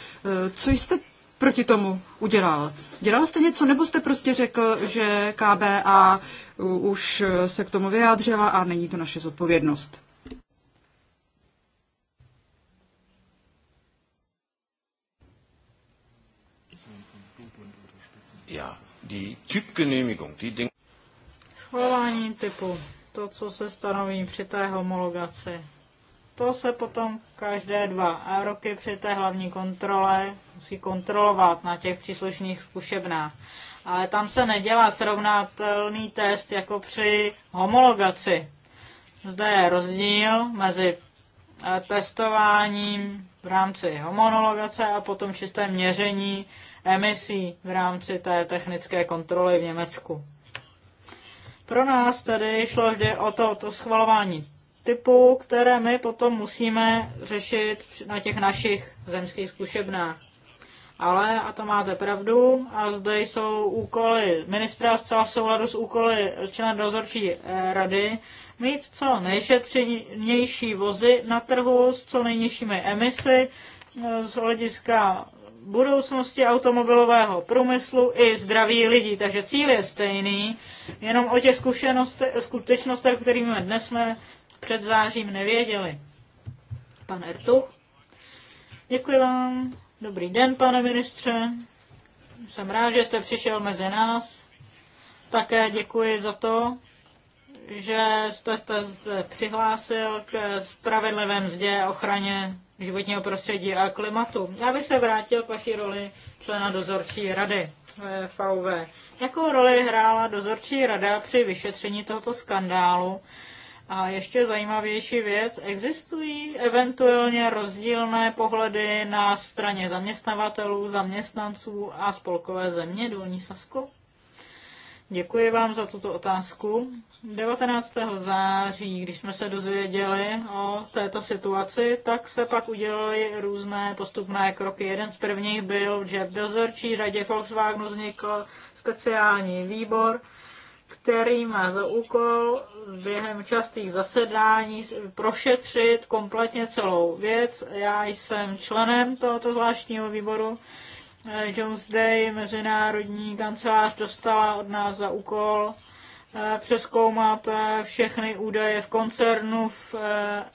co jste proti tomu udělal? Dělal jste něco, nebo jste prostě řekl, že KBA už se k tomu vyjádřila a není to naše zodpovědnost? die Typgenehmigung, die Dinge. Schvalování typu, to, co se stanoví při té homologaci. To se potom každé dva roky při té hlavní kontrole musí kontrolovat na těch příslušných zkušebnách. Ale tam se nedělá srovnatelný test jako při homologaci. Zde je rozdíl mezi eh, testováním v rámci homologace a potom čisté měření emisí v rámci té technické kontroly v Německu. Pro nás tedy šlo vždy o to, to schvalování typu, které my potom musíme řešit na těch našich zemských zkušebnách. Ale, a to máte pravdu, a zde jsou úkoly ministra zcela v souladu s úkoly člena dozorčí eh, rady, mít co nejšetřenější vozy na trhu s co nejnižšími emisy eh, z hlediska budoucnosti automobilového průmyslu i zdraví lidí. Takže cíl je stejný, jenom o těch skutečnostech, kterými dnes jsme před zářím nevěděli. Pan Ertuch. Děkuji vám. Dobrý den, pane ministře. Jsem rád, že jste přišel mezi nás. Také děkuji za to, že jste se přihlásil k spravedlivém zdě ochraně životního prostředí a klimatu. Já bych se vrátil k vaší roli člena dozorčí rady VV. Eh, Jakou roli hrála dozorčí rada při vyšetření tohoto skandálu? A ještě zajímavější věc, existují eventuálně rozdílné pohledy na straně zaměstnavatelů, zaměstnanců a spolkové země Dolní Sasko? Děkuji vám za tuto otázku. 19. září, když jsme se dozvěděli o této situaci, tak se pak udělaly různé postupné kroky. Jeden z prvních byl, že v dozorčí řadě Volkswagenu vznikl speciální výbor, který má za úkol během častých zasedání prošetřit kompletně celou věc. Já jsem členem tohoto zvláštního výboru. Eh, Jones Day, Mezinárodní kancelář, dostala od nás za úkol Eh, přeskoumat eh, všechny údaje v koncernu v eh,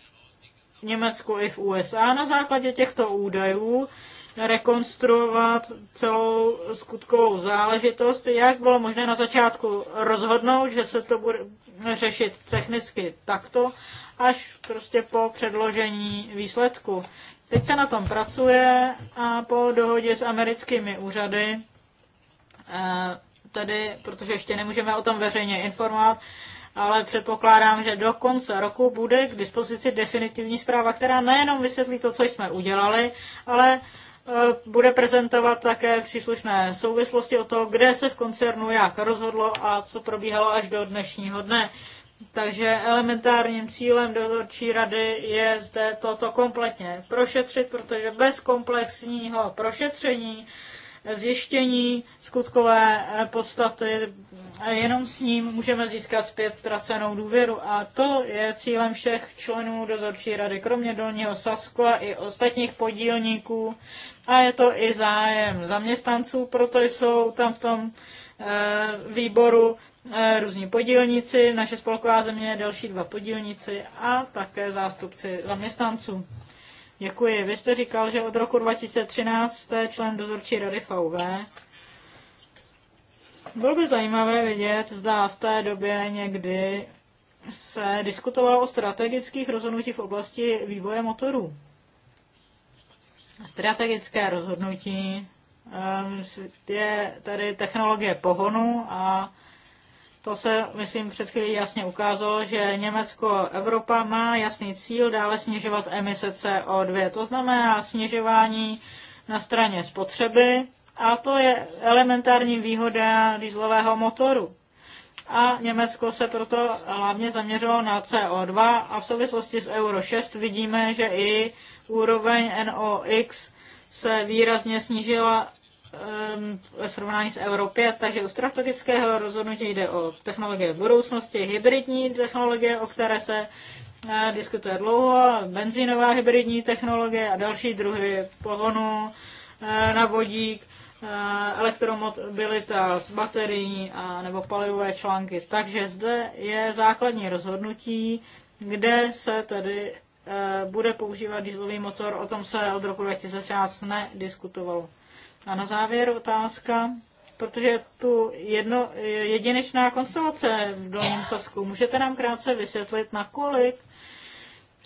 Německu i v USA. Na základě těchto údajů rekonstruovat celou skutkovou záležitost, jak bylo možné na začátku rozhodnout, že se to bude řešit technicky takto, až prostě po předložení výsledku. Teď se na tom pracuje a po dohodě s americkými úřady tedy, protože ještě nemůžeme o tom veřejně informovat, ale předpokládám, že do konce roku bude k dispozici definitivní zpráva, která nejenom vysvětlí to, co jsme udělali, ale e, bude prezentovat také příslušné souvislosti o to, kde se v koncernu jak rozhodlo a co probíhalo až do dnešního dne. Takže elementárním cílem dozorčí rady je zde toto kompletně prošetřit, protože bez komplexního prošetření zjištění skutkové eh, podstaty. Jenom s ním můžeme získat zpět ztracenou důvěru a to je cílem všech členů dozorčí rady, kromě Dolního a i ostatních podílníků. A je to i zájem zaměstnanců, proto jsou tam v tom eh, výboru eh, různí podílníci, naše spolková země, další dva podílníci a také zástupci zaměstnanců. Děkuji. Vy jste říkal, že od roku 2013 jste člen dozorčí rady VV. Bylo by zajímavé vidět, zda v té době někdy se diskutovalo o strategických rozhodnutích v oblasti vývoje motorů. Strategické rozhodnutí ehm, je tady technologie pohonu a to se, myslím, před chvílí jasně ukázalo, že Německo, Evropa má jasný cíl dále snižovat emise CO2. To znamená snižování na straně spotřeby a to je elementární výhoda dieselového motoru. A Německo se proto hlavně zaměřilo na CO2 a v souvislosti s Euro 6 vidíme, že i úroveň NOx se výrazně snížila Ehm, ve srovnání s Evropě, takže u strategického rozhodnutí jde o technologie budoucnosti, hybridní technologie, o které se eh, diskutuje dlouho, benzínová hybridní technologie a další druhy pohonu eh, na vodík, eh, elektromobilita s baterií a nebo palivové články. Takže zde je základní rozhodnutí, kde se tedy bude používat dieselový motor, o tom se od roku 2013 nediskutovalo. A na závěr otázka, protože tu jedno, jedinečná konstelace v Dolním Sasku. Můžete nám krátce vysvětlit, nakolik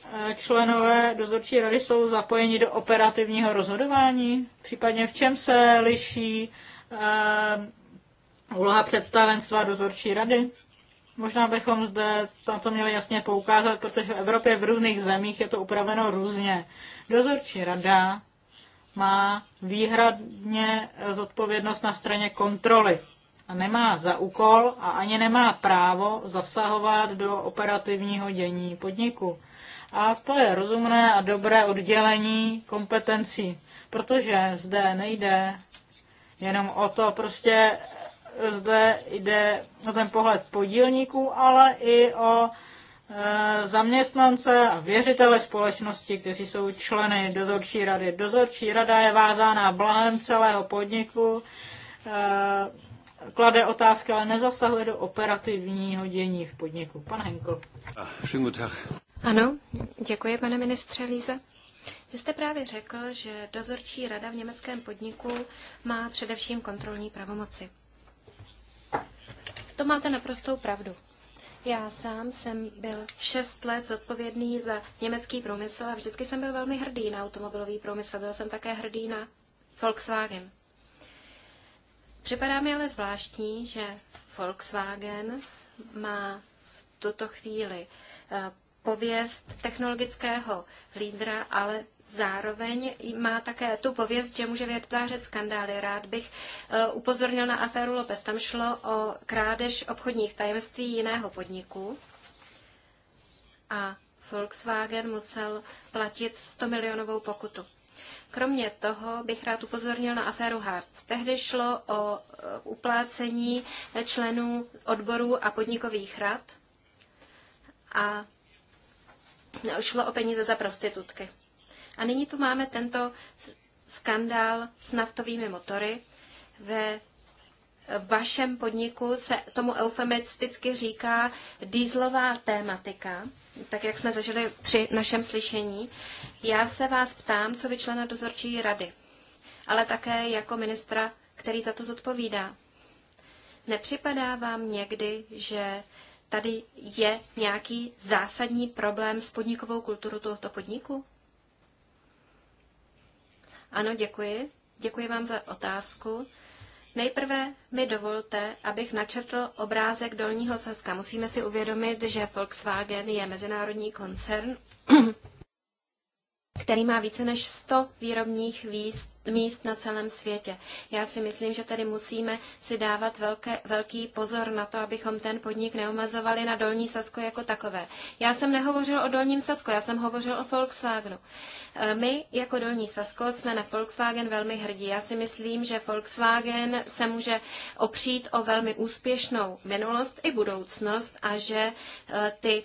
eh, členové dozorčí rady jsou zapojeni do operativního rozhodování? Případně v čem se liší eh, úloha představenstva dozorčí rady? Možná bychom zde na to měli jasně poukázat, protože v Evropě v různých zemích je to upraveno různě. Dozorčí rada má výhradně zodpovědnost na straně kontroly a nemá za úkol a ani nemá právo zasahovat do operativního dění podniku. A to je rozumné a dobré oddělení kompetencí, protože zde nejde jenom o to, prostě zde jde o ten pohled podílníků, ale i o Eh, zaměstnance a věřitele společnosti, kteří jsou členy dozorčí rady. Dozorčí rada je vázána blahem celého podniku, eh, klade otázky, ale nezasahuje do operativního dění v podniku. Pan Henko. Ah, ano, děkuji, pane ministře Líze. Vy jste právě řekl, že dozorčí rada v německém podniku má především kontrolní pravomoci. To máte naprostou pravdu. Já sám jsem byl šest let zodpovědný za německý průmysl a vždycky jsem byl velmi hrdý na automobilový průmysl. Byl jsem také hrdý na Volkswagen. Připadá mi ale zvláštní, že Volkswagen má v tuto chvíli eh, pověst technologického lídra, ale zároveň má také tu pověst, že může vytvářet skandály. Rád bych eh, upozornil na aféru Lopez. Tam šlo o krádež obchodních tajemství jiného podniku a Volkswagen musel platit 100 milionovou pokutu. Kromě toho bych rád upozornil na aféru Hartz. Tehdy šlo o eh, uplácení členů odborů a podnikových rad a šlo o peníze za prostitutky. A nyní tu máme tento skandál s naftovými motory. Ve vašem podniku se tomu eufemisticky říká dýzlová tématika, tak jak jsme zažili při našem slyšení. Já se vás ptám, co vy člena dozorčí rady, ale také jako ministra, který za to zodpovídá. Nepřipadá vám někdy, že tady je nějaký zásadní problém s podnikovou kulturou tohoto podniku? Ano, děkuji. Děkuji vám za otázku. Nejprve mi dovolte, abych načrtl obrázek Dolního Saska. Musíme si uvědomit, že Volkswagen je mezinárodní koncern který má více než 100 výrobních výst, míst na celém světě. Já si myslím, že tady musíme si dávat velké, velký pozor na to, abychom ten podnik neomazovali na Dolní Sasko jako takové. Já jsem nehovořil o Dolním Sasko, já jsem hovořil o Volkswagenu. E, my jako Dolní Sasko jsme na Volkswagen velmi hrdí. Já si myslím, že Volkswagen se může opřít o velmi úspěšnou minulost i budoucnost a že e, ty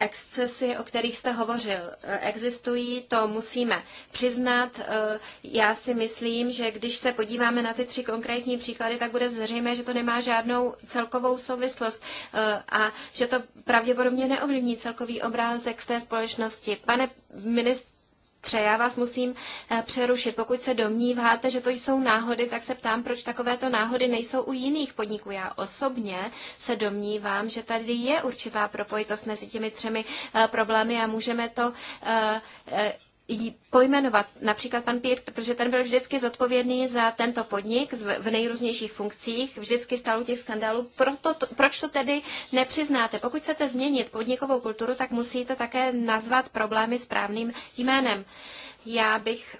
excesy, o kterých jste hovořil, eh, existují, to musíme přiznat. Eh, já si myslím, že když se podíváme na ty tři konkrétní příklady, tak bude zřejmé, že to nemá žádnou celkovou souvislost eh, a že to pravděpodobně neovlivní celkový obrázek z té společnosti. Pane ministře, Pře, já vás musím eh, přerušit. Pokud se domníváte, že to jsou náhody, tak se ptám, proč takovéto náhody nejsou u jiných podniků. Já osobně se domnívám, že tady je určitá propojitost mezi těmi třemi eh, problémy a můžeme to eh, pojmenovat například pan Pírk, protože ten byl vždycky zodpovědný za tento podnik v nejrůznějších funkcích, vždycky stál u těch skandálů. Proto, to, proč to tedy nepřiznáte? Pokud chcete změnit podnikovou kulturu, tak musíte také nazvat problémy správným jménem. Já bych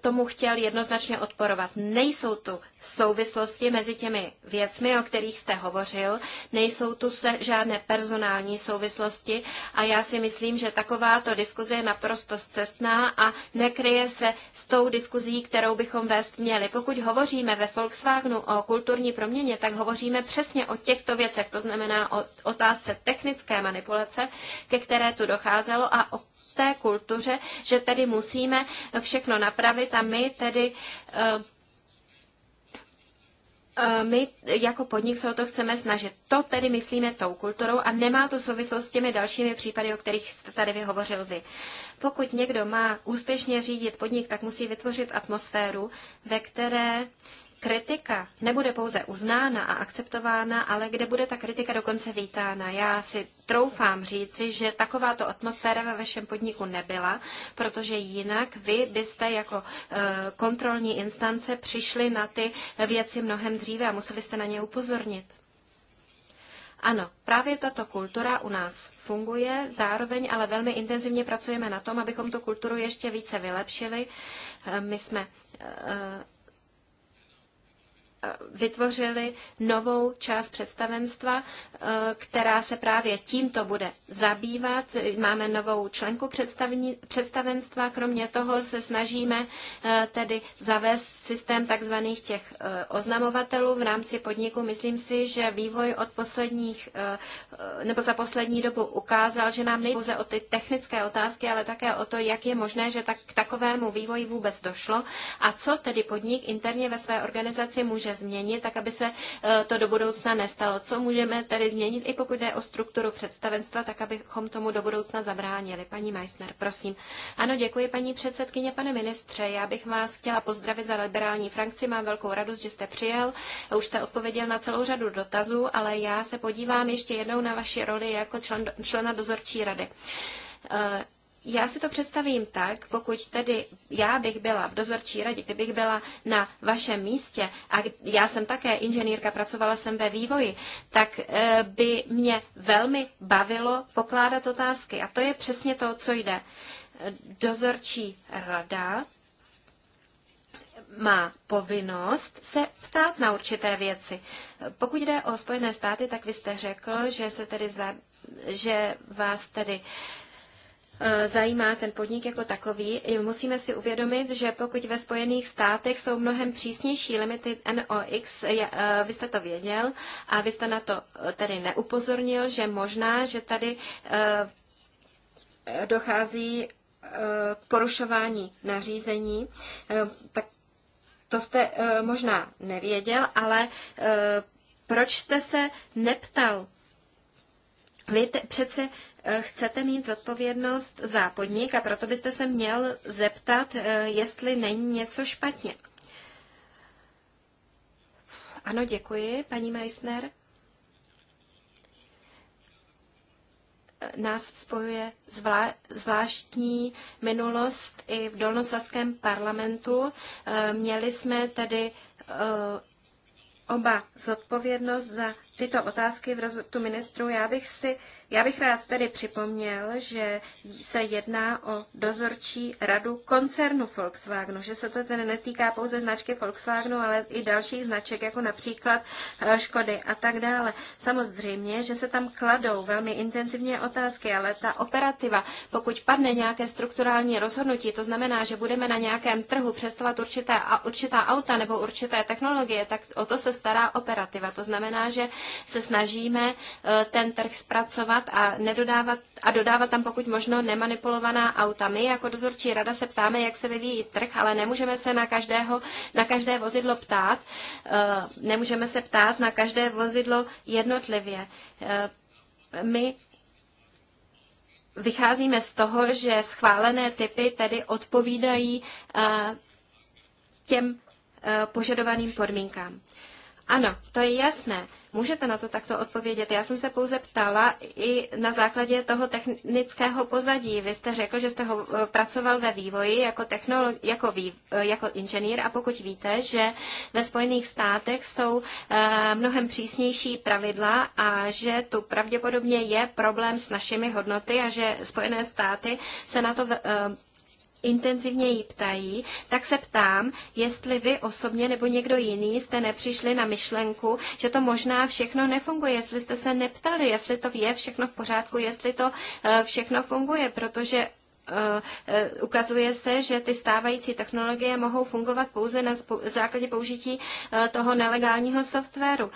tomu chtěl jednoznačně odporovat. Nejsou tu souvislosti mezi těmi věcmi, o kterých jste hovořil, nejsou tu žádné personální souvislosti a já si myslím, že takováto diskuze je naprosto zcestná a nekryje se s tou diskuzí, kterou bychom vést měli. Pokud hovoříme ve Volkswagenu o kulturní proměně, tak hovoříme přesně o těchto věcech, to znamená o otázce technické manipulace, ke které tu docházelo a o té kultuře, že tedy musíme všechno napravit a my tedy eh, eh, my jako podnik se o to chceme snažit. To tedy myslíme tou kulturou a nemá to souvislost s těmi dalšími případy, o kterých jste tady vyhovořil vy. Pokud někdo má úspěšně řídit podnik, tak musí vytvořit atmosféru, ve které kritika nebude pouze uznána a akceptována, ale kde bude ta kritika dokonce vítána. Já si troufám říci, že takováto atmosféra ve vašem podniku nebyla, protože jinak vy byste jako e, kontrolní instance přišli na ty věci mnohem dříve a museli jste na ně upozornit. Ano, právě tato kultura u nás funguje, zároveň ale velmi intenzivně pracujeme na tom, abychom tu kulturu ještě více vylepšili. E, my jsme e, vytvořili novou část představenstva, eh, která se právě tímto bude zabývat. Máme novou členku představenstva, kromě toho se snažíme eh, tedy zavést systém takzvaných těch eh, oznamovatelů v rámci podniku. Myslím si, že vývoj od posledních, nebo za poslední dobu ukázal, že nám nejde o ty technické otázky, ale také o to, jak je možné, že tak, k takovému vývoji vůbec došlo a co tedy podnik interně ve své organizaci může může změnit, tak aby se eh, to do budoucna nestalo. Co můžeme tedy změnit, i pokud jde o strukturu představenstva, tak abychom tomu do budoucna zabránili. Paní Meissner, prosím. Ano, děkuji, paní předsedkyně, pane ministře. Já bych vás chtěla pozdravit za liberální frakci. Mám velkou radost, že jste přijel. Už jste odpověděl na celou řadu dotazů, ale já se podívám ještě jednou na vaši roli jako člen, člena dozorčí rady. Eh, já si to představím tak, pokud tedy já bych byla v dozorčí radě, kdybych byla na vašem místě a já jsem také inženýrka, pracovala jsem ve vývoji, tak eh, by mě velmi bavilo pokládat otázky. A to je přesně to, co jde. Dozorčí rada má povinnost se ptát na určité věci. Pokud jde o Spojené státy, tak vy jste řekl, že se tedy za, že vás tedy uh, Eh, zajímá ten podnik jako takový, musíme si uvědomit, že pokud ve Spojených státech jsou mnohem přísnější limity NOx, eh, vy jste to věděl a vy jste na to eh, tedy neupozornil, že možná, že tady dochází k porušování nařízení, tak to jste možná nevěděl, ale proč jste se neptal? Vy te, přece Eh, chcete mít zodpovědnost za podnik a proto byste se měl zeptat, eh, jestli není něco špatně. Ano, děkuji, paní Meissner. Nás spojuje zvlá- zvláštní minulost i v Dolnosaském parlamentu. Eh, měli jsme tedy oba zodpovědnost za tyto otázky v rozhodu ministru. Já bych si já bych rád tedy připomněl, že se jedná o dozorčí radu koncernu Volkswagenu, že se to tedy netýká pouze značky Volkswagenu, ale i dalších značek, jako například eh, Škody a tak dále. Samozřejmě, že se tam kladou velmi intenzivně otázky, ale ta operativa, pokud padne nějaké strukturální rozhodnutí, to znamená, že budeme na nějakém trhu přestovat určité, určitá auta nebo určité technologie, tak o to se stará operativa. To znamená, že se snažíme eh, ten trh zpracovat dodávat a, nedodávat a dodávat tam pokud možno nemanipulovaná auta. My jako dozorčí rada se ptáme, jak se vyvíjí trh, ale nemůžeme se na, každého, na každé vozidlo ptát, eh, nemůžeme se ptát na každé vozidlo jednotlivě. Eh, my vycházíme z toho, že schválené typy tedy odpovídají eh, těm požadovaným podmínkám. Ano, to je jasné. Můžete na to takto odpovědět. Já jsem se pouze ptala i na základě toho technického pozadí. Vy jste řekl, že jste ho eh, pracoval ve vývoji jako, technolo- jako, vý, eh, jako inženýr a pokud víte, že ve Spojených státech jsou eh, mnohem přísnější pravidla a že tu pravděpodobně je problém s našimi hodnoty a že Spojené státy se na to intenzivně ji ptají, tak se ptám, jestli vy osobně nebo někdo jiný jste nepřišli na myšlenku, že to možná všechno nefunguje, jestli jste se neptali, jestli to je všechno v pořádku, jestli to eh, všechno funguje, protože eh, eh, ukazuje se, že ty stávající technologie mohou fungovat pouze na základě použití toho nelegálního softwaru.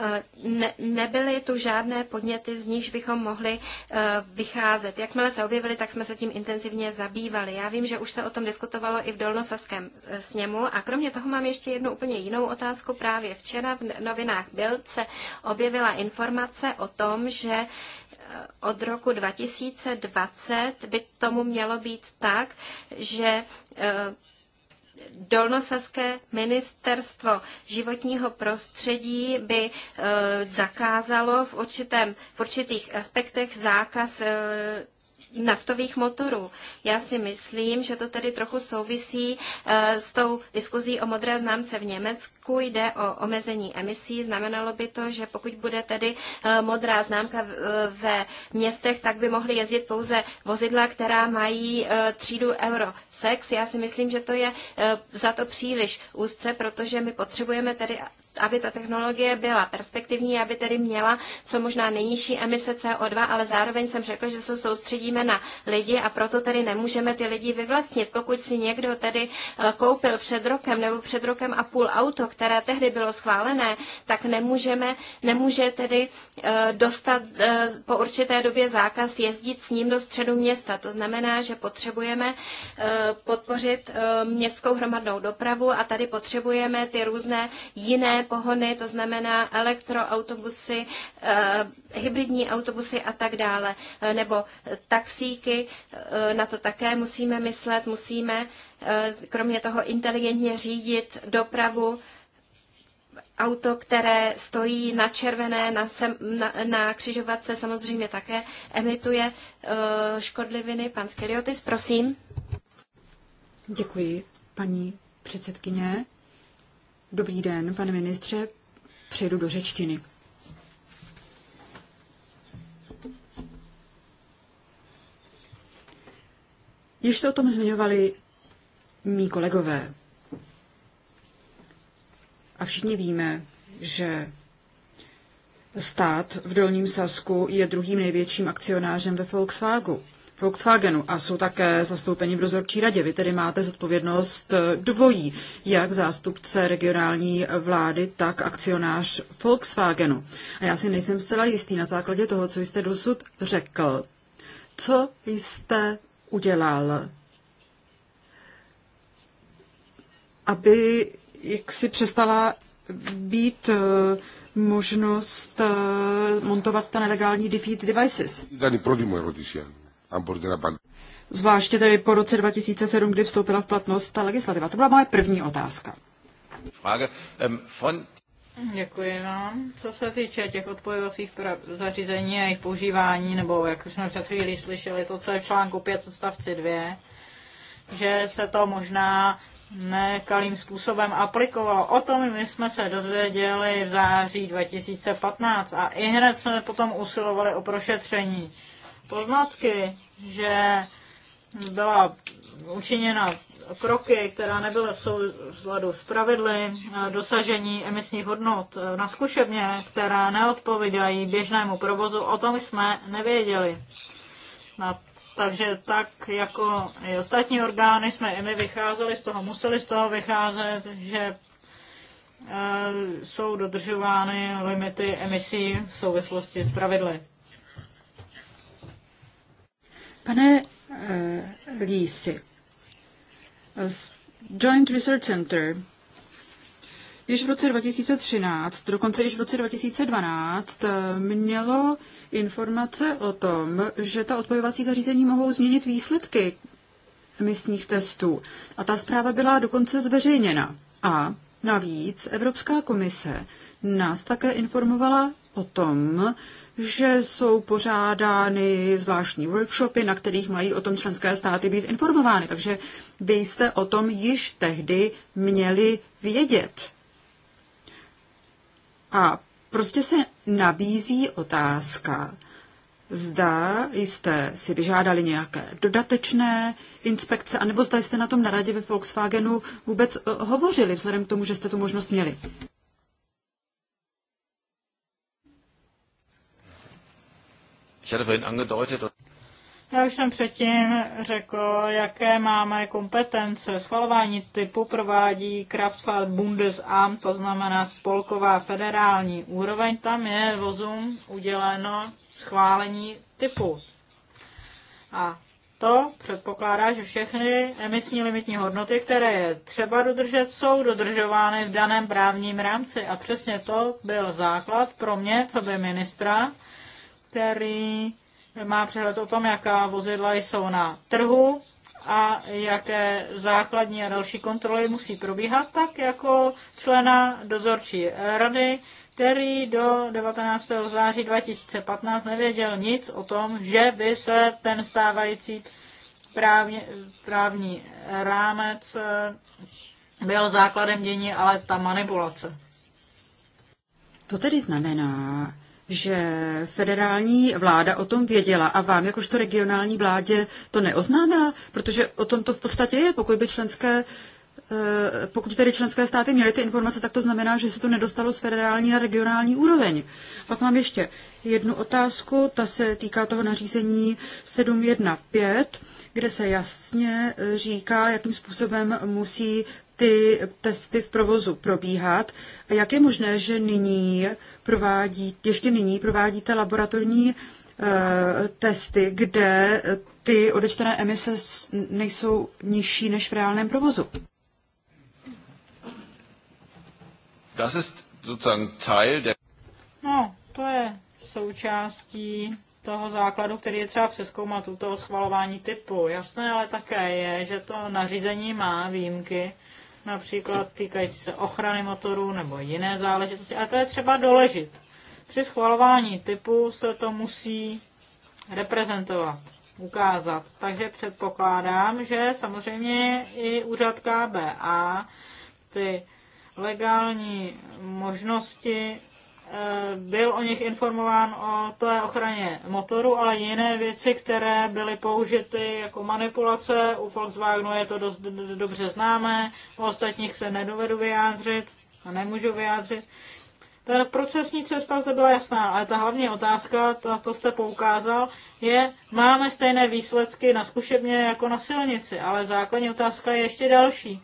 Eh, ne, nebyly tu žádné podněty, z nichž bychom mohli uh, vycházet. Jakmile se objevily, tak jsme se tím intenzivně zabývali. Já vím, že už se o tom diskutovalo i v Dolnosaském eh, sněmu a kromě toho mám ještě jednu úplně jinou otázku. Právě včera v novinách Bild se objevila informace o tom, že od roku 2020 by tomu mělo být tak, že uh, Dolnosaské ministerstvo životního prostředí by e, zakázalo v, určitém, v určitých aspektech zákaz e, naftových motorů. Já si myslím, že to tedy trochu souvisí eh, s tou diskuzí o modré známce v Německu. Jde o omezení emisí. Znamenalo by to, že pokud bude tedy eh, modrá známka eh, ve městech, tak by mohly jezdit pouze vozidla, která mají třídu Euro 6. Já si myslím, že to je za to příliš úzce, protože my potřebujeme tedy aby ta technologie byla perspektivní, aby tedy měla co možná nejnižší emise CO2, ale zároveň jsem řekl, že se soustředíme myslíme na lidi a proto tady nemůžeme ty lidi vyvlastnit. Pokud si někdo tedy eh, koupil před rokem nebo před rokem a půl auto, které tehdy bylo schválené, tak nemůžeme, nemůže tedy eh, dostat eh, po určité době zákaz jezdit s ním do středu města. To znamená, že potřebujeme podpořit městskou hromadnou dopravu a tady potřebujeme ty různé jiné pohony, to znamená elektroautobusy, hybridní autobusy a tak dále, nebo tak taxíky, eh, na to také musíme myslet, musíme eh, kromě toho inteligentně řídit dopravu, auto, které stojí na červené, na, sem, na, na křižovatce, samozřejmě také emituje eh, škodliviny. Pan Skeliotis, prosím. Děkuji, paní předsedkyně. Dobrý den, pane ministře. Přejdu do řečtiny. Již se o tom zmiňovali mý kolegové. A všichni víme, že stát v Dolním Sasku je druhým největším akcionářem ve Volkswagenu. Volkswagenu a jsou také zastoupeni v dozorčí radě. Vy tedy máte zodpovědnost dvojí, jak zástupce regionální vlády, tak akcionář Volkswagenu. A já si nejsem zcela jistý na základě toho, co jste dosud řekl. Co jste udělal, aby jaksi přestala být eh, možnost eh, montovat ta nelegální defeat devices. Zvláště tedy po roce 2007, kdy vstoupila v platnost ta legislativa. To byla moje první otázka. Ähm, Děkuji vám. Co se týče těch odpojovacích zařízení a jejich používání, nebo jak už jsme před chvílí slyšeli, to, co je v článku 5 odstavci 2, že se to možná nekalým způsobem aplikovalo. O tom my jsme se dozvěděli v září 2015 a i hned jsme potom usilovali o prošetření. Poznatky, že byla učiněna kroky, která nebyla v souzladu s pravidly eh, dosažení emisních hodnot eh, na zkušebně, která neodpovídají běžnému provozu, o tom jsme nevěděli. Na, takže tak jako i ostatní orgány jsme i my vycházeli z toho, museli z toho vycházet, že eh, jsou dodržovány limity emisí v souvislosti s pravidly. Pane Lísi, Joint Research Center již v roce 2013, dokonce již v roce 2012, eh, mělo informace o tom, že ta odpojovací zařízení mohou změnit výsledky emisních testů. A ta zpráva byla dokonce zveřejněna. A navíc Evropská komise nás také informovala o tom, že jsou pořádány zvláštní workshopy, na kterých mají o tom členské státy být informovány. Takže vy jste o tom již tehdy měli vědět. A prostě se nabízí otázka, zda jste si vyžádali nějaké dodatečné inspekce, anebo zda jste na tom na radě ve Volkswagenu vůbec eh, hovořili, vzhledem k tomu, že jste tu možnost měli. Já už jsem předtím řekl, jaké máme kompetence. Schvalování typu provádí Kraftfahrt Bundesamt, to znamená spolková federální úroveň. Tam je vozům uděleno schválení typu. A to předpokládá, že všechny emisní limitní hodnoty, které je třeba dodržet, jsou dodržovány v daném právním rámci. A přesně to byl základ pro mě, co by ministra, který má přehled o tom, jaká vozidla jsou na trhu a jaké základní a další kontroly musí probíhat, tak jako člena dozorčí rady, který do 19. září 2015 nevěděl nic o tom, že by se ten stávající právně, právní rámec eh, byl základem dění, ale ta manipulace. To tedy znamená, že federální vláda o tom věděla a vám jakožto regionální vládě to neoznámila, protože o tom to v podstatě je, pokud by členské eh, pokud tedy členské státy měly ty informace, tak to znamená, že se to nedostalo z federální a regionální úroveň. Pak mám ještě jednu otázku, ta se týká toho nařízení 715, kde se jasně eh, říká, jakým způsobem musí ty testy v provozu probíhat a jak je možné, že nyní provádí, ještě nyní provádíte laboratorní eh, testy, kde ty odečtené emise nejsou nižší než v reálném provozu. Das ist sozusagen Teil der... No, to je součástí toho základu, který je třeba přeskoumat u toho schvalování typu. Jasné ale také je, že to nařízení má výjimky, například týkající se ochrany motorů nebo jiné záležitosti. A to je třeba doležit. Při schvalování typu se to musí reprezentovat, ukázat. Takže předpokládám, že samozřejmě i úřad KBA ty legální možnosti Eh, byl o nich informován o té ochraně motoru, ale jiné věci, které byly použity jako manipulace, u Volkswagenu je to dost dobře známé, u ostatních se nedovedu vyjádřit a nemůžu vyjádřit. Ta procesní cesta zde byla jasná, ale ta hlavní otázka, to, to jste poukázal, je, máme stejné výsledky na zkušebně jako na silnici, ale základní otázka je ještě další.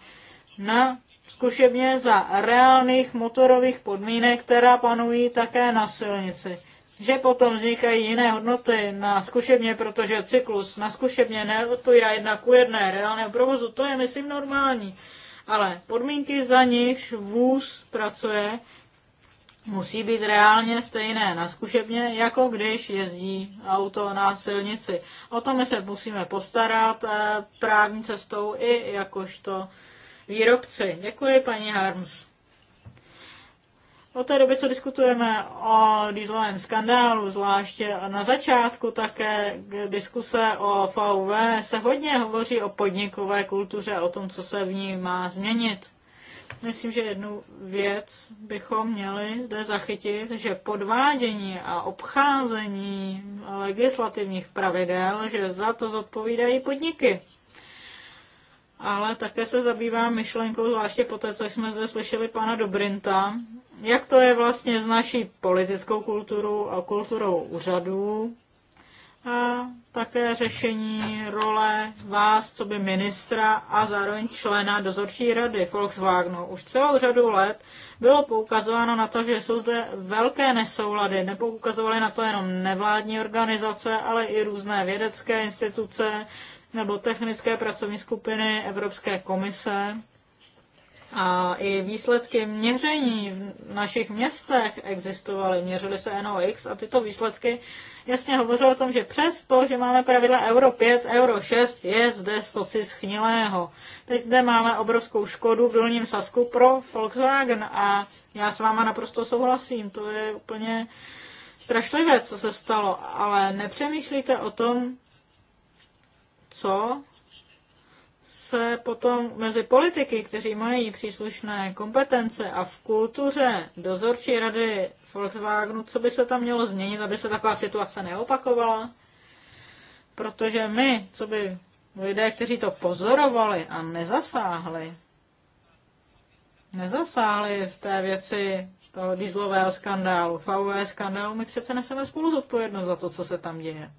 Na zkušebně za reálných motorových podmínek, která panují také na silnici. Že potom vznikají jiné hodnoty na zkušebně, protože cyklus na zkušebně neodpovídá jedna ku jedné reálného provozu, to je myslím normální. Ale podmínky, za nichž vůz pracuje, musí být reálně stejné na zkušebně, jako když jezdí auto na silnici. O tom my se musíme postarat eh, právní cestou i jakožto výrobci. Děkuji, paní Harms. Od té doby, co diskutujeme o dýzlovém skandálu, zvláště na začátku také diskuse o VV, se hodně hovoří o podnikové kultuře, o tom, co se v ní má změnit. Myslím, že jednu věc bychom měli zde zachytit, že podvádění a obcházení legislativních pravidel, že za to zodpovídají podniky ale také se zabývám myšlenkou, zvláště po té, co jsme zde slyšeli pana Dobrinta, jak to je vlastně s naší politickou kulturou a kulturou úřadů a také řešení role vás, co by ministra a zároveň člena dozorčí rady Volkswagenu. Už celou řadu let bylo poukazováno na to, že jsou zde velké nesoulady. Nepoukazovaly na to jenom nevládní organizace, ale i různé vědecké instituce, nebo technické pracovní skupiny Evropské komise. A i výsledky měření v našich městech existovaly, měřily se NOx a tyto výsledky jasně hovořily o tom, že přes to, že máme pravidla Euro 5, Euro 6, je zde stoci schnilého. Teď zde máme obrovskou škodu v Dolním Sasku pro Volkswagen a já s váma naprosto souhlasím, to je úplně strašlivé, co se stalo, ale nepřemýšlíte o tom, co se potom mezi politiky, kteří mají příslušné kompetence a v kultuře dozorčí rady Volkswagenu, co by se tam mělo změnit, aby se taková situace neopakovala? Protože my, co by lidé, kteří to pozorovali a nezasáhli, nezasáhli v té věci toho dýzlového skandálu, VW e skandálu, my přece neseme spolu zodpovědnost za to, co se tam děje.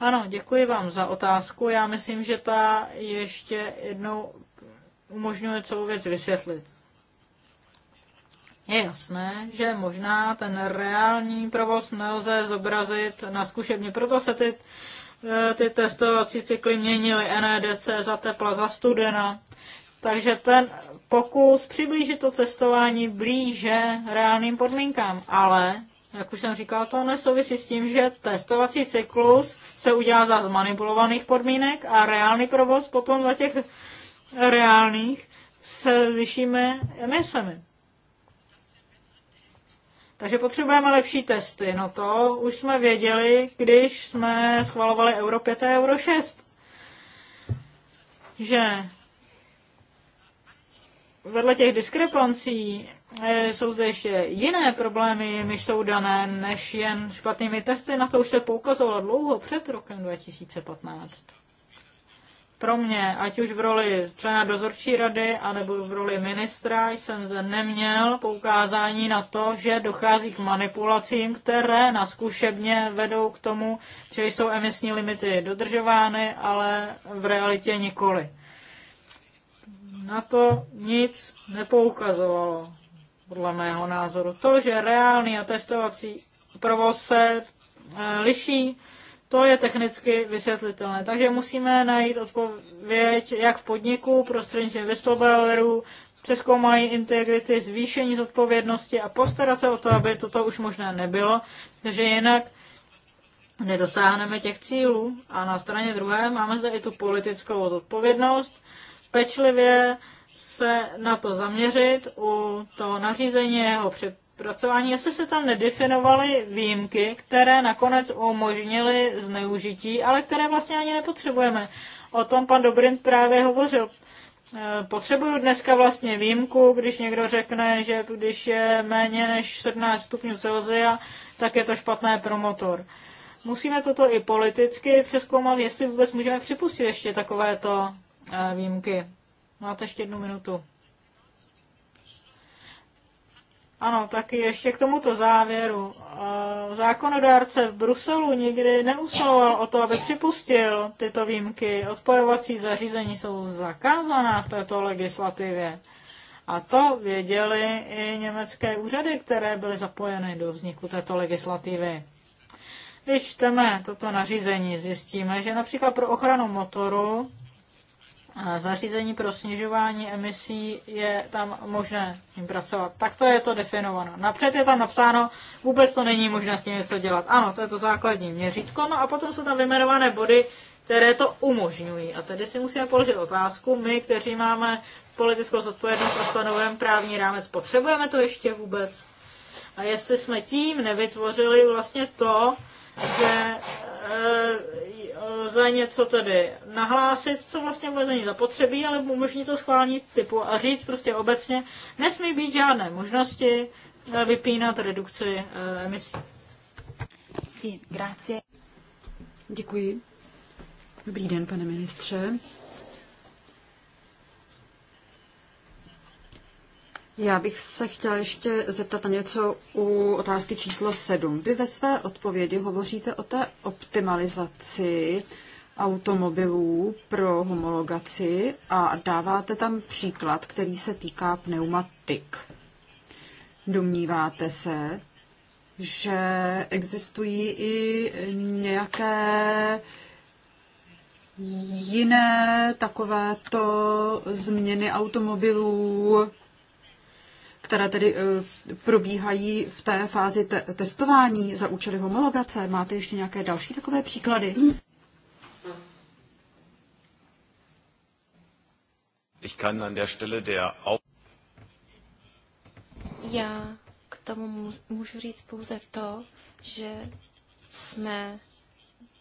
Ano, děkuji vám za otázku. Já myslím, že ta ještě jednou umožňuje celou věc vysvětlit. Je jasné, že možná ten reální provoz nelze zobrazit na zkušebně, proto se ty, eh, ty testovací cykly měnily NEDC za tepla, za studena. Takže ten pokus přiblížit to cestování blíže reálným podmínkám, ale jak už jsem říkal, to nesouvisí s tím, že testovací cyklus se udělá za zmanipulovaných podmínek a reálný provoz potom za těch reálných se lišíme emisemi. Takže potřebujeme lepší testy. No to už jsme věděli, když jsme schvalovali Euro 5 a Euro 6. Že vedle těch diskrepancí Eh, jsou zde ještě jiné problémy, jimiž jsou dané, než jen špatnými testy. Na to už se poukazovalo dlouho před rokem 2015. Pro mě, ať už v roli člena dozorčí rady, anebo v roli ministra, jsem zde neměl poukázání na to, že dochází k manipulacím, které na zkušebně vedou k tomu, že jsou emisní limity dodržovány, ale v realitě nikoli na to nic nepoukazovalo podle mého názoru. To, že reálný a testovací provoz se e, liší, to je technicky vysvětlitelné. Takže musíme najít odpověď jak v podniku prostřednictvím whistleblowerů, přeskoumají integrity, zvýšení zodpovědnosti a postarat se o to, aby toto už možné nebylo, že jinak nedosáhneme těch cílů. A na straně druhé máme zde i tu politickou zodpovědnost, pečlivě se na to zaměřit u toho nařízení jeho přepracování, jestli se tam nedefinovaly výjimky, které nakonec umožnily zneužití, ale které vlastně ani nepotřebujeme. O tom pan Dobrind právě hovořil. E, potřebuju dneska vlastně výjimku, když někdo řekne, že když je méně než 17 stupňů Celzia, tak je to špatné pro motor. Musíme toto i politicky přeskoumat, jestli vůbec můžeme připustit ještě takovéto e, výjimky. Máte ještě jednu minutu. Ano, tak ještě k tomuto závěru. Zákonodárce v Bruselu nikdy neusiloval o to, aby připustil tyto výjimky. Odpojovací zařízení jsou zakázaná v této legislativě. A to věděly i německé úřady, které byly zapojeny do vzniku této legislativy. Když čteme toto nařízení, zjistíme, že například pro ochranu motoru zařízení pro snižování emisí je tam možné s tím pracovat. Tak to je to definováno. Napřed je tam napsáno, vůbec to není možné s tím něco dělat. Ano, to je to základní měřítko, no a potom jsou tam vyjmenované body, které to umožňují. A tedy si musíme položit otázku, my, kteří máme politickou zodpovědnost a stanovujeme právní rámec, potřebujeme to ještě vůbec? A jestli jsme tím nevytvořili vlastně to, že e, eh, lze něco tedy nahlásit, co vlastně vůbec není zapotřebí, ale umožní to schválnit typu a říct prostě obecně, nesmí být žádné možnosti eh, vypínat redukci e, emisí. Sí, grazie. Děkuji. Dobrý den, pane ministře. Já bych se chtěla ještě zeptat na něco u otázky číslo 7. Vy ve své odpovědi hovoříte o té optimalizaci automobilů pro homologaci a dáváte tam příklad, který se týká pneumatik. Domníváte se, že existují i nějaké jiné takovéto změny automobilů, které tedy eh, probíhají v té fázi te- testování za účely homologace. Máte ještě nějaké další takové příklady? Ich kann an der Stelle der Já k tomu můžu říct pouze to, že jsme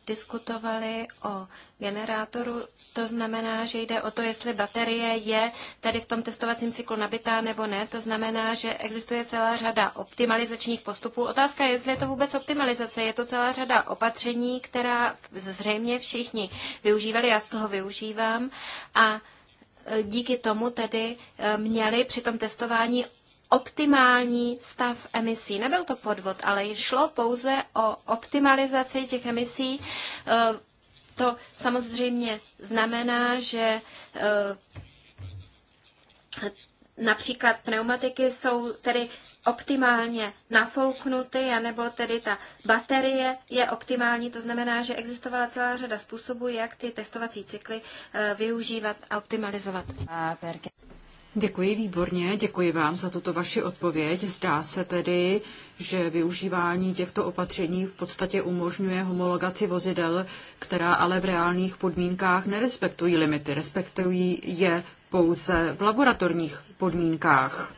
diskutovali o generátoru to znamená, že jde o to, jestli baterie je tady v tom testovacím cyklu nabitá nebo ne. To znamená, že existuje celá řada optimalizačních postupů. Otázka je, jestli je to vůbec optimalizace. Je to celá řada opatření, která zřejmě všichni využívali, já z toho využívám. A e, díky tomu tedy e, měli při tom testování optimální stav emisí. Nebyl to podvod, ale šlo pouze o optimalizaci těch emisí e, to samozřejmě znamená, že eh, například pneumatiky jsou tedy optimálně nafouknuty, anebo tedy ta baterie je optimální. To znamená, že existovala celá řada způsobů, jak ty testovací cykly eh, využívat a optimalizovat. Děkuji výborně, děkuji vám za tuto vaši odpověď. Zdá se tedy, že využívání těchto opatření v podstatě umožňuje homologaci vozidel, která ale v reálných podmínkách nerespektují limity, respektují je pouze v laboratorních podmínkách.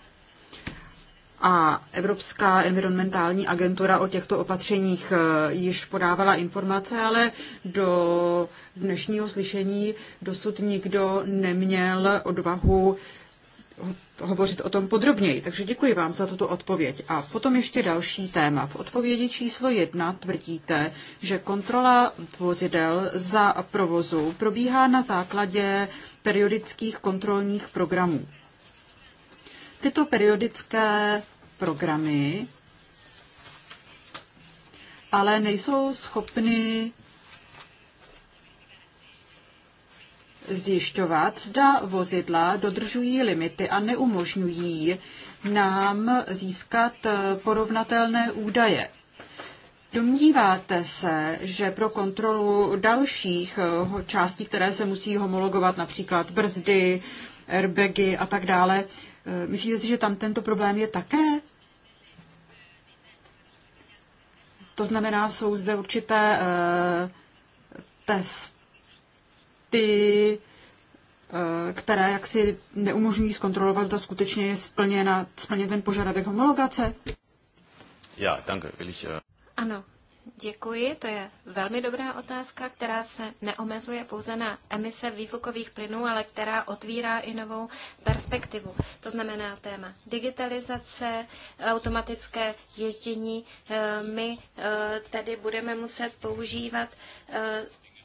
A Evropská environmentální agentura o těchto opatřeních eh, již podávala informace, ale do dnešního slyšení dosud nikdo neměl odvahu hovořit o tom podrobněji. Takže děkuji vám za tuto odpověď. A potom ještě další téma. V odpovědi číslo jedna tvrdíte, že kontrola vozidel za provozu probíhá na základě periodických kontrolních programů. Tyto periodické programy ale nejsou schopny zjišťovat, zda vozidla dodržují limity a neumožňují nám získat eh, porovnatelné údaje. Domníváte se, že pro kontrolu dalších eh, částí, které se musí homologovat, například brzdy, airbagy a tak dále, eh, myslíte si, že tam tento problém je také? To znamená, jsou zde určité testy, ty, eh, které jaksi neumožňují zkontrolovat, zda skutečně je splněna, splněn ten požadavek homologace? Já, danke, will ich, eh, Ano, Děkuji, to je velmi dobrá otázka, která se neomezuje pouze na emise výfukových plynů, ale která otvírá i novou perspektivu. To znamená téma digitalizace, automatické ježdění. Eh, my tedy budeme muset používat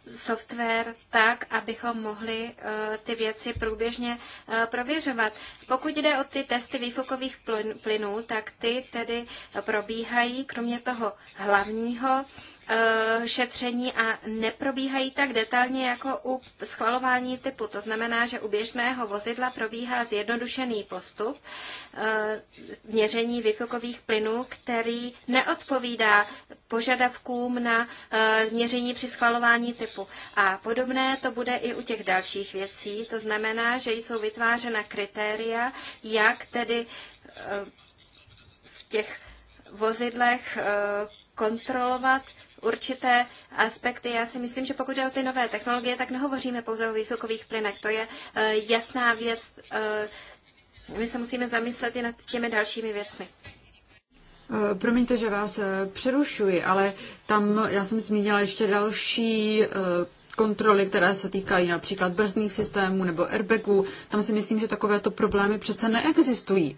software tak, abychom mohli eh, ty věci průběžně eh, prověřovat. Pokud jde o ty testy výfukových plynů, tak ty tedy probíhají kromě toho hlavního Eh, šetření a neprobíhají tak detailně jako u schvalování typu. To znamená, že u běžného vozidla probíhá zjednodušený postup eh, měření výfukových plynů, který neodpovídá požadavkům na eh, měření při schvalování typu. A podobné to bude i u těch dalších věcí. To znamená, že jsou vytvářena kritéria, jak tedy v těch vozidlech kontrolovat určité aspekty. Já si myslím, že pokud jde o ty nové technologie, tak nehovoříme pouze o výfukových plynech. To je eh, jasná věc. Eh, my se musíme zamyslet i nad těmi dalšími věcmi. Eh, promiňte, že vás přerušuji, ale tam já jsem zmínila ještě další kontroly, které se týkají například brzdných systémů nebo airbagů. Tam si myslím, že takovéto problémy přece neexistují.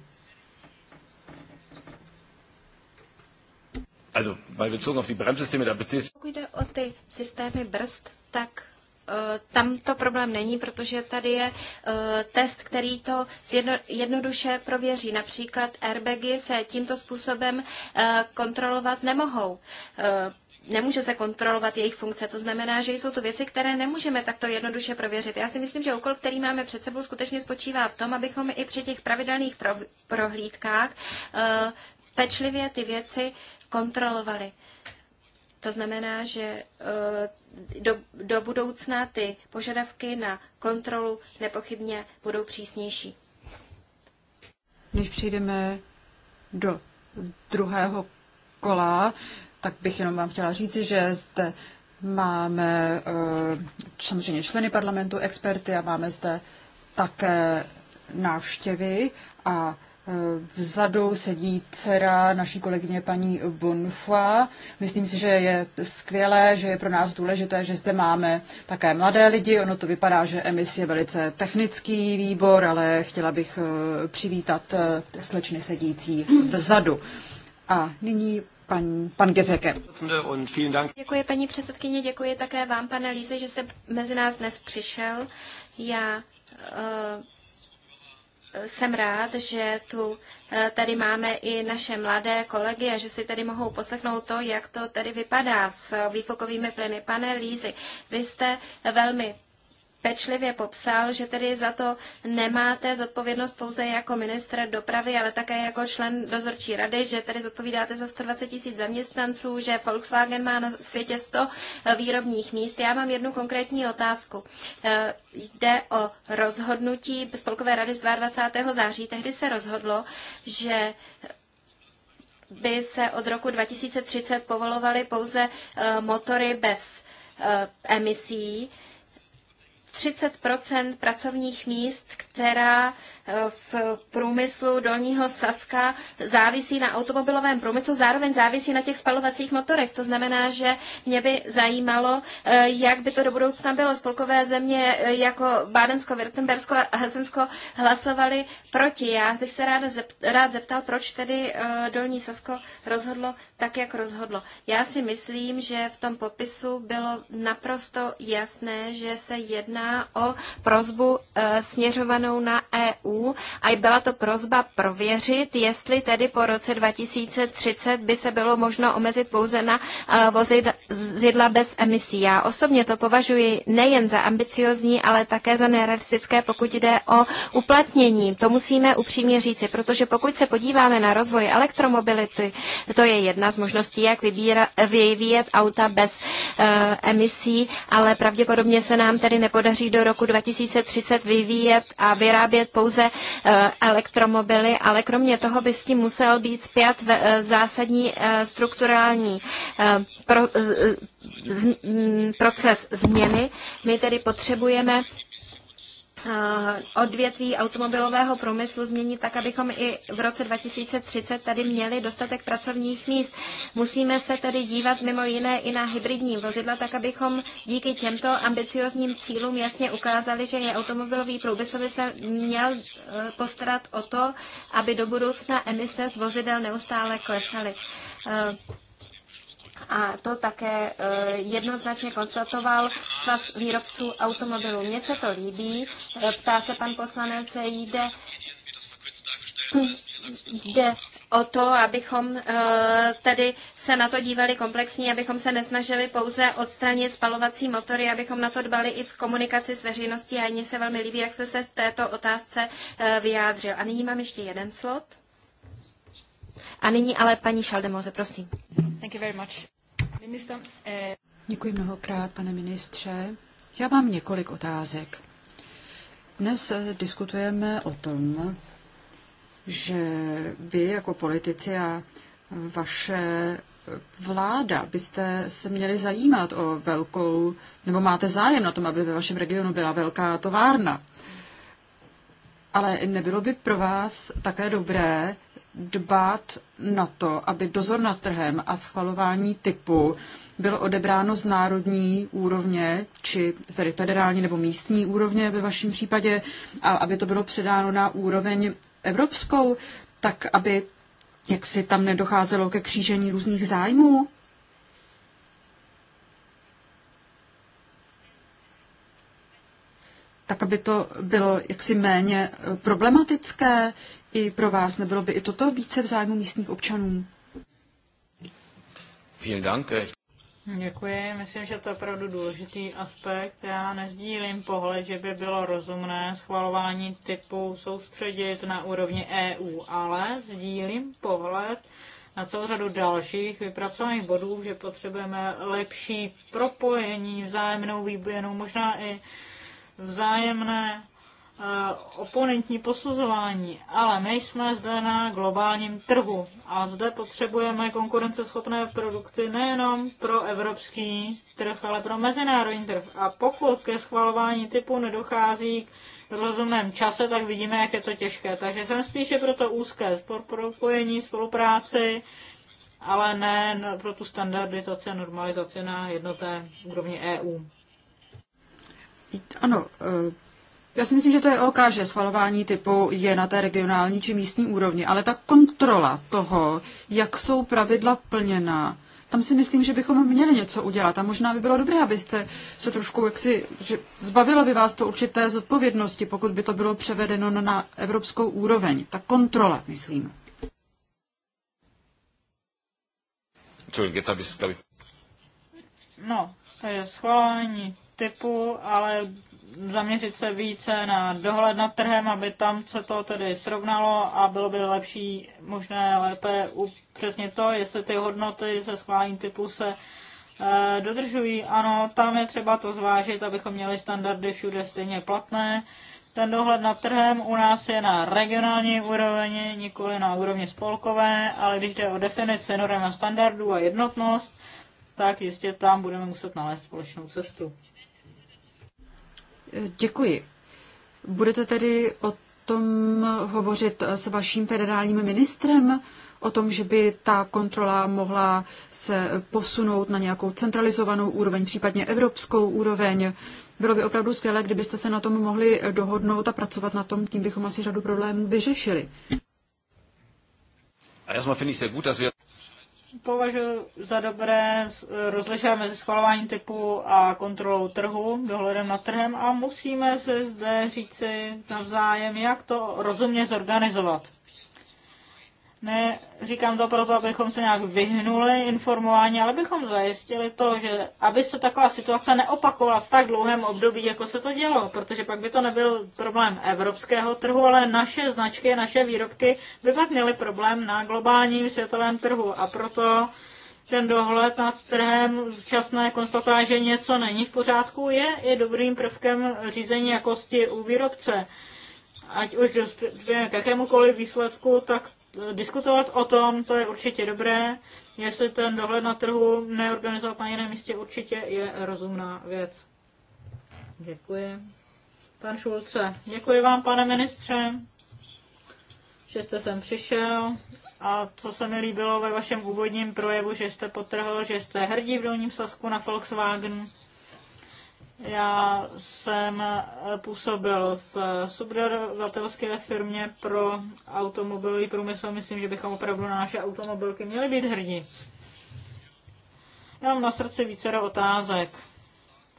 Also bei Bezug auf die Bremssysteme, da Pokud jde o ty systémy brzd, tak eh, tam to problém není, protože tady je eh, test, který to jednoduše prověří. Například airbagy se tímto způsobem eh, kontrolovat nemohou. Nemůže se kontrolovat jejich funkce. To znamená, že jsou to věci, které nemůžeme takto jednoduše prověřit. Já si myslím, že úkol, který máme před sebou, skutečně spočívá v tom, abychom i při těch pravidelných prohlídkách pečlivě ty věci kontrolovali. To znamená, že eh, do, do budoucna ty požadavky na kontrolu nepochybně budou přísnější. Než přejdeme do druhého kola, tak bych jenom vám chtěla říci, že zde máme eh, samozřejmě členy parlamentu, experty a máme zde také návštěvy a Vzadu sedí dcera naší kolegyně paní Bonfa. Myslím si, že je skvělé, že je pro nás důležité, že zde máme také mladé lidi. Ono to vypadá, že emis je velice technický výbor, ale chtěla bych eh, přivítat eh, slečny sedící vzadu. A nyní pan, pan Gezeke. Děkuji paní předsedkyně, děkuji také vám, pane Líze, že jste mezi nás dnes přišel. Já uh jsem rád, že tu eh, tady máme i naše mladé kolegy a že si tady mohou poslechnout to, jak to tady vypadá s výfokovými plyny. Pane Lízy, vy jste velmi pečlivě popsal, že tedy za to nemáte zodpovědnost pouze jako ministr dopravy, ale také jako člen dozorčí rady, že tedy zodpovídáte za 120 tisíc zaměstnanců, že Volkswagen má na světě 100 eh, výrobních míst. Já mám jednu konkrétní otázku. Eh, jde o rozhodnutí Spolkové rady z 22. září. Tehdy se rozhodlo, že by se od roku 2030 povolovaly pouze eh, motory bez emisí. 30 pracovních míst, která eh, v průmyslu Dolního Saska závisí na automobilovém průmyslu, zároveň závisí na těch spalovacích motorech. To znamená, že mě by zajímalo, eh, jak by to do budoucna bylo. Spolkové země eh, jako Bádensko, Württembersko a Hesensko hlasovali proti. Já bych se rád, rád zeptal, proč tedy Dolní Sasko rozhodlo tak, jak rozhodlo. Já si myslím, že v tom popisu bylo naprosto jasné, že se jedná jedná o prozbu e, směřovanou na EU a byla to prozba prověřit, jestli tedy po roce 2030 by se bylo možno omezit pouze na e, vozidla bez emisí. Já osobně to považuji nejen za ambiciozní, ale také za nerealistické, pokud jde o uplatnění. To musíme upřímně říci, protože pokud se podíváme na rozvoj elektromobility, to je jedna z možností, jak vybíra, vyvíjet auta bez e, emisí, ale pravděpodobně se nám tedy nepodaří podaří do roku 2030 vyvíjet a vyrábět pouze eh, elektromobily, ale kromě toho by s tím musel být zpět eh, zásadní eh, strukturální proces změny. My tedy potřebujeme Eh, odvětví automobilového průmyslu změnit tak, abychom i v roce 2030 tady měli dostatek pracovních míst. Musíme se tedy dívat mimo jiné i na hybridní vozidla, tak abychom díky těmto ambiciozním cílům jasně ukázali, že je automobilový průmysl by se měl eh, postarat o to, aby do budoucna emise z vozidel neustále klesaly. Eh, a to také e, jednoznačně konstatoval svaz výrobců automobilů. Mně se to líbí, e, ptá se pan poslanec, jde jde o to, abychom e, tedy se na to dívali komplexně, abychom se nesnažili pouze odstranit spalovací motory, abychom na to dbali i v komunikaci s veřejností a mně se velmi líbí, jak jste se v této otázce vyjádřil. A nyní mám ještě jeden slot. A nyní ale paní Šaldemoze, prosím. Thank you very much. Minister, eh... Děkuji mnohokrát, pane ministře. Já mám několik otázek. Dnes diskutujeme o tom, že vy jako politici a vaše vláda byste se měli zajímat o velkou, nebo máte zájem na tom, aby ve vašem regionu byla velká továrna. Ale nebylo by pro vás také dobré dbát na to, aby dozor nad trhem a schvalování typu bylo odebráno z národní úrovně, či tedy federální nebo místní úrovně ve vašem případě, a aby to bylo předáno na úroveň evropskou, tak aby jak si tam nedocházelo ke křížení různých zájmů? tak aby to bylo jaksi méně e, problematické i pro vás? Nebylo by i toto více v zájmu místních občanů? Vielen Dank. Děkuji. Myslím, že to je opravdu důležitý aspekt. Já nezdílím pohled, že by bylo rozumné schvalování typu soustředit na úrovni EU, ale sdílím pohled na celou řadu dalších vypracovaných bodů, že potřebujeme lepší propojení, vzájemnou výběnu, možná i vzájemné eh, oponentní posuzování, ale nejsme zde na globálním trhu a zde potřebujeme konkurenceschopné produkty nejenom pro evropský trh, ale pro mezinárodní trh. A pokud ke schvalování typu nedochází k rozumném čase, tak vidíme, jak je to těžké. Takže jsem spíše pro to úzké propojení, spolupráci, ale ne pro tu standardizaci a normalizaci na jednoté úrovni EU. Ano, eh, já si myslím, že to je OK, že schvalování typu je na té regionální či místní úrovni, ale ta kontrola toho, jak jsou pravidla plněna, tam si myslím, že bychom měli něco udělat. A možná by bylo dobré, abyste se trošku jaksi, že zbavilo by vás to určité zodpovědnosti, pokud by to bylo převedeno na evropskou úroveň. Ta kontrola, myslím. No, to je schválení typu, ale zaměřit se více na dohled nad trhem, aby tam se to tedy srovnalo a bylo by lepší, možné lépe přesně to, jestli ty hodnoty se schválení typu se e, dodržují. Ano, tam je třeba to zvážit, abychom měli standardy všude stejně platné. Ten dohled nad trhem u nás je na regionální úrovni, nikoli na úrovni spolkové, ale když jde o definici norm a standardů a jednotnost, tak jistě tam budeme muset nalézt společnou cestu. Děkuji. Budete tedy o tom hovořit s vaším federálním ministrem? o tom, že by ta kontrola mohla se posunout na nějakou centralizovanou úroveň, případně evropskou úroveň. Bylo by opravdu skvělé, kdybyste se na tom mohli dohodnout a pracovat na tom, tím bychom asi řadu problémů vyřešili považuji za dobré rozlišovat mezi schvalováním typu a kontrolou trhu, dohledem nad trhem a musíme se zde říci navzájem, jak to rozumně zorganizovat. Ne, říkám to proto, abychom se nějak vyhnuli informování, ale bychom zajistili to, že aby se taková situace neopakovala v tak dlouhém období, jako se to dělo, protože pak by to nebyl problém evropského trhu, ale naše značky, naše výrobky by pak měly problém na globálním světovém trhu a proto ten dohled nad trhem, včasné konstatování, že něco není v pořádku, je i dobrým prvkem řízení jakosti u výrobce. Ať už dospějeme k jakémukoliv výsledku, tak diskutovat o tom, to je určitě dobré. Jestli ten dohled na trhu neorganizovat na jiném místě, určitě je rozumná věc. Děkuji. Pan Šulce, děkuji vám, pane ministře, že jste sem přišel. A co se mi líbilo ve vašem úvodním projevu, že jste potrhl, že jste hrdí v Dolním Sasku na Volkswagen já jsem eh, působil v eh, subdodavatelské firmě pro automobilový průmysl. Myslím, že bychom opravdu na naše automobilky měli být hrdí. Já mám na srdci vícero otázek.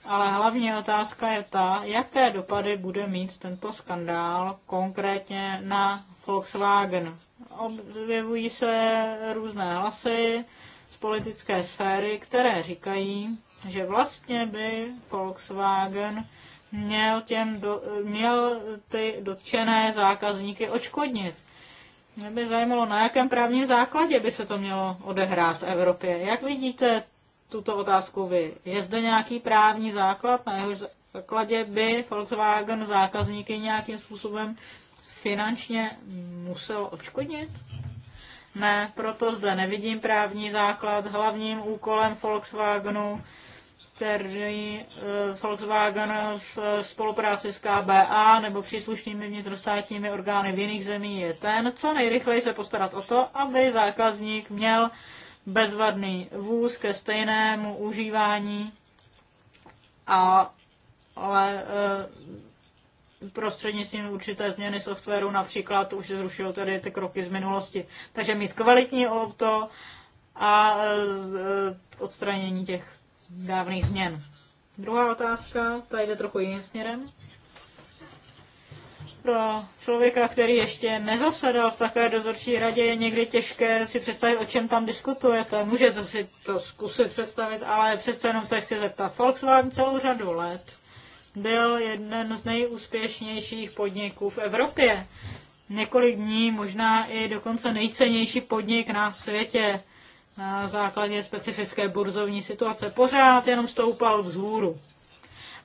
Ale hlavní otázka je ta, jaké dopady bude mít tento skandál konkrétně na Volkswagen. Objevují se různé hlasy z politické sféry, které říkají, že vlastně by Volkswagen měl, těm do, měl ty dotčené zákazníky očkodnit. Mě by zajímalo, na jakém právním základě by se to mělo odehrát v Evropě. Jak vidíte tuto otázku vy? Je zde nějaký právní základ, na jeho základě by Volkswagen zákazníky nějakým způsobem finančně musel očkodnit? Ne, proto zde nevidím právní základ. Hlavním úkolem Volkswagenu interní eh, Volkswagen v spolupráci s KBA nebo příslušnými vnitrostátními orgány v jiných zemí je ten, co nejrychleji se postarat o to, aby zákazník měl bezvadný vůz ke stejnému užívání, a, ale eh, prostřednictvím určité změny softwaru například už zrušil tedy ty kroky z minulosti. Takže mít kvalitní auto a eh, odstranění těch dávných změn. Druhá otázka, ta jde trochu jiným směrem. Pro člověka, který ještě nezasedal v takové dozorčí radě, je někdy těžké si představit, o čem tam diskutujete. Můžete si to zkusit představit, ale přece jenom se chci zeptat. Volkswagen celou řadu let byl jeden z nejúspěšnějších podniků v Evropě. Několik dní, možná i dokonce nejcennější podnik na světě na základě specifické burzovní situace pořád jenom stoupal vzhůru.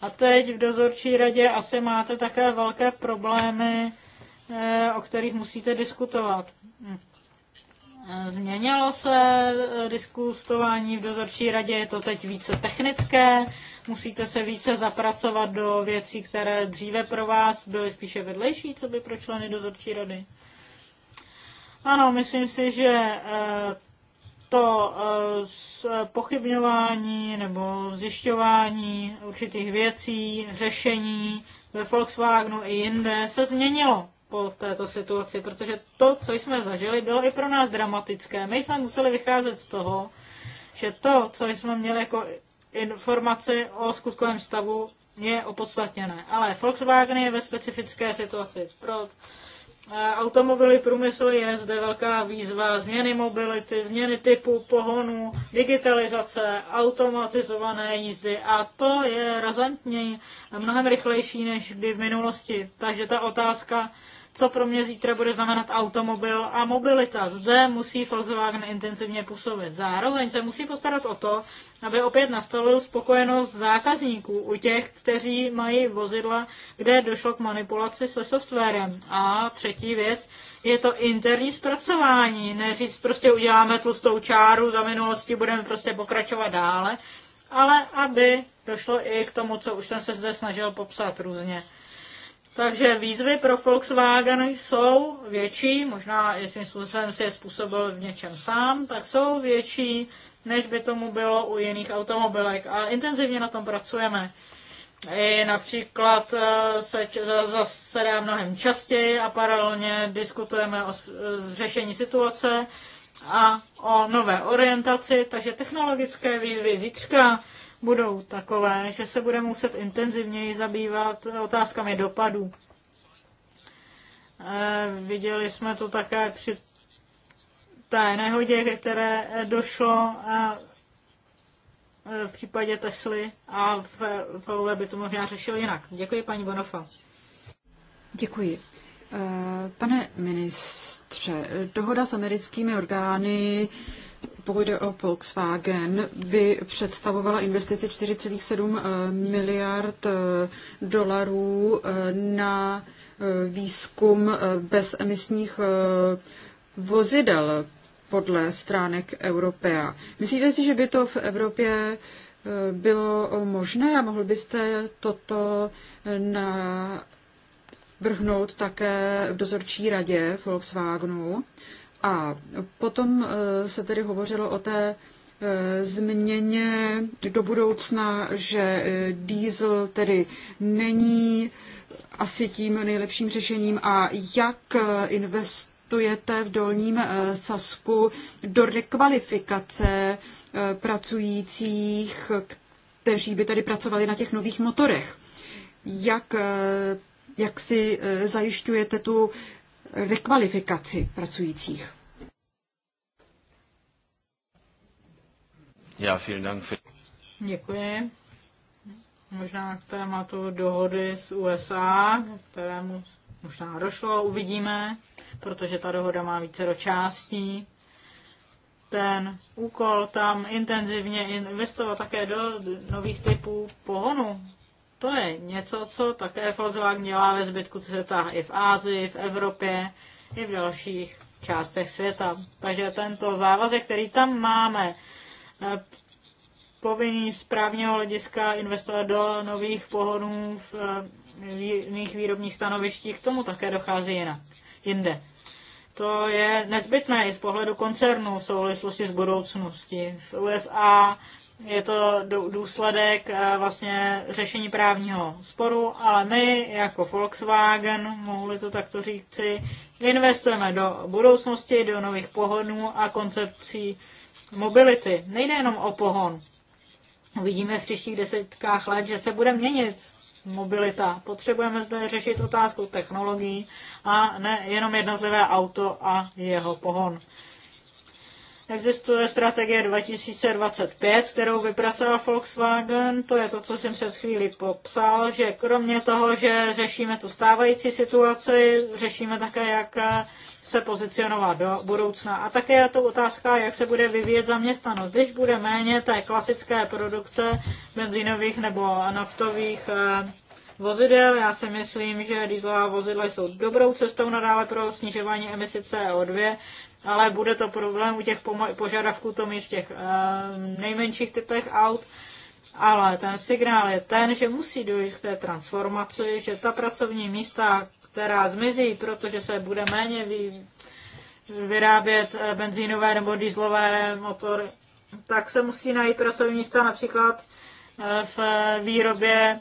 A teď v dozorčí radě asi máte také velké problémy, eh, o kterých musíte diskutovat. Změnilo se diskutování v dozorčí radě, je to teď více technické, musíte se více zapracovat do věcí, které dříve pro vás byly spíše vedlejší, co by pro členy dozorčí rady. Ano, myslím si, že eh, to eh, pochybňování nebo zjišťování určitých věcí, řešení ve Volkswagenu i jinde se změnilo po této situaci, protože to, co jsme zažili, bylo i pro nás dramatické. My jsme museli vycházet z toho, že to, co jsme měli jako informaci o skutkovém stavu, je opodstatněné. Ale Volkswagen je ve specifické situaci. Pro automobily průmysl je zde velká výzva změny mobility, změny typu pohonu, digitalizace, automatizované jízdy a to je razantněji a mnohem rychlejší než kdy v minulosti. Takže ta otázka co pro mě zítra bude znamenat automobil a mobilita. Zde musí Volkswagen intenzivně působit. Zároveň se musí postarat o to, aby opět nastavil spokojenost zákazníků u těch, kteří mají vozidla, kde došlo k manipulaci se softwarem. A třetí věc, je to interní zpracování. Neříct prostě uděláme tlustou čáru, za minulosti budeme prostě pokračovat dále, ale aby došlo i k tomu, co už jsem se zde snažil popsat různě. Takže výzvy pro Volkswagen jsou větší, možná jestli způsobem si je způsobil v něčem sám, tak jsou větší, než by tomu bylo u jiných automobilek. A intenzivně na tom pracujeme. I například eh, se zasedá mnohem častěji a paralelně diskutujeme o řešení situace a o nové orientaci, takže technologické výzvy zítřka budou takové, že se bude muset intenzivněji zabývat otázkami dopadů. Eh, viděli jsme to také při té nehodě, ke které došlo eh, v případě Tesly a VW by to možná řešil jinak. Děkuji, paní Bonofa. Děkuji. Eh, pane ministře, dohoda s americkými orgány pokud jde o Volkswagen, by představovala investici 4,7 eh, miliard eh, dolarů eh, na výzkum bezemisních vozidel podle stránek Europea. Myslíte si, že by to v Evropě bylo možné a mohl byste toto navrhnout také v dozorčí radě Volkswagenu? A potom eh, se tedy hovořilo o té eh, změně do budoucna, že eh, diesel tedy není asi tím nejlepším řešením a jak investujete v dolním Sasku do rekvalifikace pracujících, kteří by tady pracovali na těch nových motorech. Jak, jak si zajišťujete tu rekvalifikaci pracujících. Já, vielen Dank. Děkuji. Možná k tématu dohody s USA, kterému možná došlo, uvidíme, protože ta dohoda má více do částí. Ten úkol tam intenzivně investovat také do nových typů pohonu, to je něco, co také Volkswagen dělá ve zbytku světa, i v Ázii, v Evropě, i v dalších částech světa. Takže tento závazek, který tam máme, eh, povinný z právního hlediska investovat do nových pohonů eh, v jiných výrobních stanovištích, k tomu také dochází jinak, jinde. To je nezbytné i z pohledu koncernu v souvislosti s budoucností. V USA je to důsledek eh, vlastně řešení právního sporu, ale my jako Volkswagen, mohli to takto říci, investujeme do budoucnosti, do nových pohonů a koncepcí mobility. Nejde jenom o pohon. Uvidíme v příštích desetkách let, že se bude měnit mobilita. Potřebujeme zde řešit otázku technologií a ne jenom jednotlivé auto a jeho pohon. Existuje strategie 2025, kterou vypracoval Volkswagen. To je to, co jsem před chvílí popsal, že kromě toho, že řešíme tu stávající situaci, řešíme také, jak se pozicionovat do budoucna. A také je to otázka, jak se bude vyvíjet zaměstnanost. Když bude méně té klasické produkce benzínových nebo naftových eh, vozidel. Já si myslím, že dieselová vozidla jsou dobrou cestou nadále pro snižování emisí CO2, ale bude to problém u těch požadavků, to mít v těch eh, nejmenších typech aut. Ale ten signál je ten, že musí dojít k té transformaci, že ta pracovní místa, která zmizí, protože se bude méně vy, vyrábět eh, benzínové nebo dýzlové motory, tak se musí najít pracovní místa například eh, v výrobě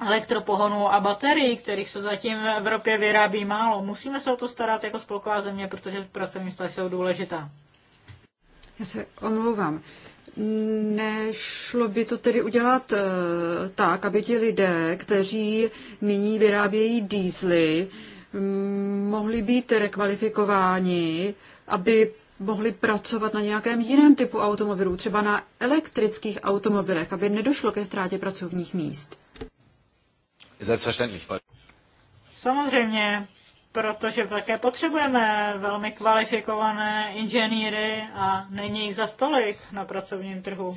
elektropohonu a baterií, kterých se zatím v Evropě vyrábí málo. Musíme se o to starat jako spolková země, protože pracovní místa jsou důležitá. Já se omlouvám. Nešlo by to tedy udělat eh, tak, aby ti lidé, kteří nyní vyrábějí dýzly, mm, mohli být rekvalifikováni, aby mohli pracovat na nějakém jiném typu automobilů, třeba na elektrických automobilech, aby nedošlo ke ztrátě pracovních míst. Samozřejmě, protože také potřebujeme velmi kvalifikované inženýry a není jich za stolik na pracovním trhu.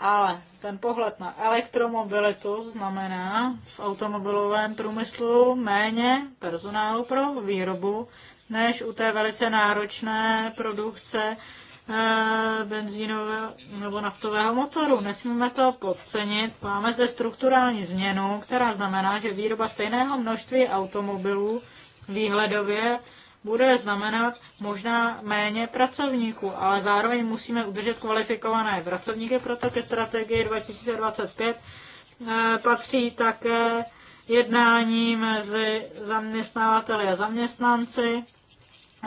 Ale ten pohled na elektromobilitu znamená v automobilovém průmyslu méně personálu pro výrobu než u té velice náročné produkce Eh, benzínového nebo naftového motoru. Nesmíme to podcenit. Máme zde strukturální změnu, která znamená, že výroba stejného množství automobilů výhledově bude znamenat možná méně pracovníků, ale zároveň musíme udržet kvalifikované pracovníky, proto ke strategii 2025 eh, patří také jednání mezi zaměstnavateli a zaměstnanci,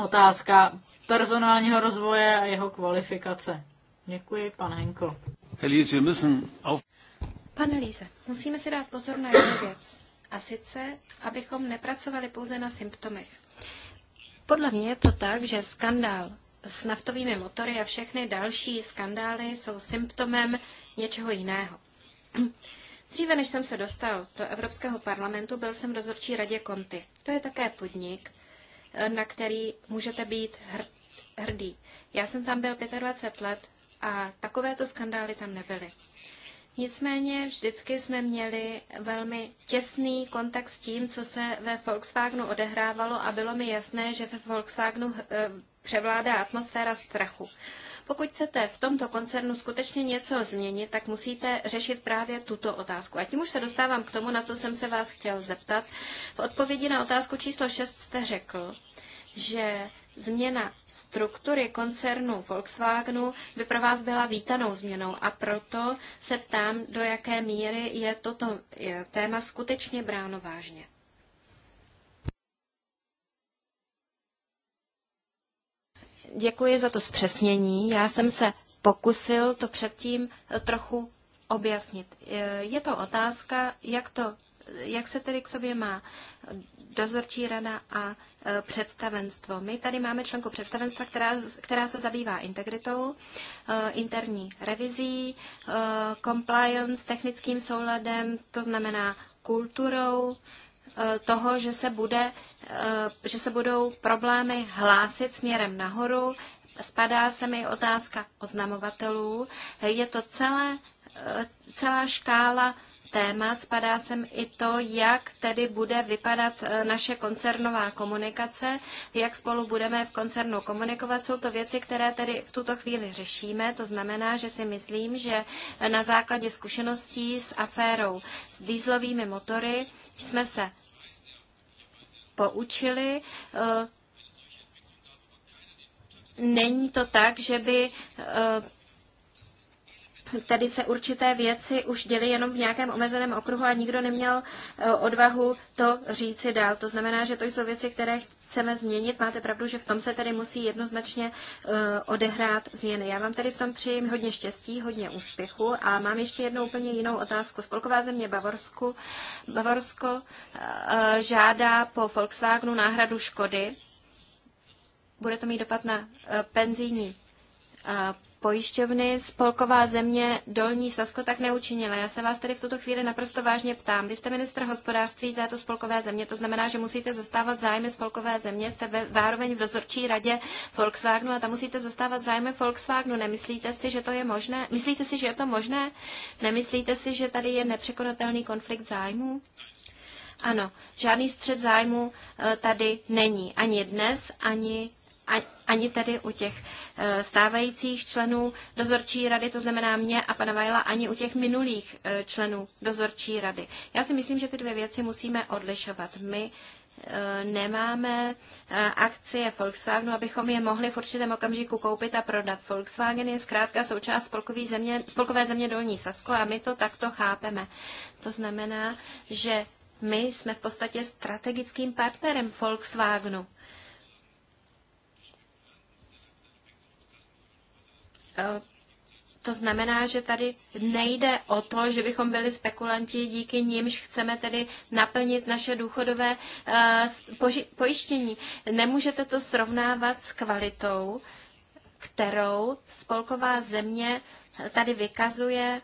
otázka personálního rozvoje a jeho kvalifikace. Děkuji, pan Henko. Pane Líze, musíme si dát pozor na jednu věc. A sice, abychom nepracovali pouze na symptomech. Podle mě je to tak, že skandál s naftovými motory a všechny další skandály jsou symptomem něčeho jiného. Dříve, než jsem se dostal do Evropského parlamentu, byl jsem v dozorčí radě Konty. To je také podnik, na který můžete být hrd, hrdý. Já jsem tam byl 25 let a takovéto skandály tam nebyly. Nicméně vždycky jsme měli velmi těsný kontakt s tím, co se ve Volkswagenu odehrávalo a bylo mi jasné, že ve Volkswagenu eh, převládá atmosféra strachu. Pokud chcete v tomto koncernu skutečně něco změnit, tak musíte řešit právě tuto otázku. A tím už se dostávám k tomu, na co jsem se vás chtěl zeptat. V odpovědi na otázku číslo 6 jste řekl, že změna struktury koncernu Volkswagenu by pro vás byla vítanou změnou a proto se ptám, do jaké míry je toto téma skutečně bráno vážně. Děkuji za to zpřesnění. Já jsem se pokusil to předtím trochu objasnit. Je to otázka, jak to jak se tedy k sobě má dozorčí rada a e, představenstvo. My tady máme členku představenstva, která, která se zabývá integritou, e, interní revizí, e, compliance, technickým souladem, to znamená kulturou toho, že se, bude, že se budou problémy hlásit směrem nahoru. Spadá se mi otázka oznamovatelů. Je to celé, celá škála témat spadá sem i to, jak tedy bude vypadat eh, naše koncernová komunikace, jak spolu budeme v koncernu komunikovat. Jsou to věci, které tedy v tuto chvíli řešíme. To znamená, že si myslím, že na základě zkušeností s aférou s dýzlovými motory jsme se poučili. Eh, Není to tak, že by eh, tady se určité věci už děly jenom v nějakém omezeném okruhu a nikdo neměl e, odvahu to říci dál. To znamená, že to jsou věci, které chceme změnit. Máte pravdu, že v tom se tady musí jednoznačně e, odehrát změny. Já vám tady v tom přeji hodně štěstí, hodně úspěchu a mám ještě jednu úplně jinou otázku. Spolková země Bavorsku, Bavorsko e, žádá po Volkswagenu náhradu škody. Bude to mít dopad na penzijní pojišťovny spolková země Dolní Sasko tak neučinila. Já se vás tedy v tuto chvíli naprosto vážně ptám. Vy jste ministr hospodářství této spolkové země, to znamená, že musíte zastávat zájmy spolkové země, jste ve, zároveň v dozorčí radě Volkswagenu a tam musíte zastávat zájmy Volkswagenu. Nemyslíte si, že to je možné? Myslíte si, že je to možné? Nemyslíte si, že tady je nepřekonatelný konflikt zájmů? Ano, žádný střed zájmu eh, tady není. Ani dnes, ani ani tedy u těch eh, stávajících členů dozorčí rady, to znamená mě a pana Vajla, ani u těch minulých eh, členů dozorčí rady. Já si myslím, že ty dvě věci musíme odlišovat. My eh, nemáme akcie Volkswagenu, abychom je mohli v určitém okamžiku koupit a prodat. Volkswagen je zkrátka součást spolkové země, spolkové země Dolní Sasko a my to takto chápeme. To znamená, že my jsme v podstatě strategickým partnerem Volkswagenu. Eh, to znamená, že tady nejde o to, že bychom byli spekulanti, díky nímž chceme tedy naplnit naše důchodové eh, pojištění. Nemůžete to srovnávat s kvalitou, kterou spolková země tady vykazuje,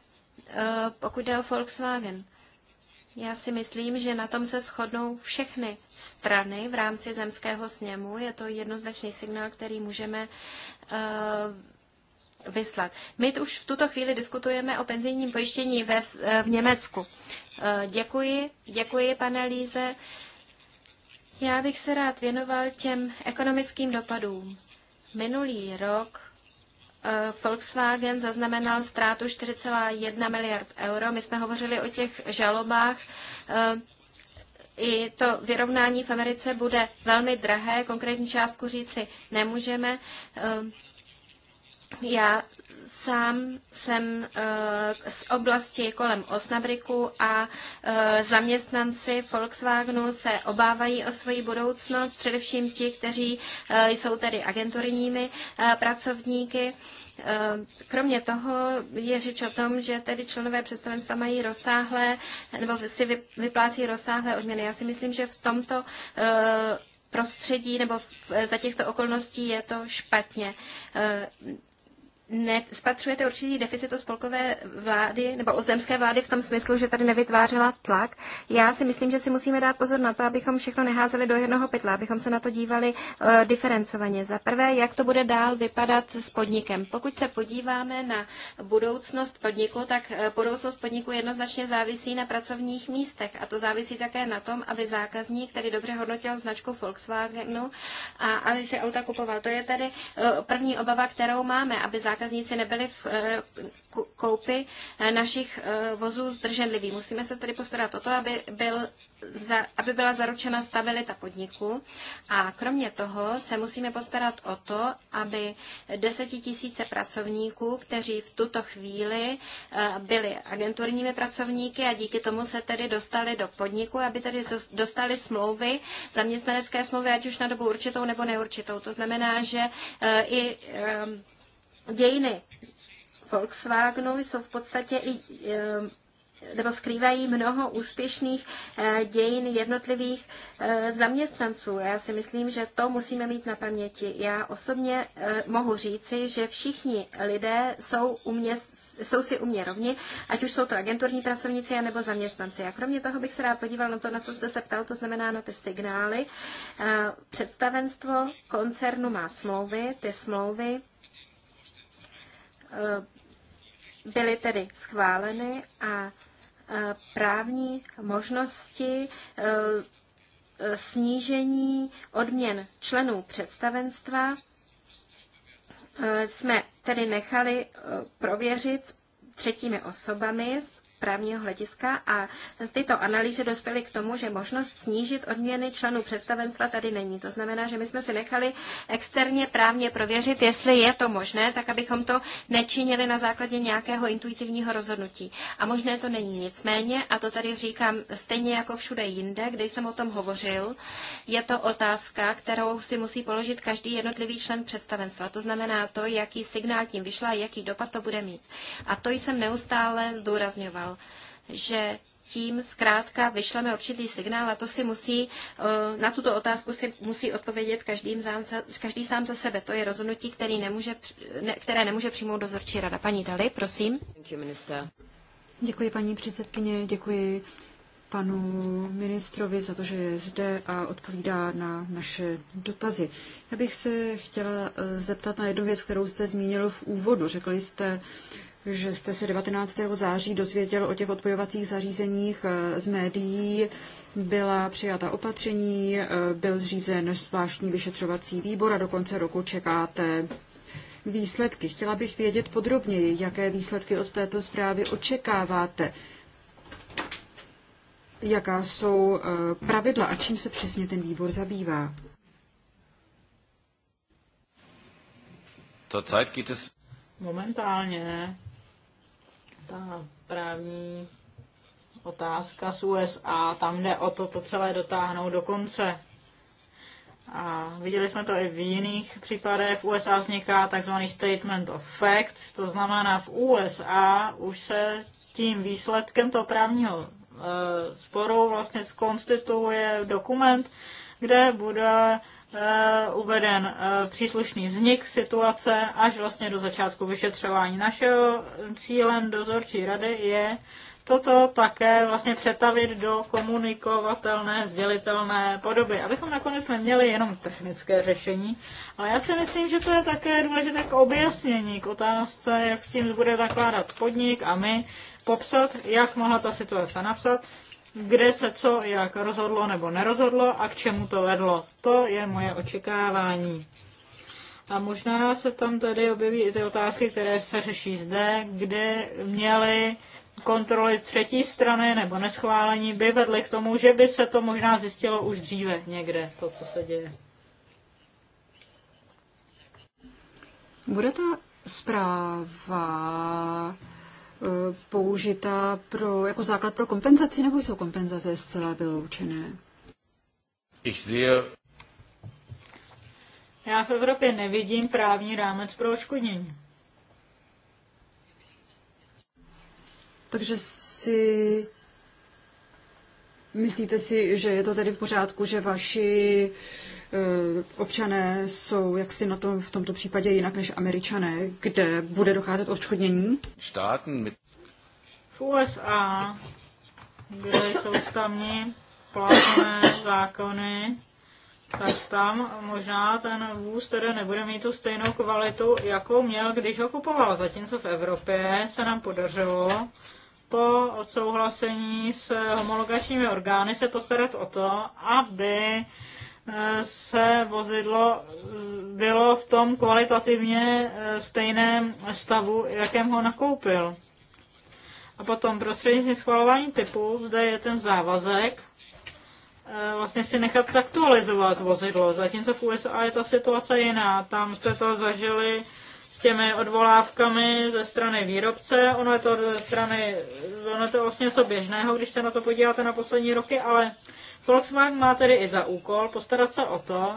eh, pokud jde o Volkswagen. Já si myslím, že na tom se shodnou všechny strany v rámci zemského sněmu. Je to jednoznačný signál, který můžeme vyslat. My už v tuto chvíli diskutujeme o penzijním pojištění ve, eh, v Německu. Eh, děkuji, děkuji, pane Líze. Já bych se rád věnoval těm ekonomickým dopadům. Minulý rok eh, Volkswagen zaznamenal ztrátu 4,1 miliard euro. My jsme hovořili o těch žalobách. I to vyrovnání v Americe bude velmi drahé, konkrétní částku říci nemůžeme. Já sám jsem eh, z oblasti kolem Osnabriku a eh, zaměstnanci Volkswagenu se obávají o svoji budoucnost, především ti, kteří eh, jsou tedy agenturními pracovníky. Kromě toho je řeč o tom, že tedy členové představenstva mají rozsáhlé, nebo si vyplácí rozsáhlé odměny. Já si myslím, že v tomto prostředí nebo za těchto okolností je to špatně nespatřujete určitý deficit o spolkové vlády nebo o zemské vlády v tom smyslu, že tady nevytvářela tlak. Já si myslím, že si musíme dát pozor na to, abychom všechno neházeli do jednoho pytla, abychom se na to dívali uh, diferencovaně. Za prvé, jak to bude dál vypadat s podnikem. Pokud se podíváme na budoucnost podniku, tak eh, budoucnost podniku jednoznačně závisí na pracovních místech a to závisí také na tom, aby zákazník tady dobře hodnotil značku Volkswagenu a aby si auta kupoval. To je tady uh, eh, první obava, kterou máme, aby zákazník zákazníci nebyli v eh, koupi eh, našich eh, vozů zdrženliví. Musíme se tedy postarat o to, aby, byl, aby byla zaručena stabilita podniku a kromě toho se musíme postarat o to, aby desetitisíce pracovníků, kteří v tuto chvíli byli agenturními pracovníky a díky tomu se tedy dostali do podniku, aby tedy dostali smlouvy, zaměstnanecké smlouvy, ať už na dobu určitou nebo neurčitou. To znamená, že i dějiny Volkswagenu jsou v podstatě i eh, nebo skrývají mnoho úspěšných eh, dějin jednotlivých eh, zaměstnanců. Já si myslím, že to musíme mít na paměti. Já osobně mohu říci, že všichni lidé jsou, u mě, jsou si u mě rovni, ať už jsou to agenturní pracovníci nebo zaměstnanci. A kromě toho bych se rád podíval na to, na co jste se ptal, to znamená na ty signály. Představenstvo koncernu má smlouvy, ty smlouvy Eh, byly tedy schváleny a eh, právní možnosti eh, snížení odměn členů představenstva jsme tedy nechali prověřit třetími osobami, právního hlediska a tyto analýzy dospěly k tomu, že možnost snížit odměny členů představenstva tady není. To znamená, že my jsme si nechali externě právně prověřit, jestli je to možné, tak abychom to nečinili na základě nějakého intuitivního rozhodnutí. A možné to není nicméně, a to tady říkám stejně jako všude jinde, kde jsem o tom hovořil, je to otázka, kterou si musí položit každý jednotlivý člen představenstva. To znamená to, jaký signál tím vyšla, a jaký dopad to bude mít. A to jsem neustále zdůrazňoval signál, že tím zkrátka vyšleme určitý signál a to si musí, eh, na tuto otázku si musí odpovědět každý sám, každý sám za sebe. To je rozhodnutí, který nemůže, které nemůže přijmout dozorčí rada. Paní Dali, prosím. Děkuji, paní předsedkyně, děkuji panu ministrovi za to, že je zde a odpovídá na naše dotazy. Já bych se chtěla eh, zeptat na jednu věc, kterou jste zmínil v úvodu. Řekli jste, že jste se 19. září dozvěděl o těch odpojovacích zařízeních eh, z médií. Byla přijata opatření, eh, byl zřízen zvláštní vyšetřovací výbor a do konce roku čekáte výsledky. Chtěla bych vědět podrobněji, jaké výsledky od této zprávy očekáváte. Jaká jsou eh, pravidla a čím se přesně ten výbor zabývá? Momentálně ta právní otázka z USA, tam jde o to, to celé dotáhnout do konce. A viděli jsme to i v jiných případech. V USA vzniká tzv. statement of facts, to znamená v USA už se tím výsledkem toho právního eh, sporu vlastně skonstituje dokument, kde bude Eh, uveden eh, příslušný vznik situace až vlastně do začátku vyšetřování. Našeho cílem dozorčí rady je toto také vlastně přetavit do komunikovatelné, sdělitelné podoby, abychom nakonec neměli jenom technické řešení, ale já si myslím, že to je také důležité k objasnění, k otázce, jak s tím bude zakládat podnik a my popsat, jak mohla ta situace napsat, kde se co jak rozhodlo nebo nerozhodlo a k čemu to vedlo. To je moje očekávání. A možná se tam tady objeví i ty otázky, které se řeší zde, kde měly kontroly třetí strany nebo neschválení by vedly k tomu, že by se to možná zjistilo už dříve někde, to, co se děje. Bude ta zpráva Eh, použita pro, jako základ pro kompenzaci, nebo jsou kompenzace zcela vyloučené? Ich sehe... Já v Evropě nevidím právní rámec pro oškodnění. Takže si Myslíte si, že je to tedy v pořádku, že vaši eh, občané jsou jaksi na tom v tomto případě jinak než američané, kde bude docházet odškodnění? V USA, kde jsou tamní platné zákony, tak tam možná ten vůz tedy nebude mít tu stejnou kvalitu, jakou měl, když ho kupoval. Zatímco v Evropě se nám podařilo po odsouhlasení s homologačními orgány se postarat o to, aby e, se vozidlo e, bylo v tom kvalitativně e, stejném stavu, jakém ho nakoupil. A potom prostřednictvím schvalování typu zde je ten závazek vlastně si nechat zaktualizovat vozidlo. Zatímco v USA je ta situace jiná. Tam jste to zažili s těmi odvolávkami ze strany výrobce. Ono je to ze strany, ono je to vlastně něco běžného, když se na to podíváte na poslední roky, ale Volkswagen má tedy i za úkol postarat se o to,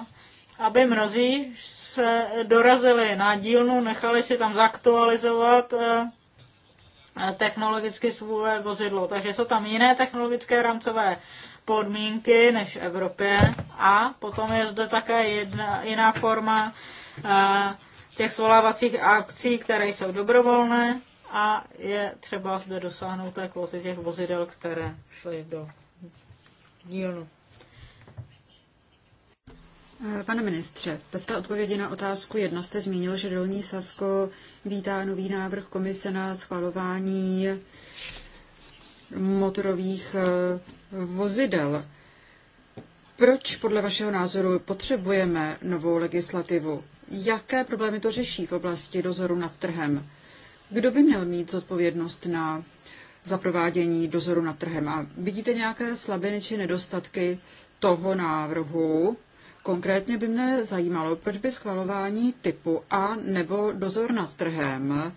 aby mnozí se dorazili na dílnu, nechali si tam zaktualizovat eh, technologicky svůj vozidlo. Takže jsou tam jiné technologické rámcové podmínky než v Evropě a potom je zde také jedna, jiná forma uh, těch svolávacích akcí, které jsou dobrovolné a je třeba zde dosáhnout té kvoty těch vozidel, které šly do dílnu. Eh, pane ministře, ve své odpovědi na otázku jedna jste zmínil, že Dolní Sasko vítá nový návrh komise na schvalování motorových eh, vozidel. Proč podle vašeho názoru potřebujeme novou legislativu? jaké problémy to řeší v oblasti dozoru nad trhem. Kdo by měl mít zodpovědnost na zaprovádění dozoru nad trhem. A vidíte nějaké slabiny či nedostatky toho návrhu? Konkrétně by mě zajímalo, proč by schvalování typu A nebo dozor nad trhem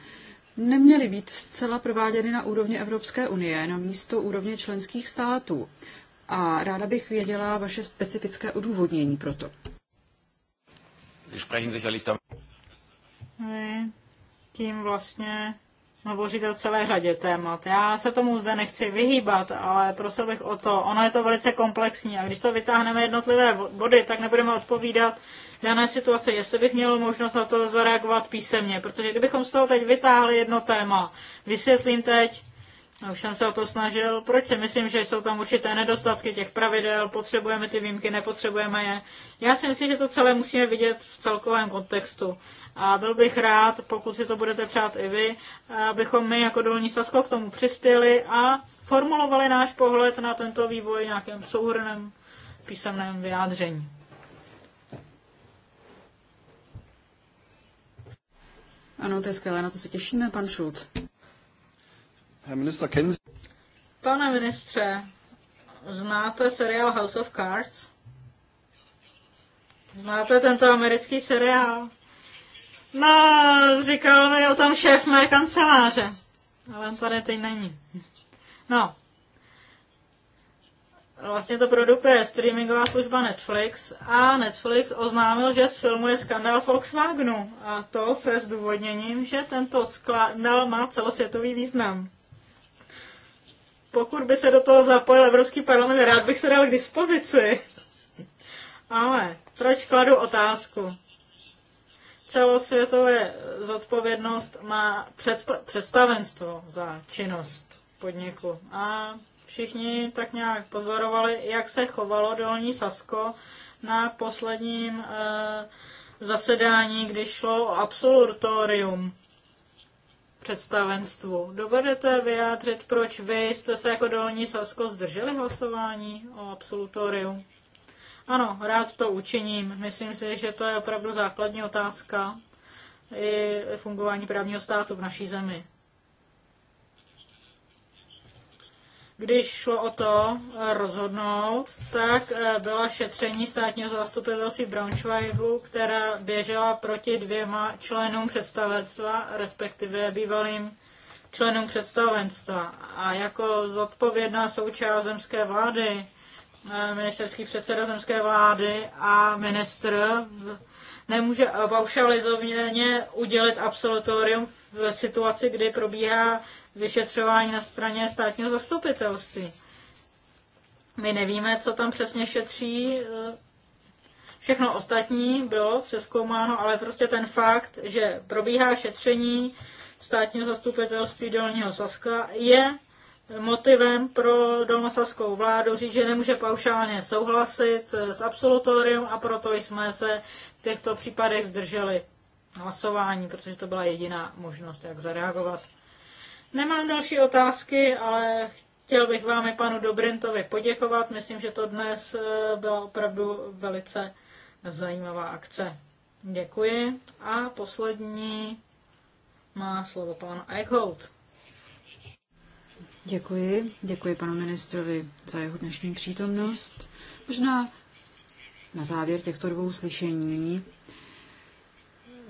neměly být zcela prováděny na úrovni Evropské unie, na místo úrovně členských států. A ráda bych věděla vaše specifické odůvodnění pro to sprechen sicherlich tam. Vy tím vlastně hovoříte o celé řadě témat. Já se tomu zde nechci vyhýbat, ale prosil bych o to. Ono je to velice komplexní a když to vytáhneme jednotlivé body, tak nebudeme odpovídat dané situace, jestli bych měl možnost na to zareagovat písemně, protože kdybychom z toho teď vytáhli jedno téma, vysvětlím teď už jsem se o to snažil. Proč si myslím, že jsou tam určité nedostatky těch pravidel, potřebujeme ty výjimky, nepotřebujeme je. Já si myslím, že to celé musíme vidět v celkovém kontextu. A byl bych rád, pokud si to budete přát i vy, abychom my jako Dolní Sasko k tomu přispěli a formulovali náš pohled na tento vývoj nějakém souhrném písemném vyjádření. Ano, to je skvělé, na to se těšíme, pan Šulc. Pane ministře, znáte seriál House of Cards? Znáte tento americký seriál? No, říkal mi o tom šéf mé kanceláře. Ale on tady teď není. No. Vlastně to produkuje streamingová služba Netflix a Netflix oznámil, že sfilmuje skandál Volkswagenu a to se zdůvodněním, že tento skandál má celosvětový význam pokud by se do toho zapojil Evropský parlament, rád bych se dal k dispozici. Ale proč kladu otázku? Celosvětové zodpovědnost má před, představenstvo za činnost podniku. A všichni tak nějak pozorovali, jak se chovalo Dolní Sasko na posledním e, zasedání, když šlo o absolutorium představenstvu. Dovedete vyjádřit, proč vy jste se jako dolní Sasko zdrželi hlasování o absolutoriu? Ano, rád to učiním. Myslím si, že to je opravdu základní otázka i fungování právního státu v naší zemi. když šlo o to eh, rozhodnout, tak eh, byla šetření státního zastupitelství Braunschweigu, která běžela proti dvěma členům představenstva, respektive bývalým členům představenstva. A jako zodpovědná součást zemské vlády, eh, ministerský předseda zemské vlády a ministr nemůže paušalizovně udělit absolutorium v situaci, kdy probíhá vyšetřování na straně státního zastupitelství. My nevíme, co tam přesně šetří. Eh, všechno ostatní bylo přeskoumáno, ale prostě ten fakt, že probíhá šetření státního zastupitelství Dolního Saska, je motivem pro dolnosaskou vládu říct, že nemůže paušálně souhlasit eh, s absolutorium a proto jsme se v těchto případech zdrželi hlasování, protože to byla jediná možnost, jak zareagovat. Nemám další otázky, ale chtěl bych vám i panu Dobrintovi poděkovat. Myslím, že to dnes eh, byla opravdu velice zajímavá akce. Děkuji. A poslední má slovo pan Eichholt. Děkuji. Děkuji panu ministrovi za jeho dnešní přítomnost. Možná na závěr těchto dvou slyšení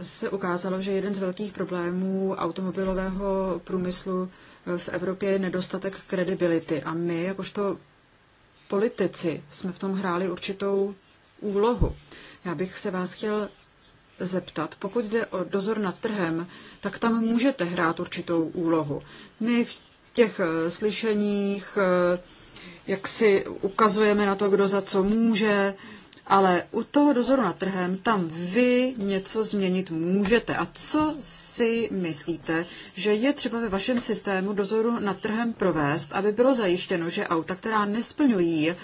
se ukázalo, že jeden z velkých problémů automobilového průmyslu v Evropě je nedostatek kredibility. A my, jakožto politici, jsme v tom hráli určitou úlohu. Já bych se vás chtěl zeptat, pokud jde o dozor nad trhem, tak tam můžete hrát určitou úlohu. My v těch eh, slyšeních eh, jak si ukazujeme na to, kdo za co může, ale u toho dozoru nad trhem tam vy něco změnit můžete. A co si myslíte, že je třeba ve vašem systému dozoru nad trhem provést, aby bylo zajištěno, že auta, která nesplňují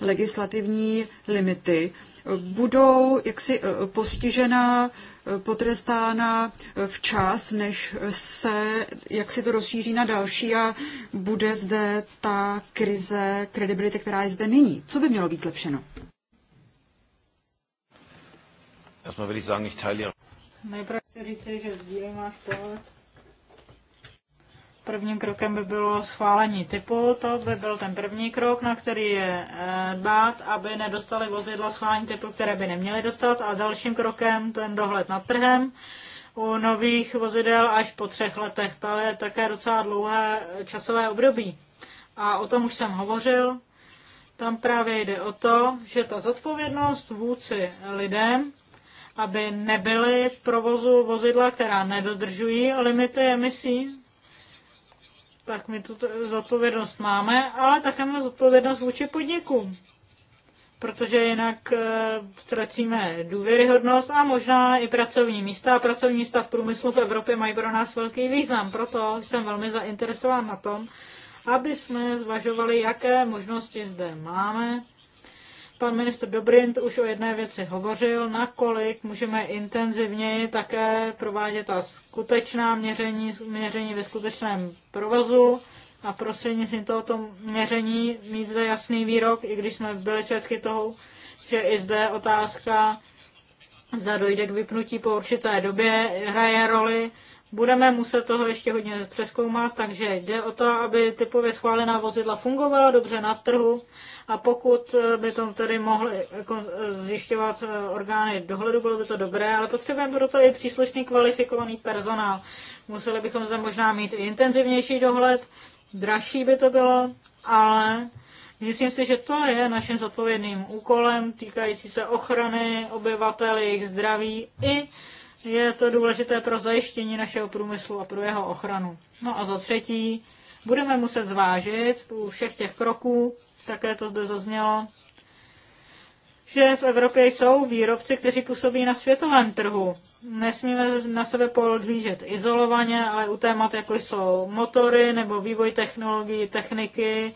legislativní limity, budou jaksi eh, postižena, eh, potrestána eh, včas, než se, jak si to rozšíří na další a bude zde ta krize kredibility, která je zde nyní. Co by mělo být zlepšeno? Erstmal will ich sagen, ich teile Ihre... Nejprve že Prvním krokem by bylo schválení typu, to by byl ten první krok, na který je eh, dbát, aby nedostali vozidla schválení typu, které by neměly dostat a dalším krokem ten dohled nad trhem u nových vozidel až po třech letech. To je také docela dlouhé eh, časové období. A o tom už jsem hovořil. Tam právě jde o to, že ta zodpovědnost vůči lidem aby nebyly v provozu vozidla, která nedodržují limity emisí, tak my tu zodpovědnost máme, ale také máme zodpovědnost vůči podnikům. Protože jinak e, důvěryhodnost a možná i pracovní místa. A pracovní místa v průmyslu v Evropě mají pro nás velký význam. Proto jsem velmi zainteresován na tom, aby jsme zvažovali, jaké možnosti zde máme Pan ministr Dobrint už o jedné věci hovořil, nakolik můžeme intenzivněji také provádět ta skutečná měření, měření ve skutečném provozu a prostřednictvím tohoto měření mít zde jasný výrok, i když jsme byli svědky toho, že i zde otázka, zda dojde k vypnutí po určité době, hraje roli Budeme muset toho ještě hodně přeskoumat, takže jde o to, aby typově schválená vozidla fungovala dobře na trhu a pokud by to tedy mohly jako, zjišťovat eh, orgány dohledu, bylo by to dobré, ale potřebujeme proto i příslušný kvalifikovaný personál. Museli bychom zde možná mít i intenzivnější dohled, dražší by to bylo, ale myslím si, že to je naším zodpovědným úkolem týkající se ochrany obyvatel, jejich zdraví i je to důležité pro zajištění našeho průmyslu a pro jeho ochranu. No a za třetí, budeme muset zvážit u všech těch kroků, také to zde zaznělo, že v Evropě jsou výrobci, kteří působí na světovém trhu. Nesmíme na sebe pohlížet izolovaně, ale u témat, jako jsou motory nebo vývoj technologií, techniky,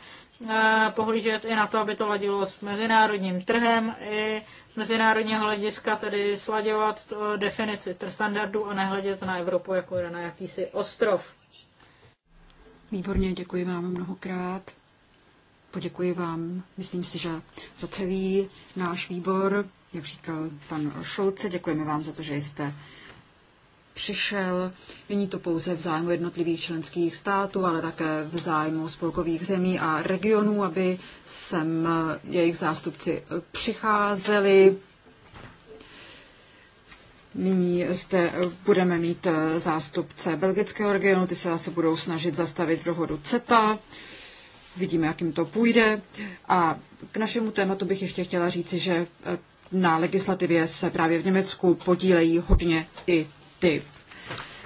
Eh, pohlížet i na to, aby to ladilo s mezinárodním trhem i z mezinárodního hlediska, tedy sladěvat to eh, definici standardů a nehledět na Evropu jako na jakýsi ostrov. Výborně, děkuji vám mnohokrát. Poděkuji vám, myslím si, že za celý náš výbor, jak říkal pan Šulce, děkujeme vám za to, že jste přišel. Není to pouze v zájmu jednotlivých členských států, ale také v zájmu spolkových zemí a regionů, aby sem jejich zástupci přicházeli. Nyní zde budeme mít zástupce belgického regionu, ty se zase budou snažit zastavit dohodu CETA. Vidíme, jak jim to půjde. A k našemu tématu bych ještě chtěla říci, že na legislativě se právě v Německu podílejí hodně i ty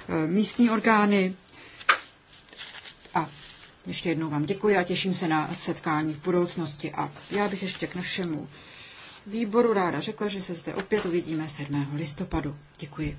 eh, místní orgány. A ještě jednou vám děkuji a těším se na setkání v budoucnosti. A já bych ještě k našemu výboru ráda řekla, že se zde opět uvidíme 7. listopadu. Děkuji.